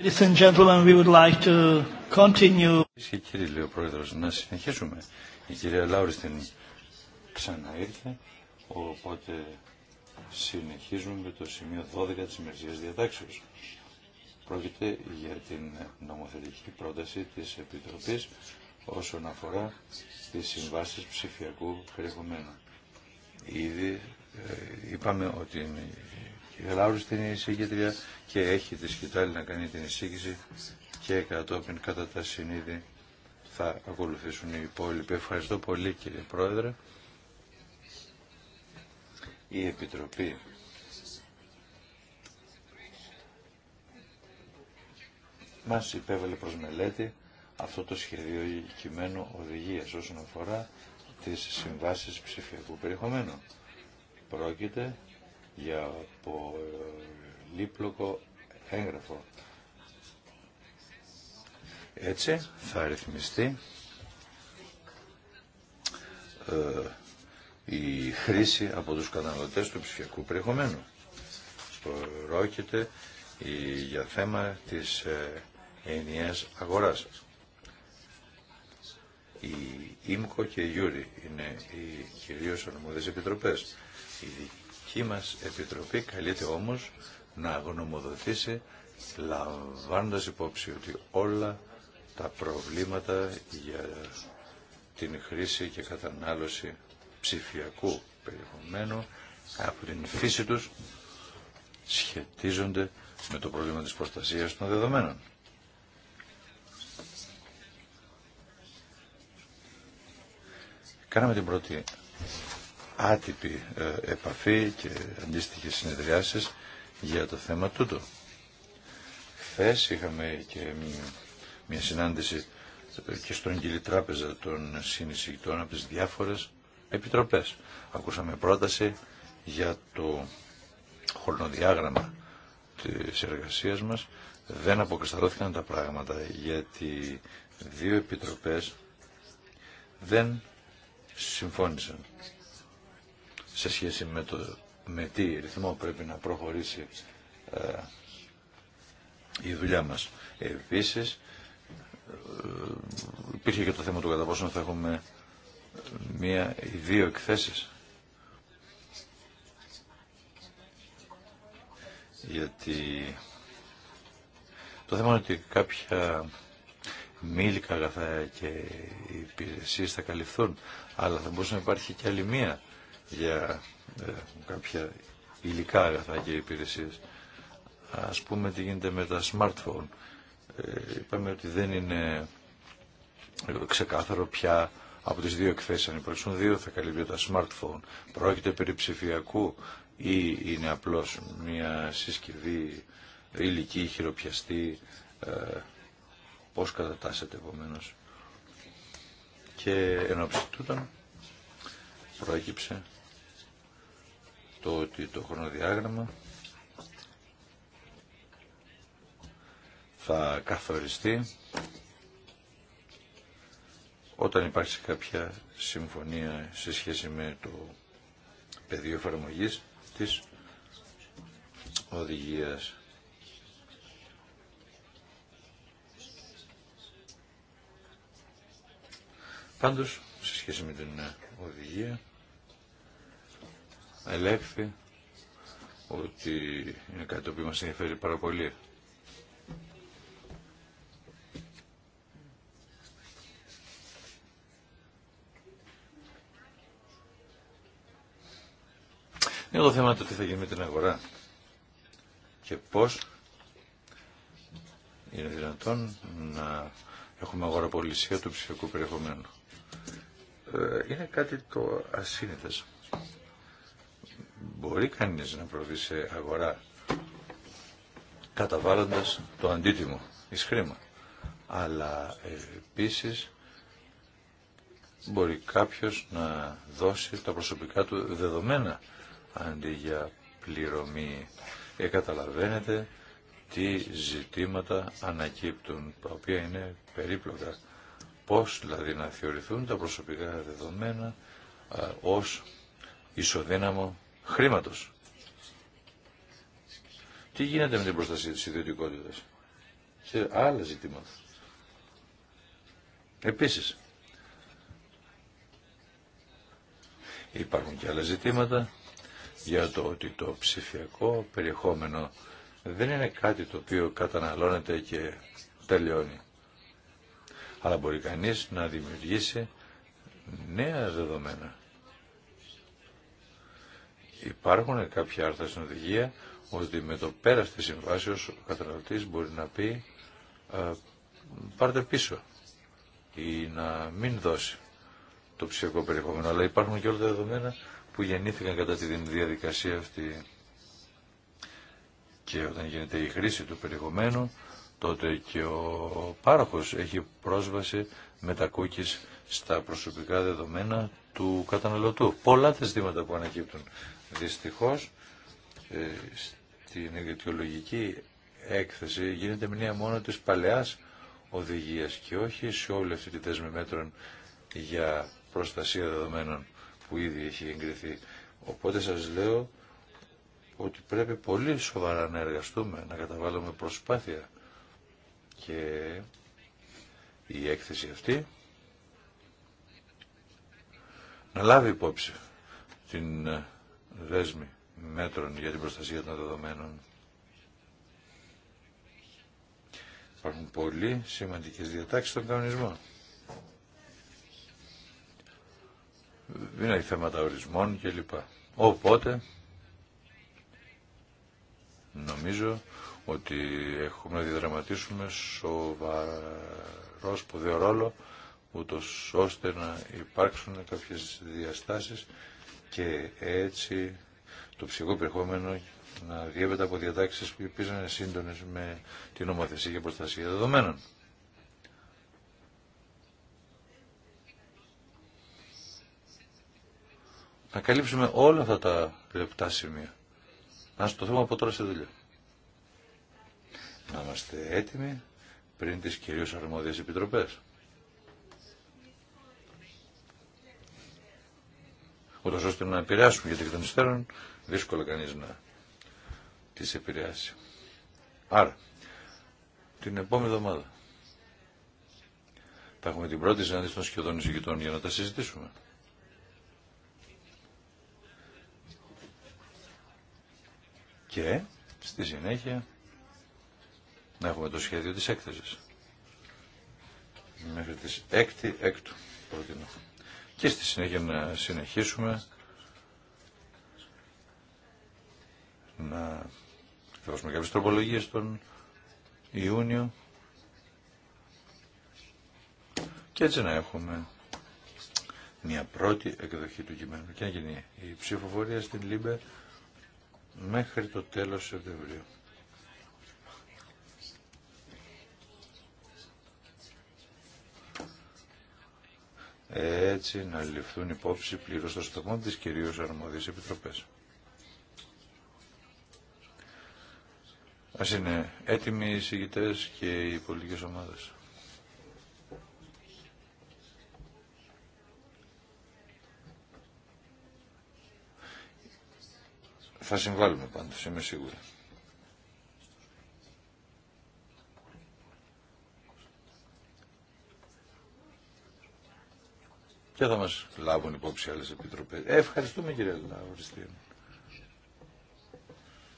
Ladies gentlemen, Και κύριοι, λέει ο Πρόεδρος, να συνεχίσουμε. Η κυρία την ξαναήρθε, οπότε συνεχίζουμε με το σημείο 12 της μερικής διατάξεως. Πρόκειται για την νομοθετική πρόταση της Επιτροπής όσον αφορά τις συμβάσεις ψηφιακού περιεχομένου. Ήδη ε, είπαμε ότι η Λάουρη στην εισηγήτρια και έχει τη σκητάλη να κάνει την εισήγηση και κατόπιν κατά τα συνείδη θα ακολουθήσουν οι υπόλοιποι. Ευχαριστώ πολύ κύριε Πρόεδρε. Η Επιτροπή μας υπέβαλε προς μελέτη αυτό το σχεδίο κειμένου οδηγίας όσον αφορά τις συμβάσεις ψηφιακού περιεχομένου. Πρόκειται για πολύπλοκο έγγραφο. Έτσι θα ρυθμιστεί ε, η χρήση από τους καταναλωτές του ψηφιακού περιεχομένου. Πρόκειται για θέμα της ε, ενιαίας αγοράς. Η ΙΜΚΟ και η ΙΟΡΙ είναι οι κυρίως αρμόδιες επιτροπές δική μας Επιτροπή καλείται όμως να γνωμοδοτήσει λαμβάνοντας υπόψη ότι όλα τα προβλήματα για την χρήση και κατανάλωση ψηφιακού περιεχομένου από την φύση τους σχετίζονται με το πρόβλημα της προστασίας των δεδομένων. Κάναμε την πρώτη άτυπη ε, επαφή και αντίστοιχες συνεδριάσεις για το θέμα τούτο. Χθες είχαμε και μια συνάντηση ε, και στον κύριο τράπεζα των συνεισηγητών από τις διάφορες επιτροπές. Ακούσαμε πρόταση για το χρονοδιάγραμμα της εργασίας μας. Δεν αποκρισταλώθηκαν τα πράγματα γιατί δύο επιτροπές δεν συμφώνησαν σε σχέση με το με τι ρυθμό πρέπει να προχωρήσει ε, η δουλειά μας. Επίσης, ε, υπήρχε και το θέμα του κατά πόσο θα έχουμε μία ή δύο εκθέσεις. Γιατί το θέμα είναι ότι κάποια μήλικα αγαθά και υπηρεσίες θα καλυφθούν, αλλά θα μπορούσε να υπάρχει και άλλη μία για ε, κάποια υλικά αγαθά και υπηρεσίες. Ας πούμε τι γίνεται με τα smartphone. Ε, είπαμε ότι δεν είναι ε, ξεκάθαρο πια από τις δύο εκθέσεις. Αν υπάρξουν δύο θα καλύπτει τα smartphone. Πρόκειται περί ψηφιακού ή είναι απλώς μια συσκευή υλική, χειροπιαστή, ε, πώς κατατάσσεται επομένω. Και εν τούτων προέκυψε το ότι το χρονοδιάγραμμα θα καθοριστεί όταν υπάρξει κάποια συμφωνία σε σχέση με το πεδίο εφαρμογή της οδηγίας. Πάντως, σε σχέση με την οδηγία, ελέγχθη ότι είναι κάτι το οποίο μας ενδιαφέρει πάρα πολύ. Είναι το θέμα το τι θα γίνει με την αγορά και πώς είναι δυνατόν να έχουμε αγοραπολισία του ψηφιακού περιεχομένου. Ε, είναι κάτι το ασύνηθες μπορεί κανείς να προβεί σε αγορά καταβάλλοντας το αντίτιμο, εις χρήμα. Αλλά ε, επίσης μπορεί κάποιος να δώσει τα προσωπικά του δεδομένα αντί για πληρωμή. Ε, τι ζητήματα ανακύπτουν, τα οποία είναι περίπλοκα. Πώς δηλαδή να θεωρηθούν τα προσωπικά δεδομένα ε, ως ισοδύναμο Χρήματο. Τι γίνεται με την προστασία τη ιδιωτικότητα σε άλλα ζητήματα. Επίση. υπάρχουν και άλλα ζητήματα για το ότι το ψηφιακό περιεχόμενο δεν είναι κάτι το οποίο καταναλώνεται και τελειώνει. Αλλά μπορεί κανείς να δημιουργήσει νέα δεδομένα Υπάρχουν κάποια άρθρα στην οδηγία ότι με το πέρας της ο καταναλωτής μπορεί να πει ε, πάρτε πίσω ή να μην δώσει το ψηφιακό περιεχόμενο. Αλλά υπάρχουν και όλα τα δεδομένα που γεννήθηκαν κατά τη διαδικασία αυτή. Και όταν γίνεται η χρήση του περιεχομένου, τότε και ο πάροχος έχει πρόσβαση με τα cookies στα προσωπικά δεδομένα του καταναλωτού. Πολλά τα που ανακύπτουν Δυστυχώς ε, στην αιτιολογική έκθεση γίνεται μία μόνο της παλαιάς οδηγίας και όχι σε όλη αυτή τη δέσμη μέτρων για προστασία δεδομένων που ήδη έχει εγκριθεί. Οπότε σας λέω ότι πρέπει πολύ σοβαρά να εργαστούμε, να καταβάλουμε προσπάθεια και η έκθεση αυτή να λάβει υπόψη την δέσμη μέτρων για την προστασία των δεδομένων. Υπάρχουν πολύ σημαντικές διατάξεις στον κανονισμό. Δεν έχει θέματα ορισμών κλπ. Οπότε, νομίζω ότι έχουμε να διδραματίσουμε σοβαρό σπουδαίο ρόλο, ούτως ώστε να υπάρξουν κάποιες διαστάσεις και έτσι το ψυχικό περιεχόμενο να διέβεται από διατάξεις που υπήρχαν σύντονες με την νομοθεσία και προστασία δεδομένων. Να καλύψουμε όλα αυτά τα λεπτά σημεία. Να στο θέμα από τώρα σε δουλειά. Να είμαστε έτοιμοι πριν τις κυρίως αρμόδιες επιτροπές. ούτως ώστε να επηρεάσουν, γιατί εκ των υστέρων δύσκολα κανείς να τις επηρεάσει. Άρα, την επόμενη εβδομάδα θα έχουμε την πρώτη συνάντηση των σχεδόν εισηγητών για να τα συζητήσουμε. Και στη συνέχεια να έχουμε το σχέδιο της έκθεσης. Μέχρι τις εκτη η έκτου προτείνω και στη συνέχεια να συνεχίσουμε να δώσουμε κάποιες τροπολογίες τον Ιούνιο και έτσι να έχουμε μια πρώτη εκδοχή του κειμένου και να γίνει η ψηφοφορία στην Λίμπε μέχρι το τέλος Σεπτεμβρίου. έτσι να ληφθούν υπόψη πλήρως των στοχών της κυρίως αρμόδιες επιτροπές. Ας είναι έτοιμοι οι συγητές και οι πολιτικές ομάδες. Θα συμβάλλουμε πάντως, είμαι σίγουρη. και θα μας λάβουν υπόψη άλλες επιτροπές. Ε, ευχαριστούμε κύριε Λαουριστή.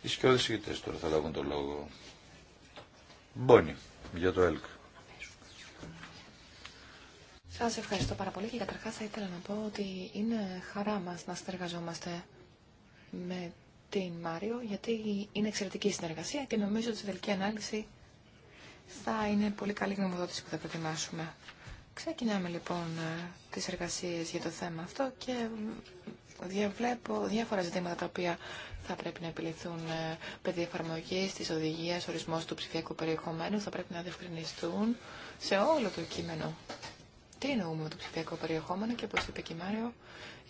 Οι σκιώδε ηγητέ τώρα θα λάβουν το λόγο. Μπόνι για το ΕΛΚ. Σας ευχαριστώ πάρα πολύ και καταρχάς θα ήθελα να πω ότι είναι χαρά μας να συνεργαζόμαστε με την Μάριο γιατί είναι εξαιρετική συνεργασία και νομίζω ότι στη τελική ανάλυση θα είναι πολύ καλή γνωμοδότηση που θα προετοιμάσουμε. Ξεκινάμε λοιπόν ε, τις εργασίες για το θέμα αυτό και ε, διαβλέπω διάφορα ζητήματα τα οποία θα πρέπει να επιληθούν ε, παιδί εφαρμογή τη οδηγία, ορισμό του ψηφιακού περιεχομένου, θα πρέπει να διευκρινιστούν σε όλο το κείμενο. Τι εννοούμε με το ψηφιακό περιεχόμενο και όπω είπε και η Μάριο,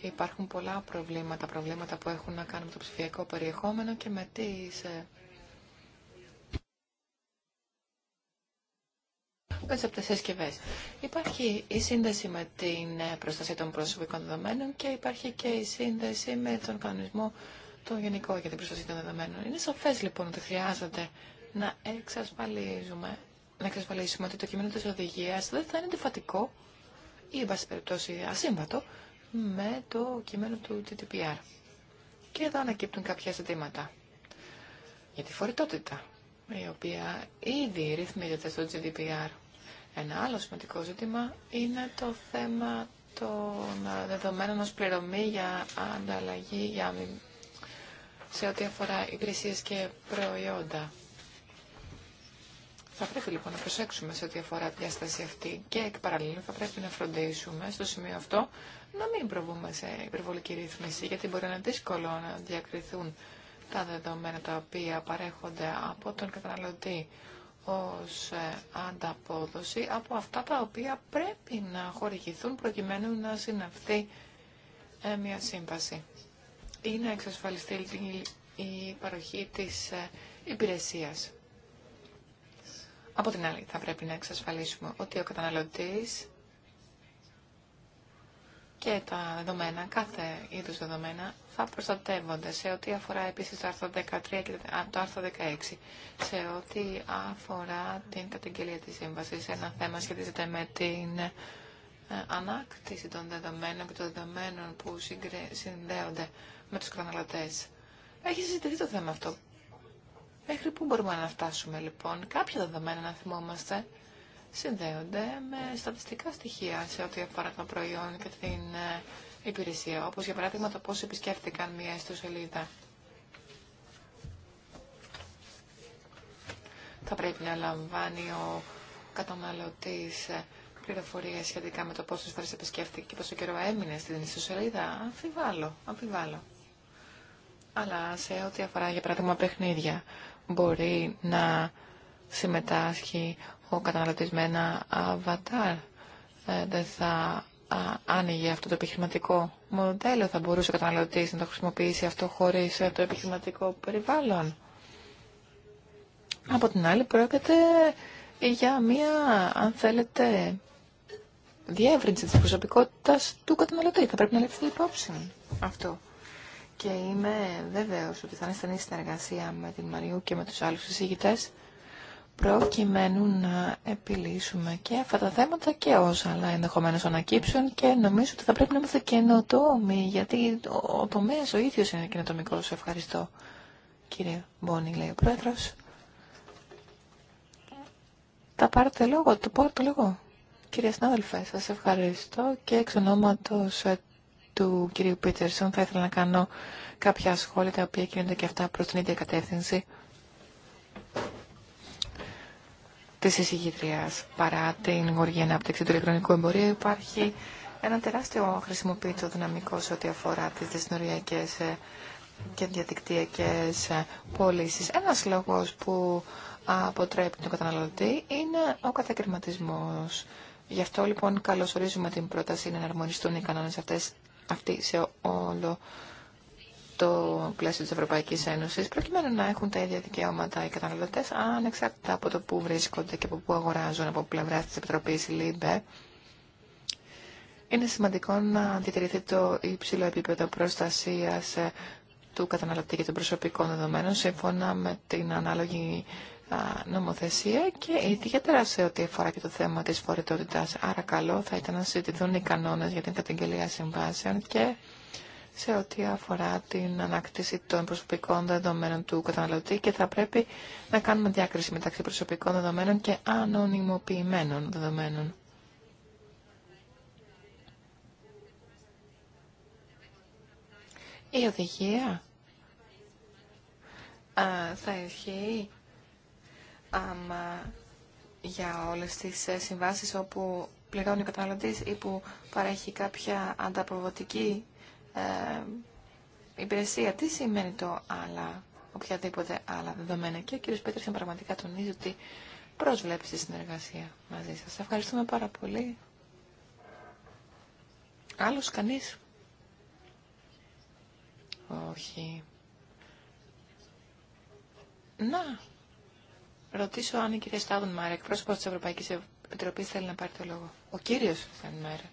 υπάρχουν πολλά προβλήματα. Προβλήματα που έχουν να κάνουν με το ψηφιακό περιεχόμενο και με τις... από συσκευέ. Υπάρχει η σύνδεση με την ε, προστασία των προσωπικών δεδομένων και υπάρχει και η σύνδεση με τον κανονισμό το γενικό για την προστασία των δεδομένων. Είναι σαφέ λοιπόν ότι χρειάζεται να εξασφαλίζουμε, να εξασφαλίσουμε ότι το κείμενο τη οδηγία δεν θα είναι αντιφατικό ή, εν πάση περιπτώσει, ασύμβατο με το κείμενο του GDPR. Και εδώ ανακύπτουν κάποια ζητήματα. Για τη φορητότητα, η οποία ήδη ρυθμίζεται στο GDPR. Ένα άλλο σημαντικό ζήτημα είναι το θέμα των δεδομένων ως πληρωμή για ανταλλαγή σε ό,τι αφορά υπηρεσίε και προϊόντα. Θα πρέπει λοιπόν να προσέξουμε σε ό,τι αφορά τη διάσταση αυτή και εκ παραλλήλου θα πρέπει να φροντίσουμε στο σημείο αυτό να μην προβούμε σε υπερβολική ρύθμιση γιατί μπορεί να είναι δύσκολο να διακριθούν τα δεδομένα τα οποία παρέχονται από τον καταναλωτή ως ε, ανταπόδοση από αυτά τα οποία πρέπει να χορηγηθούν προκειμένου να συναυθεί ε, μια σύμβαση ή να εξασφαλιστεί η παροχή της ε, υπηρεσίας. Από την άλλη, θα πρέπει να εξασφαλίσουμε ότι ο καταναλωτής και τα δεδομένα, κάθε είδους δεδομένα, θα προστατεύονται σε ό,τι αφορά επίσης το άρθρο 13 και το 16, σε ό,τι αφορά την καταγγελία της σύμβασης. Ένα θέμα σχετίζεται με την ε, ανάκτηση των δεδομένων και των δεδομένων που συνδέονται με τους καταναλωτές. Έχει συζητηθεί το θέμα αυτό. Μέχρι πού μπορούμε να φτάσουμε λοιπόν. Κάποια δεδομένα να θυμόμαστε συνδέονται με στατιστικά στοιχεία σε ό,τι αφορά το προϊόν και την ε, υπηρεσία, όπως για παράδειγμα το πόσο επισκέφτηκαν μία ιστοσελίδα. Θα πρέπει να λαμβάνει ο καταναλωτής ε, πληροφορίες σχετικά με το πόσο φορές επισκέφτηκε και πόσο καιρό έμεινε στην ιστοσελίδα. Αμφιβάλλω, αμφιβάλλω. Αλλά σε ό,τι αφορά για παράδειγμα παιχνίδια, μπορεί να συμμετάσχει ο καταναλωτής με ένα αβατάρ ε, δεν θα άνοιγε αυτό το επιχειρηματικό μοντέλο, θα μπορούσε ο καταναλωτής να το χρησιμοποιήσει αυτό χωρίς ε, το επιχειρηματικό περιβάλλον. Από την άλλη πρόκειται για μία, αν θέλετε, διεύρυνση της προσωπικότητας του καταναλωτή. Θα πρέπει να την υπόψη αυτό. Και είμαι βέβαιος ότι θα είναι στενή συνεργασία με την Μαριού και με τους άλλους συζητητές προκειμένου να επιλύσουμε και αυτά τα θέματα και όσα άλλα ενδεχομένως ανακύψουν και νομίζω ότι θα πρέπει να είμαστε καινοτόμοι γιατί ο τομέα ο ίδιο είναι Σε Ευχαριστώ κύριε Μπόνι, λέει ο πρόεδρο. Τα πάρετε λόγο, το πάρετε λόγο. Κύριε συνάδελφε, σα ευχαριστώ και εξ ονόματο ε, του κυρίου Πίτερσον θα ήθελα να κάνω κάποια σχόλια τα οποία κινούνται και αυτά προ την ίδια κατεύθυνση της εισηγήτριας. Παρά την γοργή ανάπτυξη του ηλεκτρονικού εμπορίου υπάρχει ένα τεράστιο χρησιμοποιητό δυναμικό σε ό,τι αφορά τις δυσνοριακές ε, και διαδικτυακές ε, πωλήσει. Ένας λόγος που αποτρέπει τον καταναλωτή είναι ο κατακριματισμός. Γι' αυτό λοιπόν καλωσορίζουμε την πρόταση να εναρμονιστούν οι κανόνες αυτές, αυτοί σε όλο το πλαίσιο της Ευρωπαϊκής Ένωσης προκειμένου να έχουν τα ίδια δικαιώματα οι καταναλωτές ανεξάρτητα από το που βρίσκονται και από που αγοράζουν από πλευρά της Επιτροπής ΛΥΜΠΕ. Είναι σημαντικό να διατηρηθεί το υψηλό επίπεδο προστασίας ε, του καταναλωτή και των προσωπικών δεδομένων σύμφωνα με την ανάλογη νομοθεσία και ιδιαίτερα σε ό,τι αφορά και το θέμα της φορητότητας. Άρα καλό θα ήταν να συζητηθούν οι κανόνες για την καταγγελία συμβάσεων και σε ό,τι αφορά την ανάκτηση των προσωπικών δεδομένων του καταναλωτή και θα πρέπει να κάνουμε διάκριση μεταξύ προσωπικών δεδομένων και ανωνυμοποιημένων δεδομένων. Η οδηγία α, θα ισχύει για όλες τις ε, συμβάσεις όπου πληρώνει ο καταναλωτής ή που παρέχει κάποια ανταποδοτική ε, υπηρεσία. Τι σημαίνει το άλλα, οποιαδήποτε άλλα δεδομένα. Και ο κύριος Πέτρης πραγματικά τονίζει ότι προσβλέπει στη συνεργασία μαζί σας. Ευχαριστούμε πάρα πολύ. Άλλος κανείς. Όχι. Να. Ρωτήσω αν η κυρία Στάδων Μάρια, εκπρόσωπος της Ευρωπαϊκής Επιτροπής, θέλει να πάρει το λόγο. Ο κύριος Στάδων Μάρια.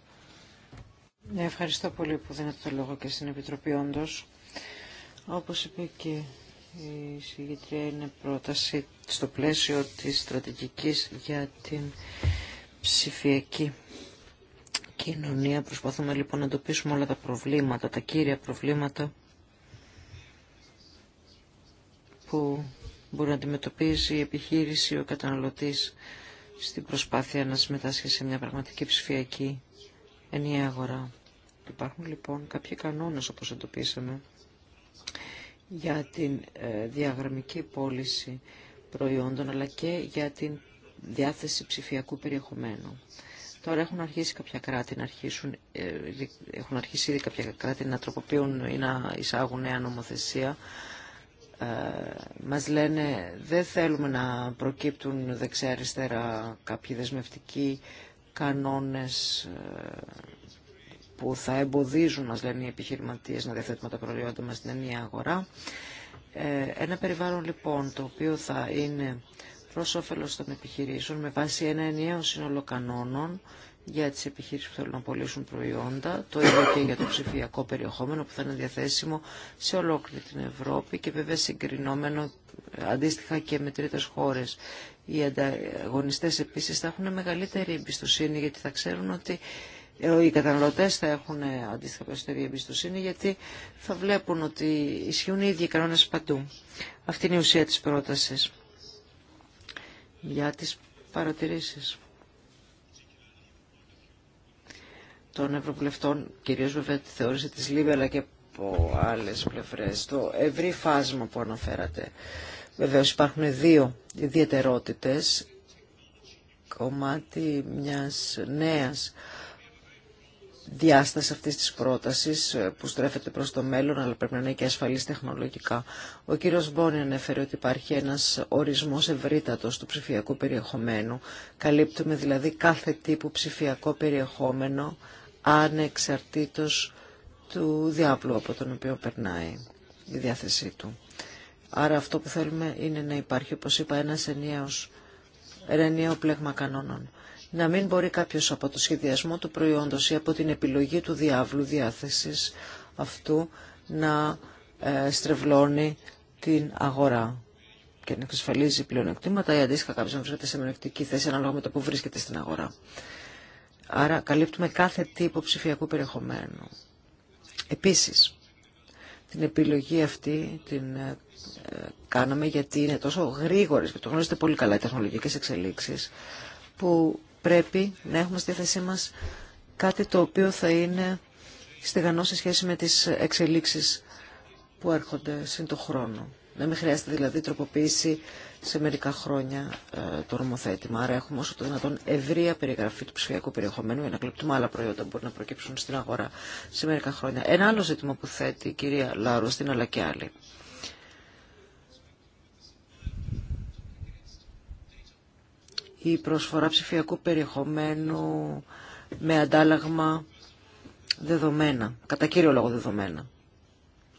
Ναι, ευχαριστώ πολύ που δίνετε το λόγο και στην Επιτροπή όντως. Όπως είπε και η συγγετρία είναι πρόταση στο πλαίσιο της στρατηγικής για την ψηφιακή κοινωνία. Προσπαθούμε λοιπόν να εντοπίσουμε όλα τα προβλήματα, τα κύρια προβλήματα που μπορεί να αντιμετωπίσει η επιχείρηση, ο καταναλωτής στην προσπάθεια να συμμετάσχει σε μια πραγματική ψηφιακή ενιαία αγορά. Υπάρχουν λοιπόν κάποιοι κανόνες όπως εντοπίσαμε για την ε, διαγραμμική πώληση προϊόντων αλλά και για την διάθεση ψηφιακού περιεχομένου. Τώρα έχουν αρχίσει κάποια κράτη να αρχίσουν, ε, έχουν αρχίσει ήδη κάποια κράτη να τροποποιούν ή να εισάγουν νέα νομοθεσία. Ε, μας λένε δεν θέλουμε να προκύπτουν δεξιά-αριστερά κάποιοι δεσμευτικοί κανόνες ε, που θα εμποδίζουν, μας λένε οι επιχειρηματίες, να διαθέτουμε τα προϊόντα μας στην ενιαία αγορά. Ε, ένα περιβάλλον λοιπόν το οποίο θα είναι προς όφελος των επιχειρήσεων με βάση ένα ενιαίο σύνολο κανόνων για τις επιχείρησεις που θέλουν να πωλήσουν προϊόντα, το ίδιο και για το ψηφιακό περιεχόμενο που θα είναι διαθέσιμο σε ολόκληρη την Ευρώπη και βέβαια συγκρινόμενο ε, αντίστοιχα και με τρίτες χώρες. Οι ανταγωνιστές επίσης θα έχουν μεγαλύτερη εμπιστοσύνη γιατί θα ξέρουν ότι ε, οι καταναλωτές θα έχουν αντίστοιχα περισσότερη εμπιστοσύνη γιατί θα βλέπουν ότι ισχύουν οι ίδιοι κανόνες παντού. Αυτή είναι η ουσία της πρότασης για τις παρατηρήσεις των Ευρωβουλευτών, κυρίως βέβαια τη θεώρηση της Λίβε αλλά και από άλλες πλευρές, το ευρύ φάσμα που αναφέρατε. Βεβαίως υπάρχουν δύο ιδιαιτερότητες. Κομμάτι μιας νέας διάσταση αυτής της πρότασης που στρέφεται προς το μέλλον αλλά πρέπει να είναι και ασφαλής τεχνολογικά. Ο κύριο Μπόνι ανέφερε ότι υπάρχει ένας ορισμός ευρύτατο του ψηφιακού περιεχομένου. Καλύπτουμε δηλαδή κάθε τύπου ψηφιακό περιεχόμενο ανεξαρτήτως του διάπλου από τον οποίο περνάει η διάθεσή του. Άρα αυτό που θέλουμε είναι να υπάρχει, όπως είπα, ένας ενιαίος, ένα ενιαίο πλέγμα κανόνων. Να μην μπορεί κάποιος από το σχεδιασμό του προϊόντος ή από την επιλογή του διάβλου διάθεσης αυτού να ε, στρεβλώνει την αγορά και να εξασφαλίζει πλεονεκτήματα ή αντίστοιχα κάποιο να βρίσκεται σε μειονεκτική θέση ανάλογα με το που βρίσκεται στην αγορά. Άρα καλύπτουμε κάθε τύπο ψηφιακού περιεχομένου. Επίσης, την επιλογή αυτή, την ε, κάναμε γιατί είναι τόσο γρήγορες και το γνωρίζετε πολύ καλά οι τεχνολογικές εξελίξεις που πρέπει να έχουμε στη θέση μας κάτι το οποίο θα είναι στεγανό σε σχέση με τις εξελίξεις που έρχονται σύν το χρόνο. Να μην χρειάζεται δηλαδή τροποποίηση σε μερικά χρόνια ε, το νομοθέτημα. Άρα έχουμε όσο το δυνατόν ευρεία περιγραφή του ψηφιακού περιεχομένου για να κλεπτούμε άλλα προϊόντα που μπορεί να προκύψουν στην αγορά σε μερικά χρόνια. Ένα άλλο ζήτημα που θέτει η κυρία Λάρου στην αλλά και άλλη. η προσφορά ψηφιακού περιεχομένου με αντάλλαγμα δεδομένα, κατά κύριο λόγο δεδομένα.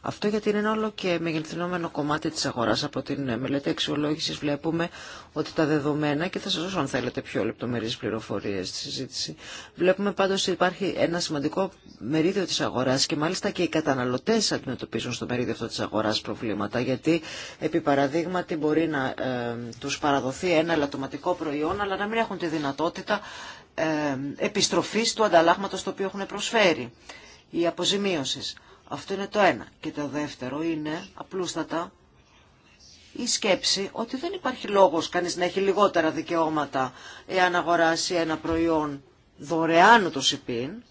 Αυτό γιατί είναι όλο και μεγενθυνόμενο κομμάτι της αγοράς. Από την μελέτη αξιολόγηση βλέπουμε ότι τα δεδομένα, και θα σας δώσω αν θέλετε πιο λεπτομερείς πληροφορίες στη συζήτηση, βλέπουμε πάντως ότι υπάρχει ένα σημαντικό μερίδιο της αγοράς και μάλιστα και οι καταναλωτές αντιμετωπίζουν στο μερίδιο αυτό της αγοράς προβλήματα, γιατί επί παραδείγματι μπορεί να ε, τους παραδοθεί ένα ελαττωματικό προϊόν, αλλά να μην έχουν τη δυνατότητα ε, επιστροφής του ανταλλάγματος το οποίο έχουν προσφέρει ή αποζημίωσης. Αυτό είναι το ένα. Και το δεύτερο είναι, απλούστατα, η σκέψη ότι δεν υπάρχει λόγος κανείς να έχει λιγότερα δικαιώματα εάν αγοράσει ένα προϊόν δωρεάν το ΣΥΠΗΝ,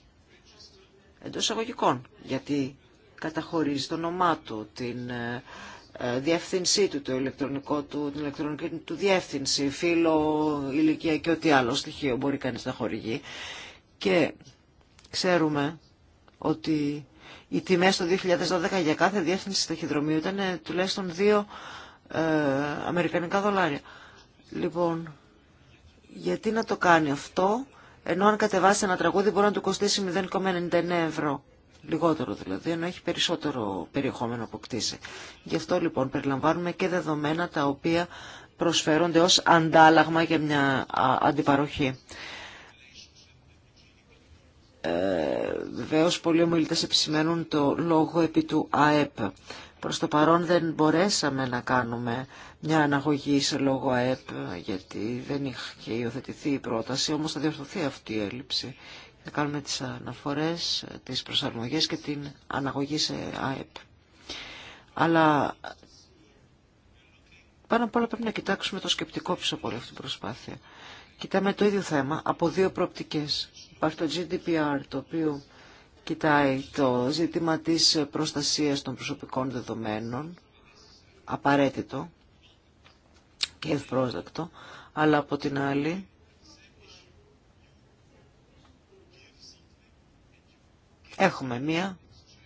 εντό εισαγωγικών, γιατί καταχωρίζει το όνομά του, την ε, ε, διεύθυνσή του, το ηλεκτρονικό του, την ηλεκτρονική του διεύθυνση, φίλο, ηλικία και ό,τι άλλο στοιχείο μπορεί κανείς να χορηγεί. Και ξέρουμε ότι οι τιμές το 2012 για κάθε διεύθυνση ταχυδρομείου ήταν ε, τουλάχιστον 2 ε, αμερικανικά δολάρια. Λοιπόν, γιατί να το κάνει αυτό, ενώ αν κατεβάσει ένα τραγούδι μπορεί να του κοστίσει 0,99 ευρώ. Λιγότερο δηλαδή, ενώ έχει περισσότερο περιεχόμενο που κτίσει. Γι' αυτό λοιπόν περιλαμβάνουμε και δεδομένα τα οποία προσφέρονται ως αντάλλαγμα για μια αντιπαροχή. Ε, πολλοί ομιλητέ επισημαίνουν το λόγο επί του ΑΕΠ. Προς το παρόν δεν μπορέσαμε να κάνουμε μια αναγωγή σε λόγο ΑΕΠ γιατί δεν είχε υιοθετηθεί η πρόταση, όμω θα διορθωθεί αυτή η έλλειψη. Θα κάνουμε τις αναφορές, τι προσαρμογέ και την αναγωγή σε ΑΕΠ. Αλλά πάνω απ' όλα πρέπει να κοιτάξουμε το σκεπτικό πίσω από όλη αυτή την προσπάθεια. Κοιτάμε το ίδιο θέμα από δύο προοπτικές. Υπάρχει το GDPR, το οποίο κοιτάει το ζήτημα της προστασίας των προσωπικών δεδομένων, απαραίτητο και ευπρόσδεκτο, αλλά από την άλλη έχουμε μία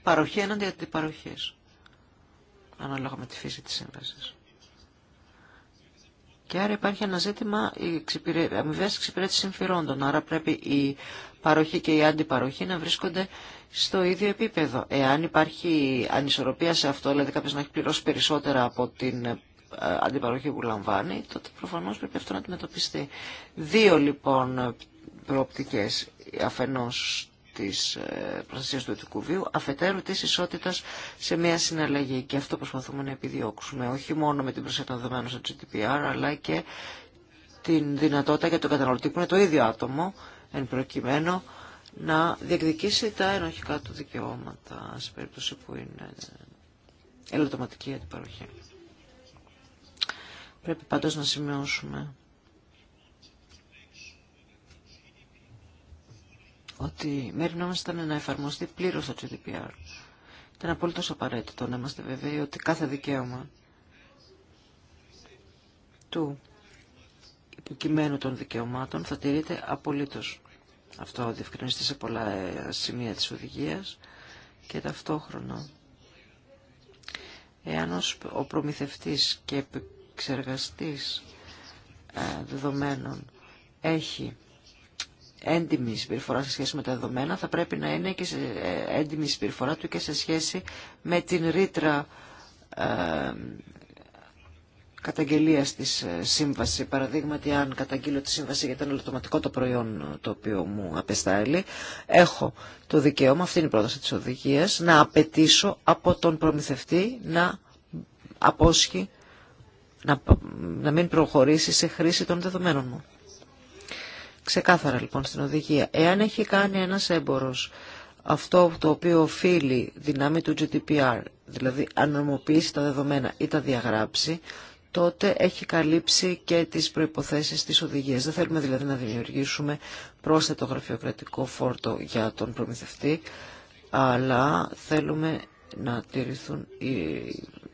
παροχή έναντι αντιπαροχής, ανάλογα με τη φύση της σύμβασης. Και άρα υπάρχει ένα ζήτημα αμοιβέ εξυπηρέτηση συμφυρόντων. Άρα πρέπει η παροχή και η αντιπαροχή να βρίσκονται στο ίδιο επίπεδο. Εάν υπάρχει ανισορροπία σε αυτό, δηλαδή κάποιο να έχει πληρώσει περισσότερα από την ε, αντιπαροχή που λαμβάνει, τότε προφανώς πρέπει αυτό να αντιμετωπιστεί. Δύο λοιπόν προοπτικές αφενό της ε, προστασίας του ηθικού βίου, αφετέρου της ισότητας σε μια συναλλαγή. Και αυτό προσπαθούμε να επιδιώξουμε, όχι μόνο με την προστασία των δεδομένων στο GDPR, αλλά και την δυνατότητα για τον καταναλωτή που είναι το ίδιο άτομο, εν προκειμένου, να διεκδικήσει τα ενοχικά του δικαιώματα σε περίπτωση που είναι ελαττωματική αντιπαροχή. Πρέπει πάντως να σημειώσουμε ότι μέρη μας ήταν να εφαρμοστεί πλήρως το GDPR. Ήταν απολύτως απαραίτητο να είμαστε βεβαίοι ότι κάθε δικαίωμα του υποκειμένου των δικαιωμάτων θα τηρείται απολύτως. Αυτό διευκρινιστεί σε πολλά ε, σημεία της οδηγίας και ταυτόχρονα. Εάν ο προμηθευτής και επεξεργαστής ε, δεδομένων έχει έντιμη συμπεριφορά σε σχέση με τα δεδομένα θα πρέπει να είναι και σε ε, έντιμη συμπεριφορά του και σε σχέση με την ρήτρα ε, καταγγελία τη ε, σύμβαση. Παραδείγματι, αν καταγγείλω τη σύμβαση για το ελαττωματικό το προϊόν το οποίο μου απεστάλλει, έχω το δικαίωμα, αυτή είναι η πρόταση τη οδηγία, να απαιτήσω από τον προμηθευτή να απόσχει, να, να μην προχωρήσει σε χρήση των δεδομένων μου. Ξεκάθαρα λοιπόν στην οδηγία. Εάν έχει κάνει ένας έμπορος αυτό το οποίο οφείλει δυνάμει του GDPR, δηλαδή αν τα δεδομένα ή τα διαγράψει, τότε έχει καλύψει και τις προϋποθέσεις της οδηγίας. Δεν θέλουμε δηλαδή να δημιουργήσουμε πρόσθετο γραφειοκρατικό φόρτο για τον προμηθευτή, αλλά θέλουμε να τηρηθούν οι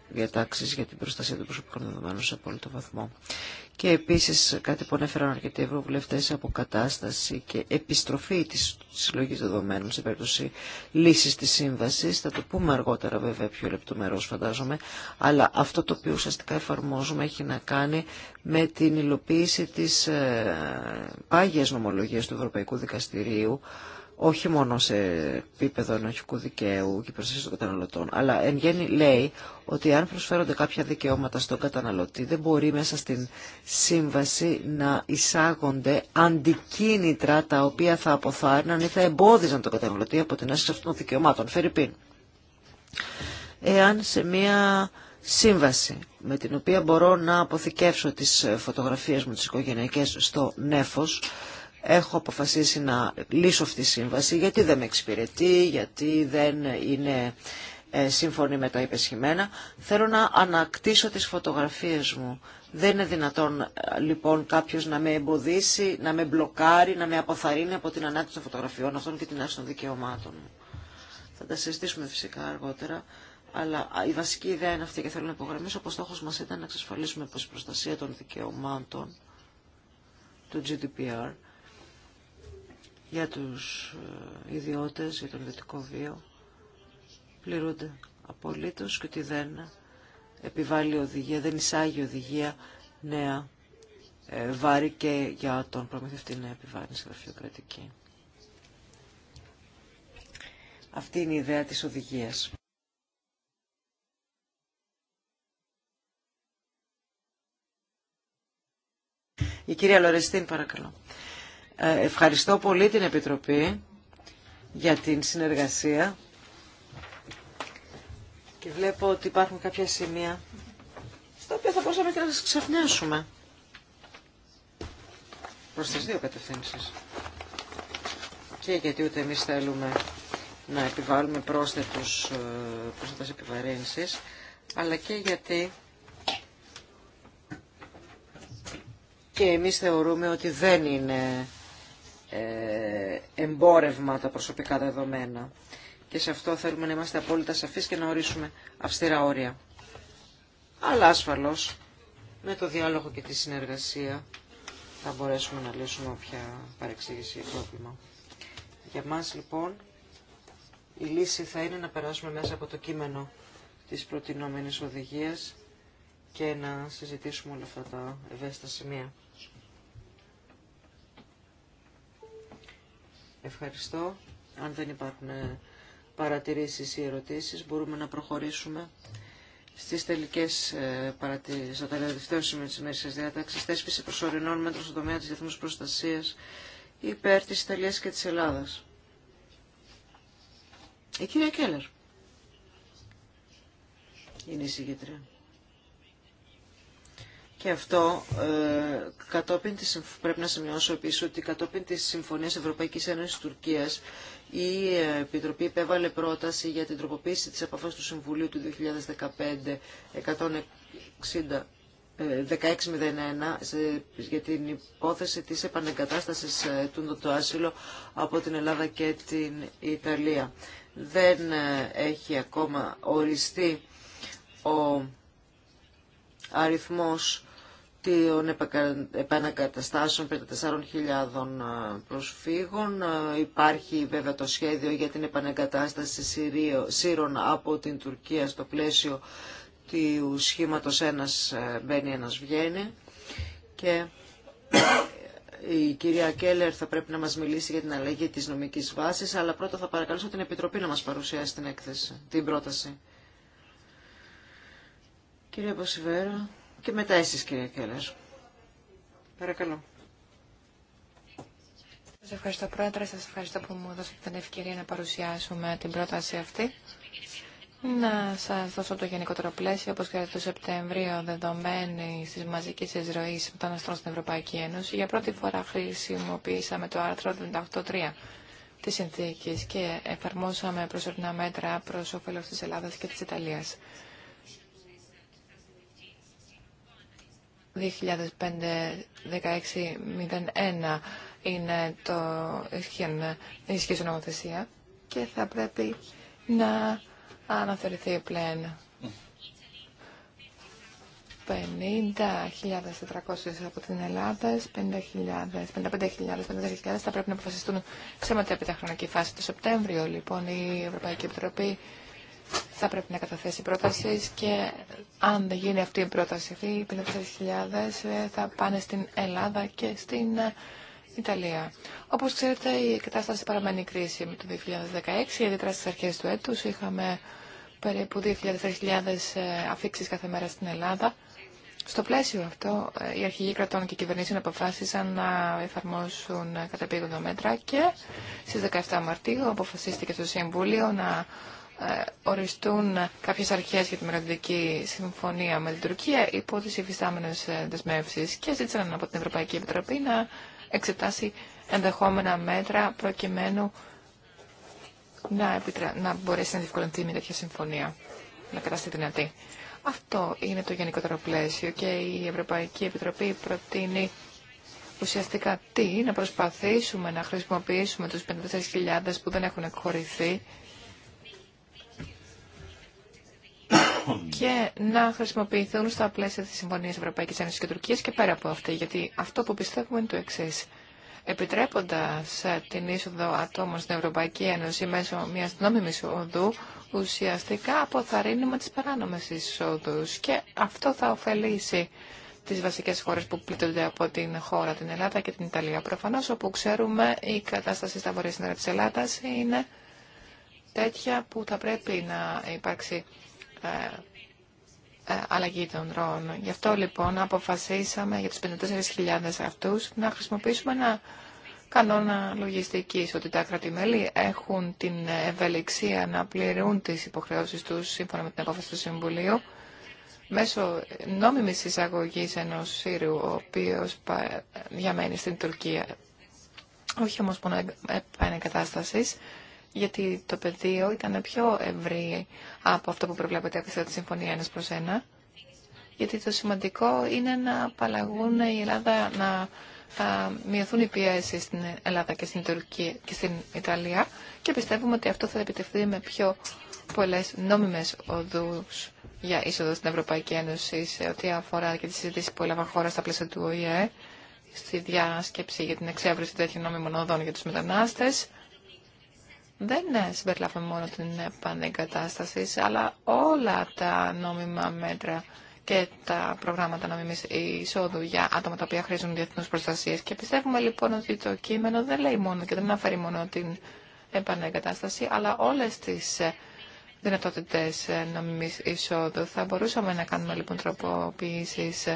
διατάξεις για την προστασία των προσωπικών δεδομένων σε απόλυτο βαθμό και επίσης κάτι που ανέφεραν αρκετοί ευρωβουλευτές κατάσταση και επιστροφή της συλλογής δεδομένων σε περίπτωση λύσης της σύμβασης. Θα το πούμε αργότερα βέβαια πιο λεπτομερώς φαντάζομαι, αλλά αυτό το οποίο ουσιαστικά εφαρμόζουμε έχει να κάνει με την υλοποίηση της ε, πάγιας νομολογίας του Ευρωπαϊκού Δικαστηρίου όχι μόνο σε επίπεδο ενοχικού δικαίου και προστασία των καταναλωτών, αλλά εν γέννη λέει ότι αν προσφέρονται κάποια δικαιώματα στον καταναλωτή, δεν μπορεί μέσα στην σύμβαση να εισάγονται αντικίνητρα τα οποία θα αποθάρρυναν ή θα εμπόδιζαν τον καταναλωτή από την άσκηση αυτών των δικαιωμάτων. Φερρυπίν. Εάν σε μία σύμβαση με την οποία μπορώ να αποθηκεύσω τις φωτογραφίες μου τις οικογενειακές στο νέφος, έχω αποφασίσει να λύσω αυτή τη σύμβαση γιατί δεν με εξυπηρετεί, γιατί δεν είναι ε, σύμφωνη με τα υπεσχημένα. Θέλω να ανακτήσω τις φωτογραφίες μου. Δεν είναι δυνατόν ε, λοιπόν κάποιος να με εμποδίσει, να με μπλοκάρει, να με αποθαρρύνει από την ανάκτηση των φωτογραφιών αυτών και την άρση των δικαιωμάτων μου. Θα τα συζητήσουμε φυσικά αργότερα. Αλλά η βασική ιδέα είναι αυτή και θέλω να υπογραμμίσω πως στόχος μας ήταν να εξασφαλίσουμε πως η προστασία των δικαιωμάτων του GDPR για τους ε, ιδιώτες, για τον ιδιωτικό βίο, πληρούνται απολύτως και ότι δεν επιβάλλει οδηγία, δεν εισάγει οδηγία νέα ε, βάρη και για τον προμηθευτή νέα στην γραφειοκρατική. Αυτή είναι η ιδέα της οδηγίας. Η κυρία Λορεστίν, παρακαλώ. Ε, ευχαριστώ πολύ την Επιτροπή για την συνεργασία και βλέπω ότι υπάρχουν κάποια σημεία στα οποία θα μπορούσαμε και να σας ξαφνιάσουμε προς τις δύο κατευθύνσεις. Και γιατί ούτε εμείς θέλουμε να επιβάλλουμε πρόσθετους, ε, πρόσθετες επιβαρύνσεις, αλλά και γιατί και εμείς θεωρούμε ότι δεν είναι ε, εμπόρευμα τα προσωπικά δεδομένα. Και σε αυτό θέλουμε να είμαστε απόλυτα σαφείς και να ορίσουμε αυστηρά όρια. Αλλά ασφαλώς με το διάλογο και τη συνεργασία θα μπορέσουμε να λύσουμε όποια παρεξήγηση ή πρόβλημα. Για μας λοιπόν η λύση θα είναι να περάσουμε μέσα από το κείμενο της προτινόμενης οδηγίας και να συζητήσουμε όλα αυτά τα ευαίσθητα σημεία. Ευχαριστώ. Αν δεν υπάρχουν ε, παρατηρήσεις ή ερωτήσεις, μπορούμε να προχωρήσουμε στις τελικές ε, παρατηρήσεις. Στο τελευταίο σημείο της ημέρας διάταξης, θέσπιση προσωρινών μέτρων στον τομέα της διεθνούς προστασίας υπέρ της Ιταλίας και της Ελλάδας. Η κυρία Κέλλερ είναι η συγκέντρια. Και αυτό ε, κατόπιν της, πρέπει να σημειώσω επίσης ότι κατόπιν της Συμφωνίας Ευρωπαϊκής Ένωσης Τουρκίας η ε, Επιτροπή επέβαλε πρόταση για την τροποποίηση της επαφής του Συμβουλίου του 2015 160 1601 για την υπόθεση της επανεγκατάστασης ε, του το άσυλο από την Ελλάδα και την Ιταλία. Δεν ε, έχει ακόμα οριστεί ο αριθμός των επανακαταστάσεων περί 4.000 ε, προσφύγων. Ε, υπάρχει βέβαια το σχέδιο για την επανακατάσταση Σύρων από την Τουρκία στο πλαίσιο του σχήματος ένας ε, μπαίνει, ένας βγαίνει. Και η κυρία Κέλλερ θα πρέπει να μας μιλήσει για την αλλαγή της νομικής βάσης, αλλά πρώτα θα παρακαλούσα την Επιτροπή να μας παρουσιάσει την έκθεση, την πρόταση. Κύριε Ποσιβέρα και μετά εσείς κυρία Κέλλας. Παρακαλώ. Σας ευχαριστώ πρόεδρε, σας ευχαριστώ που μου δώσατε την ευκαιρία να παρουσιάσουμε την πρόταση αυτή. Να σας δώσω το γενικότερο πλαίσιο, όπως και το Σεπτέμβριο, δεδομένη της μαζικής εισρωής μεταναστών στην Ευρωπαϊκή Ένωση. Για πρώτη φορά χρησιμοποιήσαμε το άρθρο 38.3 της συνθήκης και εφαρμόσαμε προσωρινά μέτρα προς όφελο της Ελλάδας και της Ιταλίας. 2005 01 είναι το ισχύον νομοθεσία και θα πρέπει να αναθεωρηθεί πλέον. 50.400 από την Ελλάδα, 55.000, 54.000 θα πρέπει να αποφασιστούν σε μετέπειτα χρονική φάση. Το Σεπτέμβριο λοιπόν η Ευρωπαϊκή Επιτροπή θα πρέπει να καταθέσει πρόταση και αν δεν γίνει αυτή η πρόταση, οι 54.000 ε, θα πάνε στην Ελλάδα και στην ε, Ιταλία. Όπως ξέρετε, η κατάσταση παραμένει κρίσιμη το 2016, τώρα στις αρχές του έτους είχαμε περίπου 2.000-3.000 ε, αφήξεις κάθε μέρα στην Ελλάδα. Στο πλαίσιο αυτό, οι αρχηγοί κρατών και κυβερνήσεων αποφάσισαν να εφαρμόσουν καταπήγοντα μέτρα και στις 17 Μαρτίου αποφασίστηκε στο Συμβούλιο να ε, οριστούν κάποιες αρχές για τη μελλοντική συμφωνία με την Τουρκία υπό τις υφιστάμενες ε, δεσμεύσεις και ζήτησαν από την Ευρωπαϊκή Επιτροπή να εξετάσει ενδεχόμενα μέτρα προκειμένου να, επιτρα... να μπορέσει να διευκολυνθεί μια τέτοια συμφωνία, να καταστεί δυνατή. Αυτό είναι το γενικότερο πλαίσιο και η Ευρωπαϊκή Επιτροπή προτείνει ουσιαστικά τι, να προσπαθήσουμε να χρησιμοποιήσουμε τους 54.000 που δεν έχουν εκχωρηθεί και να χρησιμοποιηθούν στα πλαίσια της Συμφωνίας Ευρωπαϊκής Ένωσης και Τουρκίας και πέρα από αυτή, γιατί αυτό που πιστεύουμε είναι το εξή. Επιτρέποντας την είσοδο ατόμων στην Ευρωπαϊκή Ένωση μέσω μιας νόμιμης οδού, ουσιαστικά αποθαρρύνουμε τις παράνομες εισόδους και αυτό θα ωφελήσει τις βασικές χώρες που πλήττονται από την χώρα, την Ελλάδα και την Ιταλία. Προφανώς, όπου ξέρουμε, η κατάσταση στα βορειά σύνορα της Ελλάδας είναι τέτοια που θα πρέπει να υπάρξει ε, ε, αλλαγή των ροών. Γι' αυτό λοιπόν αποφασίσαμε για τους 54.000 αυτούς να χρησιμοποιήσουμε ένα κανόνα λογιστικής ότι τα κρατημέλη έχουν την ευελιξία να πληρούν τις υποχρεώσεις τους σύμφωνα με την απόφαση του Συμβουλίου μέσω νόμιμης εισαγωγής ενός Σύρου ο οποίος διαμένει στην Τουρκία όχι όμως μόνο επανεκατάστασης γιατί το πεδίο ήταν πιο ευρύ από αυτό που προβλέπεται από τη Συμφωνία 1 προς 1, γιατί το σημαντικό είναι να απαλλαγούν η Ελλάδα, να μειωθούν οι πιέσει στην Ελλάδα και στην Τουρκία και στην Ιταλία και πιστεύουμε ότι αυτό θα επιτευχθεί με πιο πολλέ νόμιμες οδού για είσοδο στην Ευρωπαϊκή Ένωση σε ό,τι αφορά και τη συζήτηση που έλαβαν χώρα στα πλαίσια του ΟΗΕ στη διάσκεψη για την εξέβριση τέτοιων νόμιμων οδών για τους μετανάστες δεν ε, συμπεριλάβαμε μόνο την επανεγκατάσταση, αλλά όλα τα νόμιμα μέτρα και τα προγράμματα νόμιμη εισόδου για άτομα τα οποία χρήζουν διεθνού προστασίε. Και πιστεύουμε λοιπόν ότι το κείμενο δεν λέει μόνο και δεν αναφέρει μόνο την επανεγκατάσταση, αλλά όλε τι ε, δυνατότητε ε, νομιμή εισόδου. Θα μπορούσαμε να κάνουμε λοιπόν τροποποιήσεις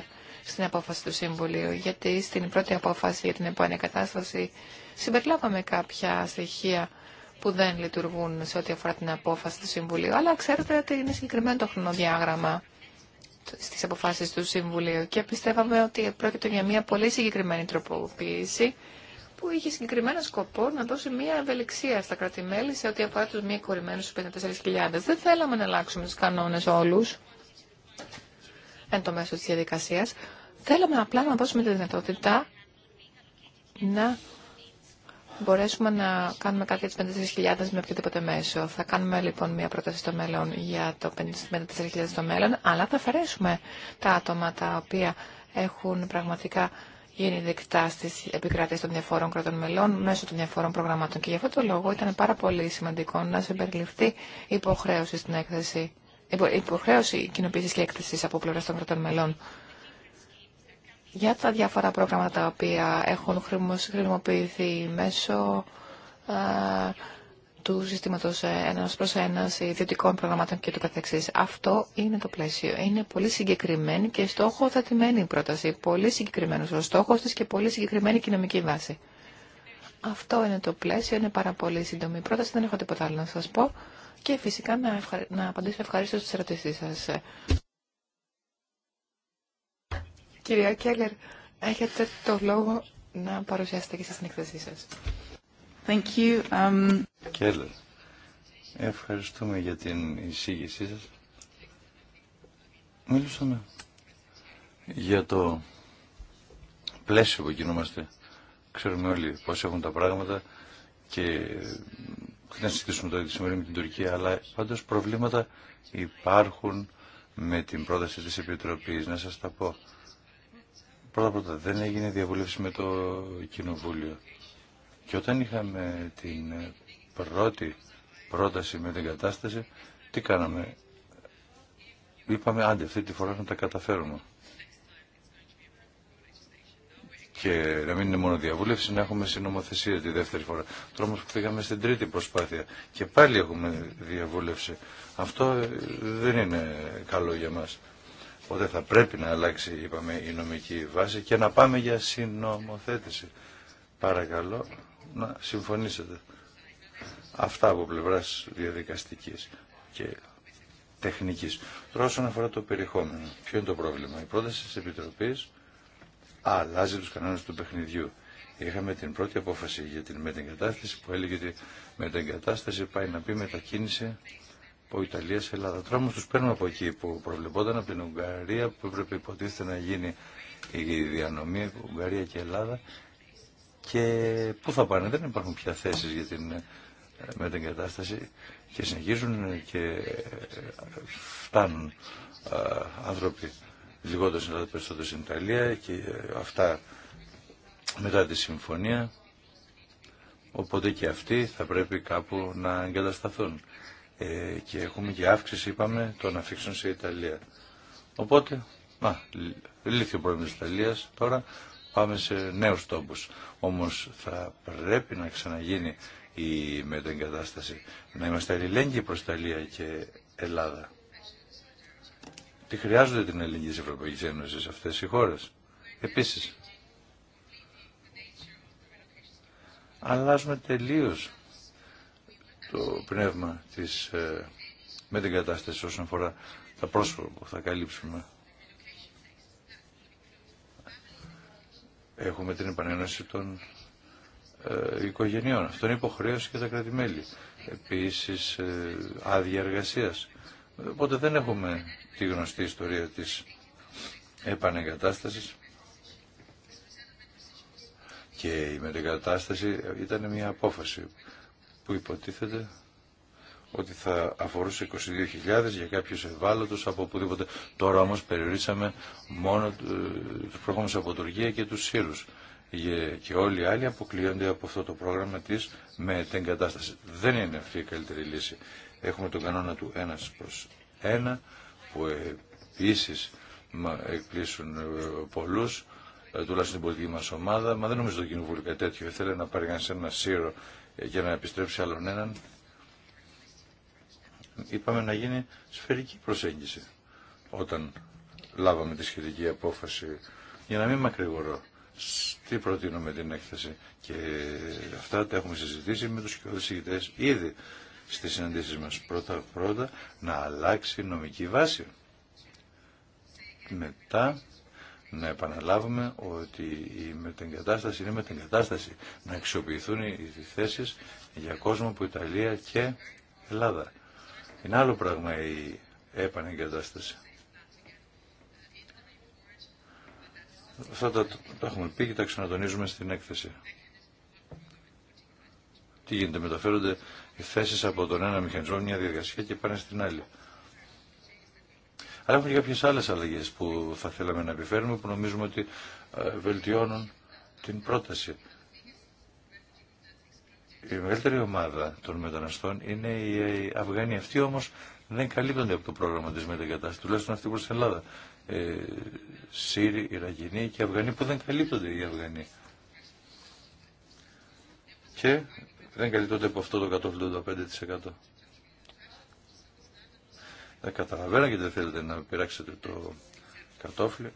στην απόφαση του Συμβουλίου, γιατί στην πρώτη απόφαση για την επανεγκατάσταση συμπεριλάβαμε κάποια στοιχεία που δεν λειτουργούν σε ό,τι αφορά την απόφαση του Συμβουλίου. Αλλά ξέρετε ότι είναι συγκεκριμένο το χρονοδιάγραμμα στι αποφάσει του Συμβουλίου και πιστεύαμε ότι πρόκειται για μια πολύ συγκεκριμένη τροποποίηση που είχε συγκεκριμένο σκοπό να δώσει μια ευελιξία στα κρατημέλη σε ό,τι αφορά του μη κορυμμένου 54.000. Δεν θέλαμε να αλλάξουμε του κανόνε όλου εν το μέσο τη διαδικασία. Θέλαμε απλά να δώσουμε τη δυνατότητα να μπορέσουμε να κάνουμε κάτι για τις 54.000 με οποιοδήποτε μέσο. Θα κάνουμε λοιπόν μια πρόταση στο μέλλον για το 54.000 στο μέλλον, αλλά θα αφαιρέσουμε τα άτομα τα οποία έχουν πραγματικά γίνει δεκτά στι επικράτειε των διαφόρων κρατών μελών μέσω των διαφόρων προγραμμάτων. Και γι' αυτό το λόγο ήταν πάρα πολύ σημαντικό να συμπεριληφθεί υποχρέωση στην έκθεση, υποχρέωση κοινοποίηση και έκθεση από πλευρά των κρατών μελών για τα διάφορα πρόγραμματα τα οποία έχουν χρησιμοποιηθεί μέσω ε, του συστήματος ένας ε, προς ένας ιδιωτικών προγραμμάτων και του καθεξής. Αυτό είναι το πλαίσιο. Είναι πολύ συγκεκριμένη και στόχο θετημένη η πρόταση. Πολύ συγκεκριμένο ο στόχος της και πολύ συγκεκριμένη η κοινωνική βάση. Αυτό είναι το πλαίσιο, είναι πάρα πολύ σύντομη η πρόταση, δεν έχω τίποτα άλλο να σας πω και φυσικά να, απαντήσω ευχαρίστω στις ερωτήσεις σας. Κυρία Κέλλερ, έχετε το λόγο να παρουσιάσετε και εκθεσή σας. Thank um, Κέλλερ, ευχαριστούμε για την εισήγησή σας. Μίλησαμε για το πλαίσιο που κινούμαστε. Ξέρουμε όλοι πώς έχουν τα πράγματα και δεν συζητήσουμε τώρα τη σημερινή με την Τουρκία, αλλά πάντως προβλήματα υπάρχουν με την πρόταση της Επιτροπής. Να σας τα πω. Πρώτα πρώτα δεν έγινε διαβούλευση με το Κοινοβούλιο. Και όταν είχαμε την πρώτη πρόταση με την κατάσταση, τι κάναμε. Είπαμε άντε αυτή τη φορά να τα καταφέρουμε. Και να μην είναι μόνο διαβούλευση, να έχουμε συνομοθεσία τη δεύτερη φορά. Τώρα όμως πήγαμε στην τρίτη προσπάθεια και πάλι έχουμε διαβούλευση. Αυτό ε, δεν είναι καλό για μας. Οπότε θα πρέπει να αλλάξει, είπαμε, η νομική βάση και να πάμε για συνομοθέτηση. Παρακαλώ να συμφωνήσετε. Αυτά από πλευράς διαδικαστικής και τεχνικής. Τώρα όσον αφορά το περιεχόμενο, ποιο είναι το πρόβλημα. Η πρόταση της Επιτροπής αλλάζει τους κανόνες του παιχνιδιού. Είχαμε την πρώτη απόφαση για την μετεγκατάσταση που έλεγε ότι μετεγκατάσταση πάει να πει μετακίνηση από Ιταλία σε Ελλάδα. Τώρα όμως τους παίρνουμε από εκεί που προβλεπόταν από την Ουγγαρία που έπρεπε υποτίθεται να γίνει η διανομή Ουγγαρία και Ελλάδα και πού θα πάνε. Δεν υπάρχουν πια θέσεις για την ε, με την κατάσταση και συνεχίζουν και ε, φτάνουν ε, άνθρωποι λιγότερο στην Ελλάδα, περισσότερο στην Ιταλία και αυτά μετά τη συμφωνία. Οπότε και αυτοί θα πρέπει κάπου να εγκατασταθούν. Ε, και έχουμε και αύξηση, είπαμε, των αφήξεων σε Ιταλία. Οπότε, α, λύθει ο πρόβλημα της Ιταλίας, τώρα πάμε σε νέους τόπους. Όμως θα πρέπει να ξαναγίνει η μετεγκατάσταση, να είμαστε αλληλέγγυοι προς Ιταλία και Ελλάδα. Τι χρειάζονται την ελληνική ευρωπαϊκή ένωση σε αυτές οι χώρες. Επίσης, αλλάζουμε τελείως το πνεύμα της ε, μετεγκατάστασης όσον αφορά τα πρόσωπα που θα καλύψουμε. Έχουμε την επανένωση των ε, οικογενειών. Αυτό είναι υποχρέωση και τα κρατημέλη. Επίσης ε, άδεια εργασίας. Οπότε δεν έχουμε τη γνωστή ιστορία της επανεγκατάστασης. Και η μετεγκατάσταση ήταν μια απόφαση που υποτίθεται ότι θα αφορούσε 22.000 για κάποιους ευάλωτους από οπουδήποτε. Τώρα όμως περιορίσαμε μόνο ε, τους πρόγραμμους από Τουρκία και τους Σύρους. Και όλοι οι άλλοι αποκλείονται από αυτό το πρόγραμμα της με την κατάσταση. Δεν είναι αυτή η καλύτερη λύση. Έχουμε τον κανόνα του ένας προς ένα που επίσης εκπλήσουν ε, πολλούς ε, τουλάχιστον την πολιτική μα ομάδα, μα δεν νομίζω το κοινοβούλιο κάτι τέτοιο. Θέλει να πάρει κανεί ένα σύρο για να επιστρέψει άλλον έναν. Είπαμε να γίνει σφαιρική προσέγγιση όταν λάβαμε τη σχετική απόφαση για να μην μακρηγορώ. Τι προτείνουμε την έκθεση και αυτά τα έχουμε συζητήσει με τους κοιόδησηγητές ήδη στις συναντήσεις μας. Πρώτα πρώτα να αλλάξει η νομική βάση. Μετά να επαναλάβουμε ότι η μετεγκατάσταση είναι μετεγκατάσταση. Να αξιοποιηθούν οι θέσει για κόσμο από Ιταλία και Ελλάδα. Είναι άλλο πράγμα η επανεγκατάσταση. Αυτά τα, έχουμε πει και τα ξανατονίζουμε στην έκθεση. Τι γίνεται, μεταφέρονται οι θέσει από τον ένα μηχανισμό, μια διαδικασία και πάνε στην άλλη. Αλλά έχουμε και κάποιε άλλες αλλαγέ που θα θέλαμε να επιφέρουμε που νομίζουμε ότι ε, βελτιώνουν την πρόταση. Η μεγαλύτερη ομάδα των μεταναστών είναι οι Αυγανοί. Αυτοί όμως δεν καλύπτονται από το πρόγραμμα της μετακατάσταση. τουλάχιστον αυτοί προ την Ελλάδα. Ε, Σύριοι, Ιραγινοί και Αυγανοί που δεν καλύπτονται οι Αυγανοί. Και δεν καλύπτονται από αυτό το 185%. Ε, καταλαβαίνω γιατί δεν θέλετε να πειράξετε το κατόφλι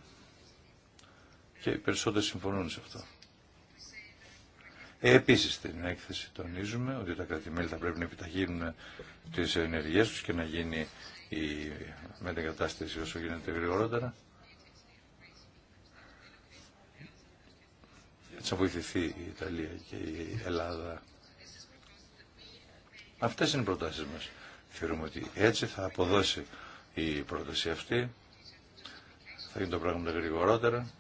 και οι περισσότεροι συμφωνούν σε αυτό. Ε, Επίση, στην έκθεση τονίζουμε ότι τα κρατημέλη θα πρέπει να επιταχύνουν τι ενεργέ του και να γίνει η μετεγκατάσταση όσο γίνεται γρηγορότερα. Έτσι θα βοηθηθεί η Ιταλία και η Ελλάδα. Αυτές είναι οι προτάσεις μας. Θεωρούμε ότι έτσι θα αποδώσει η πρόταση αυτή. Θα γίνει το πράγμα γρηγορότερα.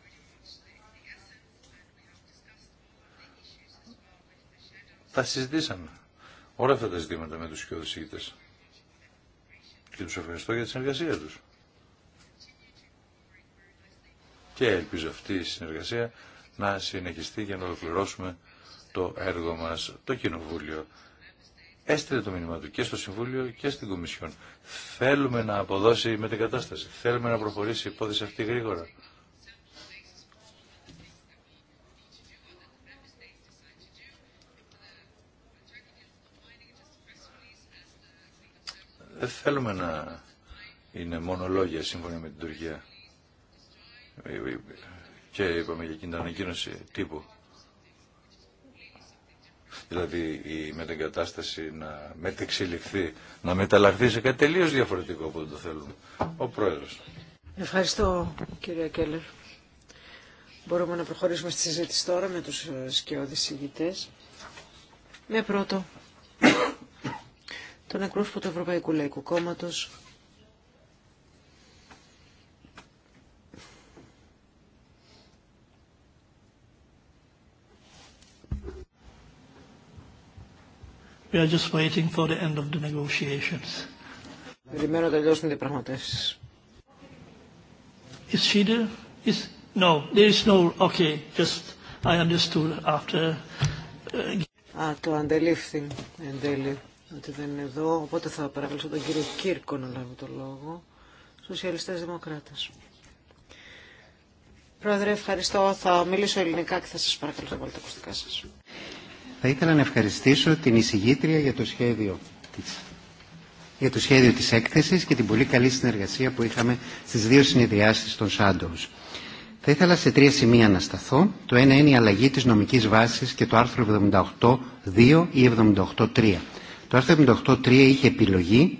Τα συζητήσαμε όλα αυτά τα ζητήματα με τους κοιοδησίγητες και τους ευχαριστώ για τη συνεργασία τους. Και ελπίζω αυτή η συνεργασία να συνεχιστεί για να ολοκληρώσουμε το έργο μας, το Κοινοβούλιο έστειλε το μήνυμα του και στο Συμβούλιο και στην Κομισιόν. Θέλουμε να αποδώσει με την κατάσταση. Θέλουμε να προχωρήσει η υπόθεση αυτή γρήγορα. Δεν θέλουμε να είναι μόνο λόγια σύμφωνα με την Τουρκία. Ε, ε, ε, και είπαμε για εκείνη την ανακοίνωση τύπου δηλαδή η μετεγκατάσταση να μετεξελιχθεί, να μεταλλαχθεί σε κάτι τελείως διαφορετικό από το θέλουμε. Ο Πρόεδρος. Ευχαριστώ κύριε Κέλλερ. Μπορούμε να προχωρήσουμε στη συζήτηση τώρα με τους ε, σκιώδεις Με πρώτο, (coughs) τον εκπρόσωπο του Ευρωπαϊκού Λαϊκού Κόμματος, We are just waiting for the end of the negotiations. Περιμένω να τελειώσουν οι διαπραγματεύσεις. Is she there? Is... No, there is no... Okay, just I understood after... Uh, Α, το αντελήφθη εν τέλει ότι δεν είναι εδώ, οπότε θα παρακαλέσω τον κύριο Κύρκο να λάβει το λόγο. Σοσιαλιστές Δημοκράτες. Πρόεδρε, ευχαριστώ. Θα μιλήσω ελληνικά και θα σας παρακαλώ να τα ακουστικά σας. Θα ήθελα να ευχαριστήσω την εισηγήτρια για το σχέδιο της για το σχέδιο της έκθεσης και την πολύ καλή συνεργασία που είχαμε στις δύο συνεδριάσεις των Shadows. Θα ήθελα σε τρία σημεία να σταθώ. Το ένα είναι η αλλαγή της νομικής βάσης και το άρθρο 78.2 ή 78.3. Το άρθρο 78.3 είχε επιλογή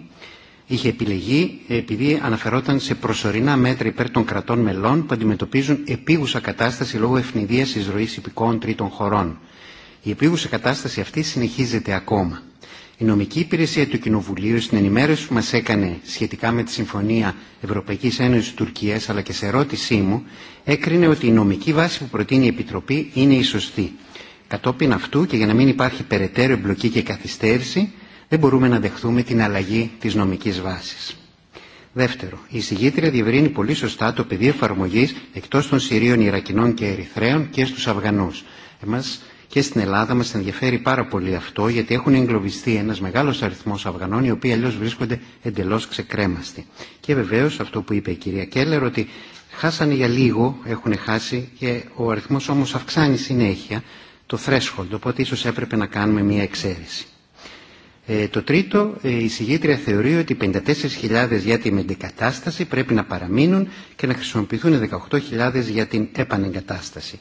είχε επιλεγεί επειδή αναφερόταν σε προσωρινά μέτρα υπέρ των κρατών μελών που αντιμετωπίζουν επίγουσα κατάσταση λόγω ευνηδίας εισρωής υπηκόων τρίτων χωρών. Η επίγουσα κατάσταση αυτή συνεχίζεται ακόμα. Η νομική υπηρεσία του Κοινοβουλίου στην ενημέρωση που μας έκανε σχετικά με τη Συμφωνία Ευρωπαϊκής Ένωσης Τουρκίας αλλά και σε ερώτησή μου έκρινε ότι η νομική βάση που προτείνει η Επιτροπή είναι η σωστή. Κατόπιν αυτού και για να μην υπάρχει περαιτέρω εμπλοκή και καθυστέρηση δεν μπορούμε να δεχθούμε την αλλαγή της νομικής βάσης. Δεύτερο, η εισηγήτρια διευρύνει πολύ σωστά το πεδίο εφαρμογή εκτό των Συρίων, Ιρακινών και Ερυθρέων και στου Αφγανού και στην Ελλάδα μας ενδιαφέρει πάρα πολύ αυτό γιατί έχουν εγκλωβιστεί ένας μεγάλος αριθμός Αυγανών οι οποίοι αλλιώ βρίσκονται εντελώς ξεκρέμαστοι. Και βεβαίως αυτό που είπε η κυρία Κέλλερ ότι χάσανε για λίγο, έχουν χάσει και ο αριθμός όμως αυξάνει συνέχεια το threshold, οπότε ίσως έπρεπε να κάνουμε μια εξαίρεση. Ε, το τρίτο, ε, η συγγήτρια θεωρεί ότι 54.000 για την εγκατάσταση πρέπει να παραμείνουν και να χρησιμοποιηθούν 18.000 για την επανεγκατάσταση.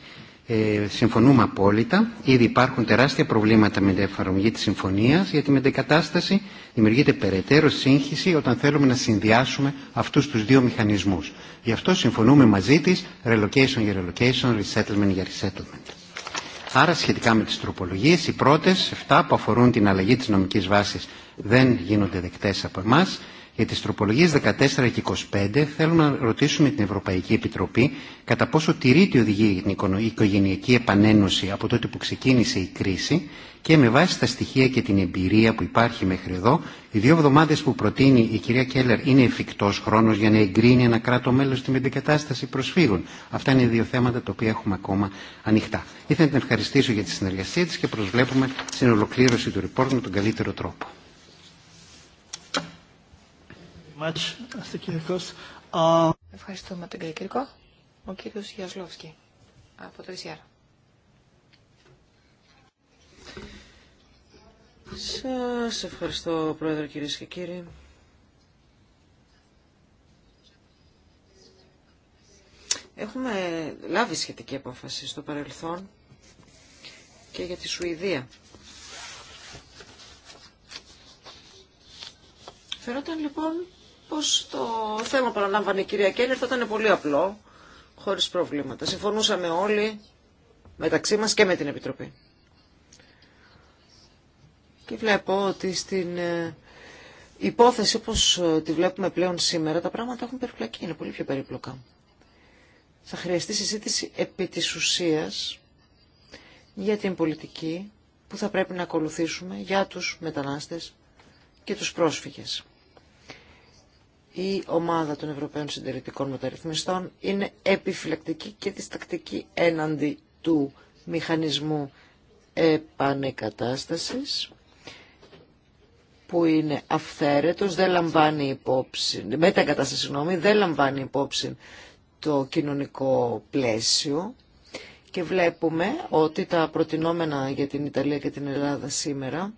Ε, συμφωνούμε απόλυτα. Ήδη υπάρχουν τεράστια προβλήματα με την εφαρμογή τη συμφωνία, γιατί με την κατάσταση δημιουργείται περαιτέρω σύγχυση όταν θέλουμε να συνδυάσουμε αυτού του δύο μηχανισμού. Γι' αυτό συμφωνούμε μαζί τη relocation για relocation, resettlement για resettlement. Άρα, σχετικά με τι τροπολογίε, οι πρώτε 7 που αφορούν την αλλαγή τη νομική βάση δεν γίνονται δεκτέ από εμά. Για τις τροπολογίες 14 και 25 θέλω να ρωτήσουμε την Ευρωπαϊκή Επιτροπή κατά πόσο τηρείται η για την οικογενειακή επανένωση από τότε που ξεκίνησε η κρίση και με βάση τα στοιχεία και την εμπειρία που υπάρχει μέχρι εδώ, οι δύο εβδομάδες που προτείνει η κυρία Κέλλερ είναι εφικτός χρόνος για να εγκρίνει ένα κράτο μέλος στην μετεγκατάσταση προσφύγων. Αυτά είναι δύο θέματα τα οποία έχουμε ακόμα ανοιχτά. Ήθελα να την ευχαριστήσω για τη συνεργασία της και προσβλέπουμε στην ολοκλήρωση του report με τον καλύτερο τρόπο much, Ευχαριστούμε τον κύριο Κυρκό. Ο κύριος Γιασλόφσκι από το ΙΣΙΑΡ. Σας ευχαριστώ, Πρόεδρε, κυρίες και κύριοι. Έχουμε λάβει σχετική απόφαση στο παρελθόν και για τη Σουηδία. Φερόταν λοιπόν πως το θέμα που αναλάμβανε η κυρία Κέλλερ θα ήταν πολύ απλό, χωρίς προβλήματα. Συμφωνούσαμε όλοι μεταξύ μας και με την Επιτροπή. Και βλέπω ότι στην ε, υπόθεση όπως ε, τη βλέπουμε πλέον σήμερα, τα πράγματα έχουν περιπλακεί, είναι πολύ πιο περίπλοκα. Θα χρειαστεί συζήτηση επί της ουσίας για την πολιτική που θα πρέπει να ακολουθήσουμε για τους μετανάστες και τους πρόσφυγες η ομάδα των Ευρωπαίων Συντηρητικών Μεταρρυθμιστών είναι επιφυλακτική και διστακτική έναντι του μηχανισμού επανεκατάστασης που είναι αυθαίρετος, δεν λαμβάνει υπόψη, μετακατάσταση συγγνώμη, δεν λαμβάνει υπόψη το κοινωνικό πλαίσιο και βλέπουμε ότι τα προτινόμενα για την Ιταλία και την Ελλάδα σήμερα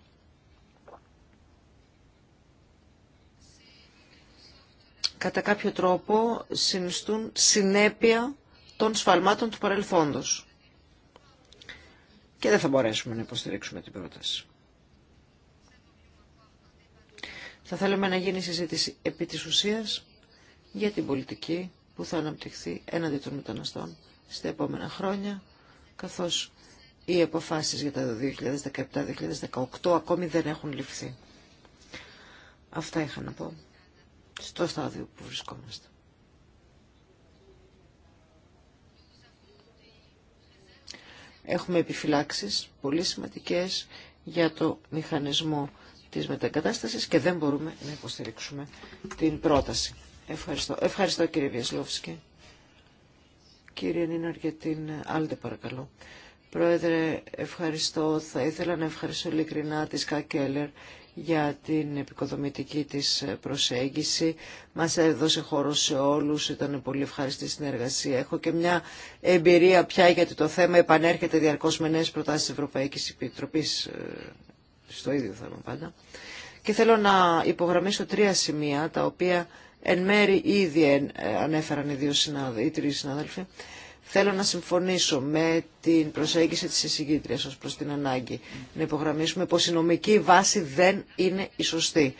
κατά κάποιο τρόπο συνιστούν συνέπεια των σφαλμάτων του παρελθόντος. Και δεν θα μπορέσουμε να υποστηρίξουμε την πρόταση. Θα θέλαμε να γίνει συζήτηση επί της ουσίας για την πολιτική που θα αναπτυχθεί έναντι των μεταναστών στα επόμενα χρόνια, καθώς οι αποφάσεις για τα 2017-2018 ακόμη δεν έχουν ληφθεί. Αυτά είχα να πω στο στάδιο που βρισκόμαστε. Έχουμε επιφυλάξεις πολύ σημαντικές για το μηχανισμό της μετακατάστασης και δεν μπορούμε να υποστηρίξουμε την πρόταση. Ευχαριστώ. Ευχαριστώ κύριε Βιασλόφσκι. Κύριε Νίνα για την άλλη, παρακαλώ. Πρόεδρε, ευχαριστώ. Θα ήθελα να ευχαριστώ ειλικρινά τη Σκά Κέλλερ για την επικοδομητική της προσέγγιση. Μας έδωσε χώρο σε όλους, ήταν πολύ ευχαριστή συνεργασία. Έχω και μια εμπειρία πια γιατί το θέμα επανέρχεται διαρκώς με νέες προτάσεις της Ευρωπαϊκής Επιτροπής, ε, στο ίδιο θέμα πάντα. Και θέλω να υπογραμμίσω τρία σημεία τα οποία εν μέρη ήδη ε, ανέφεραν οι, δύο συνάδελφοι Θέλω να συμφωνήσω με την προσέγγιση της εισηγήτριας ως προς την ανάγκη να υπογραμμίσουμε πως η νομική βάση δεν είναι η σωστή.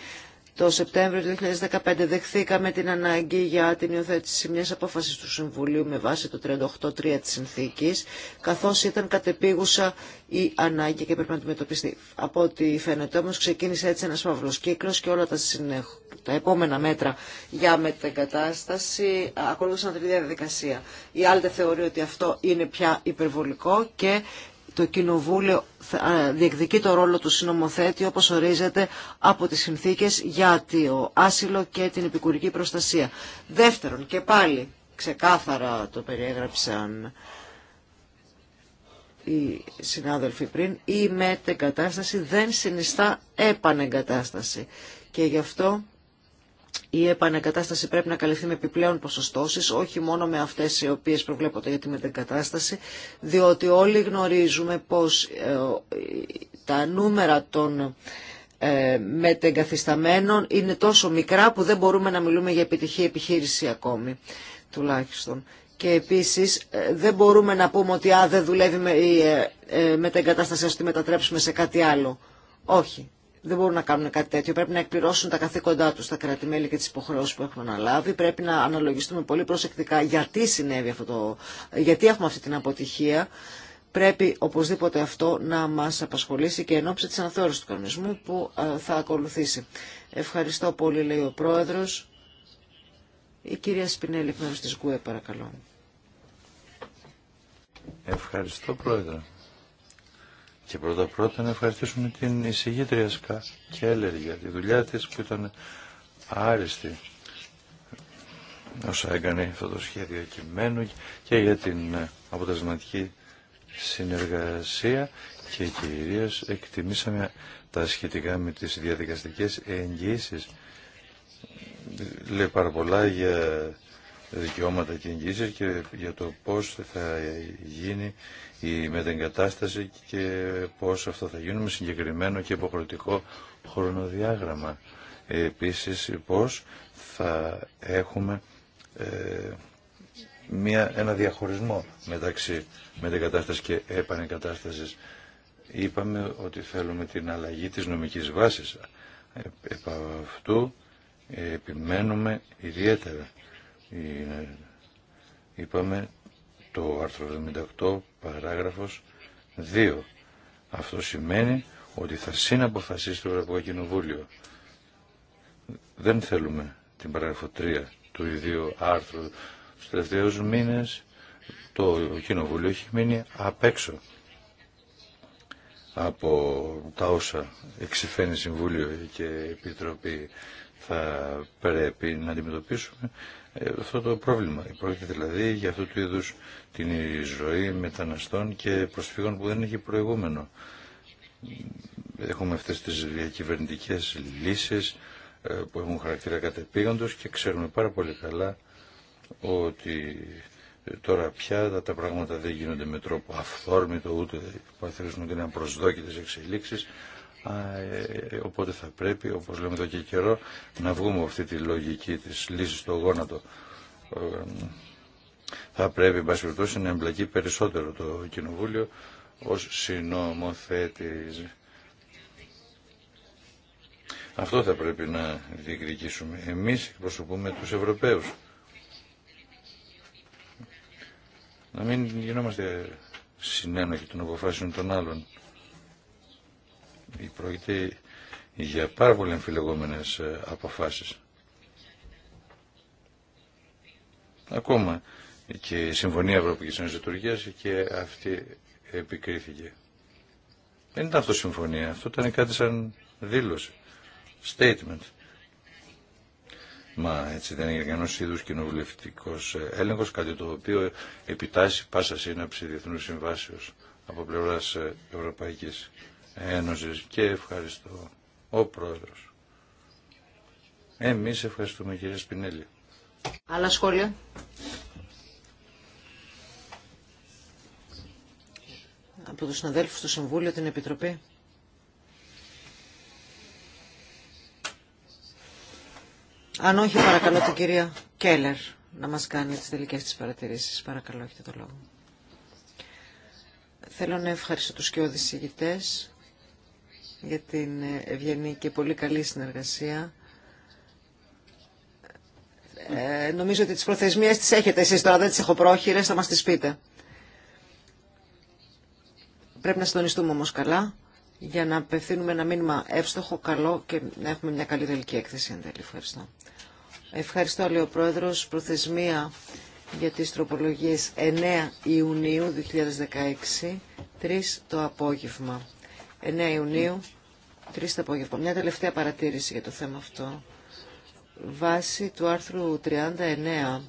Το Σεπτέμβριο του 2015 δεχθήκαμε την ανάγκη για την υιοθέτηση μιας απόφασης του Συμβουλίου με βάση το 38.3 της συνθήκης, καθώς ήταν κατεπίγουσα η ανάγκη και πρέπει να αντιμετωπιστεί. Από ό,τι φαίνεται όμως ξεκίνησε έτσι ένας παύλος κύκλος και όλα τα, τα επόμενα μέτρα για μετεγκατάσταση ακολούθησαν τη διαδικασία. Η Άλτε θεωρεί ότι αυτό είναι πια υπερβολικό και το Κοινοβούλιο διεκδικεί το ρόλο του συνομοθέτη όπως ορίζεται από τις συνθήκες για το άσυλο και την επικουρική προστασία. Δεύτερον, και πάλι ξεκάθαρα το περιέγραψαν οι συνάδελφοι πριν, η μετεγκατάσταση δεν συνιστά επανεγκατάσταση. Και γι' αυτό η επανεκατάσταση πρέπει να καλυφθεί με επιπλέον ποσοστώσεις, όχι μόνο με αυτές οι οποίες προβλέπονται για τη μετεγκατάσταση, διότι όλοι γνωρίζουμε πως ε, τα νούμερα των ε, μετεγκαθισταμένων είναι τόσο μικρά που δεν μπορούμε να μιλούμε για επιτυχή επιχείρηση ακόμη, τουλάχιστον. Και επίσης ε, δεν μπορούμε να πούμε ότι α, δεν δουλεύει με, η μετεγκατάσταση, α τη μετατρέψουμε σε κάτι άλλο. Όχι δεν μπορούν να κάνουν κάτι τέτοιο. Πρέπει να εκπληρώσουν τα καθήκοντά του, τα κρατημέλη και τι υποχρεώσει που έχουν αναλάβει. Πρέπει να αναλογιστούμε πολύ προσεκτικά γιατί συνέβη αυτό το. γιατί έχουμε αυτή την αποτυχία. Πρέπει οπωσδήποτε αυτό να μα απασχολήσει και εν ώψη τη αναθεώρηση του κανονισμού που ε, θα ακολουθήσει. Ευχαριστώ πολύ, λέει ο πρόεδρο. Η κυρία Σπινέλη, εκ μέρου τη ΓΚΟΕ, παρακαλώ. Ευχαριστώ, πρόεδρε. Και πρώτα πρώτα να ευχαριστήσουμε την εισηγήτρια Σκά Κέλλερ για τη δουλειά της που ήταν άριστη όσα έκανε αυτό το σχέδιο κειμένου και για την αποτελεσματική συνεργασία και κυρίως εκτιμήσαμε τα σχετικά με τις διαδικαστικές εγγύσεις Λέει πάρα πολλά για δικαιώματα και εγγύσεις και για το πώς θα γίνει η μετεγκατάσταση και πώς αυτό θα γίνει με συγκεκριμένο και υποχρεωτικό χρονοδιάγραμμα. Επίσης πώς θα έχουμε ε, μια, ένα διαχωρισμό μεταξύ μετεγκατάστασης και επανεγκατάστασης. Είπαμε ότι θέλουμε την αλλαγή της νομικής βάσης. Επ' αυτού επιμένουμε ιδιαίτερα. Είπαμε το άρθρο 78 παράγραφος 2. Αυτό σημαίνει ότι θα συναποφασίσει το Ευρωπαϊκό Κοινοβούλιο. Δεν θέλουμε την παράγραφο 3 του ιδίου άρθρου. Στους τελευταίους μήνες το Κοινοβούλιο έχει μείνει απ' έξω από τα όσα εξηφαίνει Συμβούλιο και Επιτροπή θα πρέπει να αντιμετωπίσουμε ε, αυτό το πρόβλημα. Πρόκειται δηλαδή για αυτού του είδους την ζωή μεταναστών και προσφύγων που δεν έχει προηγούμενο. Έχουμε αυτές τις διακυβερνητικές λύσεις ε, που έχουν χαρακτήρα κατεπήγοντος και ξέρουμε πάρα πολύ καλά ότι ε, τώρα πια τα, πράγματα δεν γίνονται με τρόπο αυθόρμητο ούτε παραθυρίζουν ότι είναι εξελίξεις ε, οπότε θα πρέπει, όπως λέμε εδώ και καιρό, να βγούμε αυτή τη λογική της λύσης στο γόνατο. Ε, θα πρέπει, εν να εμπλακεί περισσότερο το Κοινοβούλιο ως συνομοθέτης. Αυτό θα πρέπει να διεκδικήσουμε. Εμείς προσωπούμε τους Ευρωπαίους. Να μην γινόμαστε συνένοχοι των αποφάσεων των άλλων πρόκειται για πάρα πολύ εμφυλεγόμενες ε, αποφάσεις. Ακόμα και η Συμφωνία Ευρωπαϊκής Ένωσης και αυτή επικρίθηκε. Δεν ήταν αυτό συμφωνία, αυτό ήταν κάτι σαν δήλωση, statement. Μα έτσι δεν και κανένα είδου κοινοβουλευτικό ε, έλεγχο, κάτι το οποίο επιτάσσει πάσα σύναψη διεθνού συμβάσεω από πλευρά ε, Ευρωπαϊκή Ένωσης και ευχαριστώ ο Πρόεδρος. Εμείς ευχαριστούμε κύριε Σπινέλη. Άλλα σχόλια. Από τους συναδέλφους του Συμβούλιο, την Επιτροπή. Αν όχι, παρακαλώ την κυρία Κέλλερ να μας κάνει τις τελικές της παρατηρήσεις. Παρακαλώ, έχετε το λόγο. Θέλω να ευχαριστώ τους και οδησηγητές για την ευγενή και πολύ καλή συνεργασία. Ε, νομίζω ότι τις προθεσμίες τις έχετε εσείς τώρα, δεν τις έχω πρόχειρες, θα μας τις πείτε. Πρέπει να συντονιστούμε όμως καλά για να απευθύνουμε ένα μήνυμα εύστοχο, καλό και να έχουμε μια καλή τελική έκθεση εν τέλει. Ευχαριστώ. Ευχαριστώ, λέει ο Πρόεδρος. Προθεσμία για τις τροπολογίες 9 Ιουνίου 2016, 3 το απόγευμα. 9 Ιουνίου, 3 το απόγευμα. Μια τελευταία παρατήρηση για το θέμα αυτό. Βάσει του άρθρου 39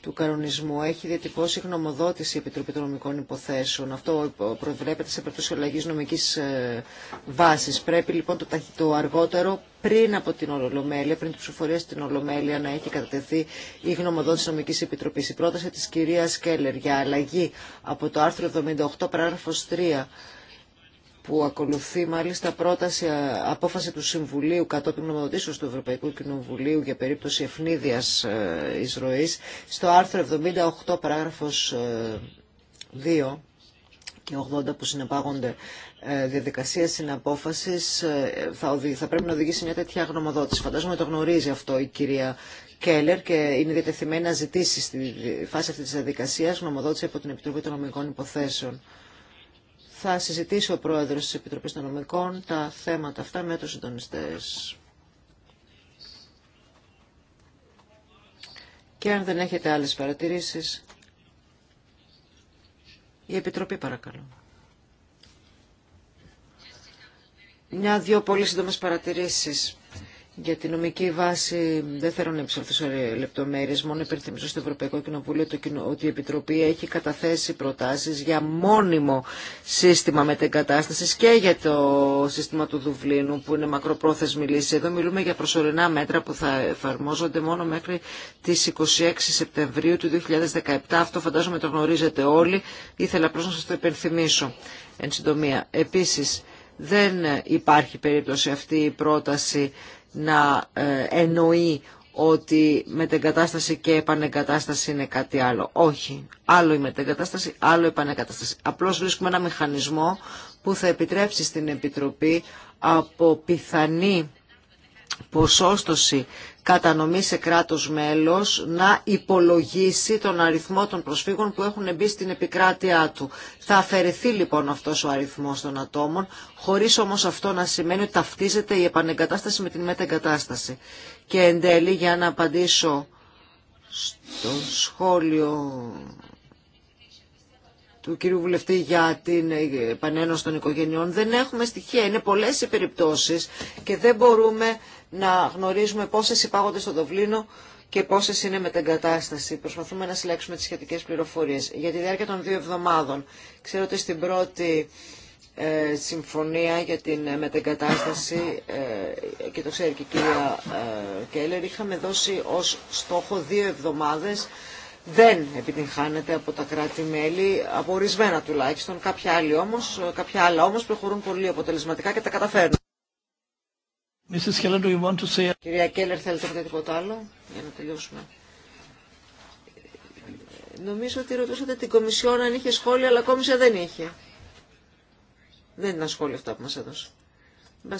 του κανονισμού έχει διατυπώσει γνωμοδότηση η Επιτροπή των Νομικών Υποθέσεων. Αυτό προβλέπεται σε περίπτωση αλλαγή νομική ε, βάση. Πρέπει λοιπόν το, το αργότερο πριν από την Ολομέλεια, πριν την ψηφοφορία στην Ολομέλεια, να έχει κατατεθεί η γνωμοδότηση νομική επιτροπή. Η πρόταση τη κυρία Κέλλερ για αλλαγή από το άρθρο 78 παράγραφο 3 που ακολουθεί μάλιστα πρόταση, απόφαση του Συμβουλίου κατόπιν νομοδοτήσεως του Ευρωπαϊκού Κοινοβουλίου για περίπτωση ευνίδιας ε, εισρωής στο άρθρο 78 παράγραφος 2 ε, και 80 που συνεπάγονται ε, διαδικασία συναπόφασης θα, οδηγεί, θα πρέπει να οδηγήσει μια τέτοια γνωμοδότηση. Φαντάζομαι το γνωρίζει αυτό η κυρία Κέλλερ και είναι διατεθειμένη να ζητήσει στη φάση αυτή της διαδικασίας γνωμοδότηση από την Επιτροπή των Νομικών Υποθέσεων θα συζητήσει ο Πρόεδρος της Επιτροπής των Νομικών τα θέματα αυτά με τους συντονιστές. Και αν δεν έχετε άλλες παρατηρήσεις, η Επιτροπή παρακαλώ. Μια-δυο πολύ σύντομες παρατηρήσεις. Για την νομική βάση δεν θέλω να επισκεφθώ σε λεπτομέρειες, μόνο υπενθυμίζω στο Ευρωπαϊκό Κοινοβούλιο ότι η Επιτροπή έχει καταθέσει προτάσεις για μόνιμο σύστημα μετεγκατάστασης και για το σύστημα του Δουβλίνου που είναι μακροπρόθεσμη λύση. Εδώ μιλούμε για προσωρινά μέτρα που θα εφαρμόζονται μόνο μέχρι τις 26 Σεπτεμβρίου του 2017. Αυτό φαντάζομαι το γνωρίζετε όλοι. Ήθελα απλώς να σας το υπενθυμίσω εν συντομία. Επίσης, δεν υπάρχει περίπτωση αυτή η πρόταση να ε, εννοεί ότι μετεγκατάσταση και επανεγκατάσταση είναι κάτι άλλο. Όχι. Άλλο η μετεγκατάσταση, άλλο η επανεγκατάσταση. Απλώς βρίσκουμε ένα μηχανισμό που θα επιτρέψει στην Επιτροπή από πιθανή ποσόστοση κατανομή σε κράτος μέλος να υπολογίσει τον αριθμό των προσφύγων που έχουν μπει στην επικράτειά του. Θα αφαιρεθεί λοιπόν αυτός ο αριθμός των ατόμων, χωρίς όμως αυτό να σημαίνει ότι ταυτίζεται η επανεγκατάσταση με την μετεγκατάσταση. Και εν τέλει για να απαντήσω στο σχόλιο του κυρίου Βουλευτή για την επανένωση των οικογενειών. Δεν έχουμε στοιχεία. Είναι πολλές οι περιπτώσεις και δεν μπορούμε να γνωρίζουμε πόσες υπάγονται στο Δοβλίνο και πόσες είναι με την κατάσταση. Προσπαθούμε να συλλέξουμε τις σχετικές πληροφορίες. Για τη διάρκεια των δύο εβδομάδων, ξέρω ότι στην πρώτη ε, συμφωνία για την ε, μετεγκατάσταση ε, και το ξέρει και η κυρία ε, Κέλλερ είχαμε δώσει ως στόχο δύο εβδομάδες δεν επιτυγχάνεται από τα κράτη-μέλη, από ορισμένα τουλάχιστον, κάποια, όμως, κάποια άλλα όμως προχωρούν πολύ αποτελεσματικά και τα καταφέρνουν. Κυρία Κέλλερ, θέλετε να τίποτα άλλο για να τελειώσουμε. Νομίζω ότι ρωτούσατε την Κομισιόν αν είχε σχόλια, αλλά ακόμη δεν είχε. Δεν ήταν σχόλια αυτά που μας έδωσε.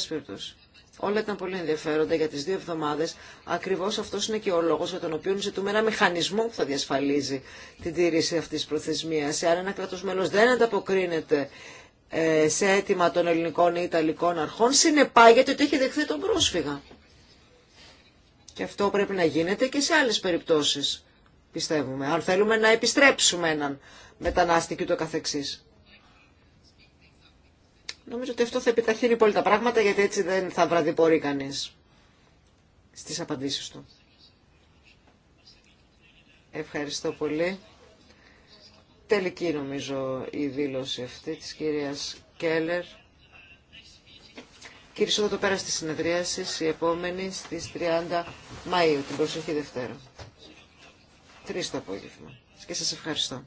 περιπτώσει. Όλα ήταν πολύ ενδιαφέροντα για τις δύο εβδομάδες. Ακριβώς αυτό είναι και ο λόγος για τον οποίο ζητούμε ένα μηχανισμό που θα διασφαλίζει την τήρηση αυτής της προθεσμίας. Εάν ένα κράτος μέλος δεν ανταποκρίνεται ε, σε αίτημα των ελληνικών ή ιταλικών αρχών συνεπάγεται ότι έχει δεχθεί τον πρόσφυγα. Και αυτό πρέπει να γίνεται και σε άλλες περιπτώσεις, πιστεύουμε, αν θέλουμε να επιστρέψουμε έναν μετανάστη και το καθεξής. Νομίζω ότι αυτό θα επιταχύνει πολύ τα πράγματα γιατί έτσι δεν θα βραδιπορεί κανείς στις απαντήσεις του. Ευχαριστώ πολύ τελική νομίζω η δήλωση αυτή της κυρίας Κέλλερ. Κύριε εδώ το πέρα στη συνεδρίαση, η επόμενη στις 30 Μαΐου, την προσοχή Δευτέρα. Τρεις το απόγευμα. Και σας ευχαριστώ.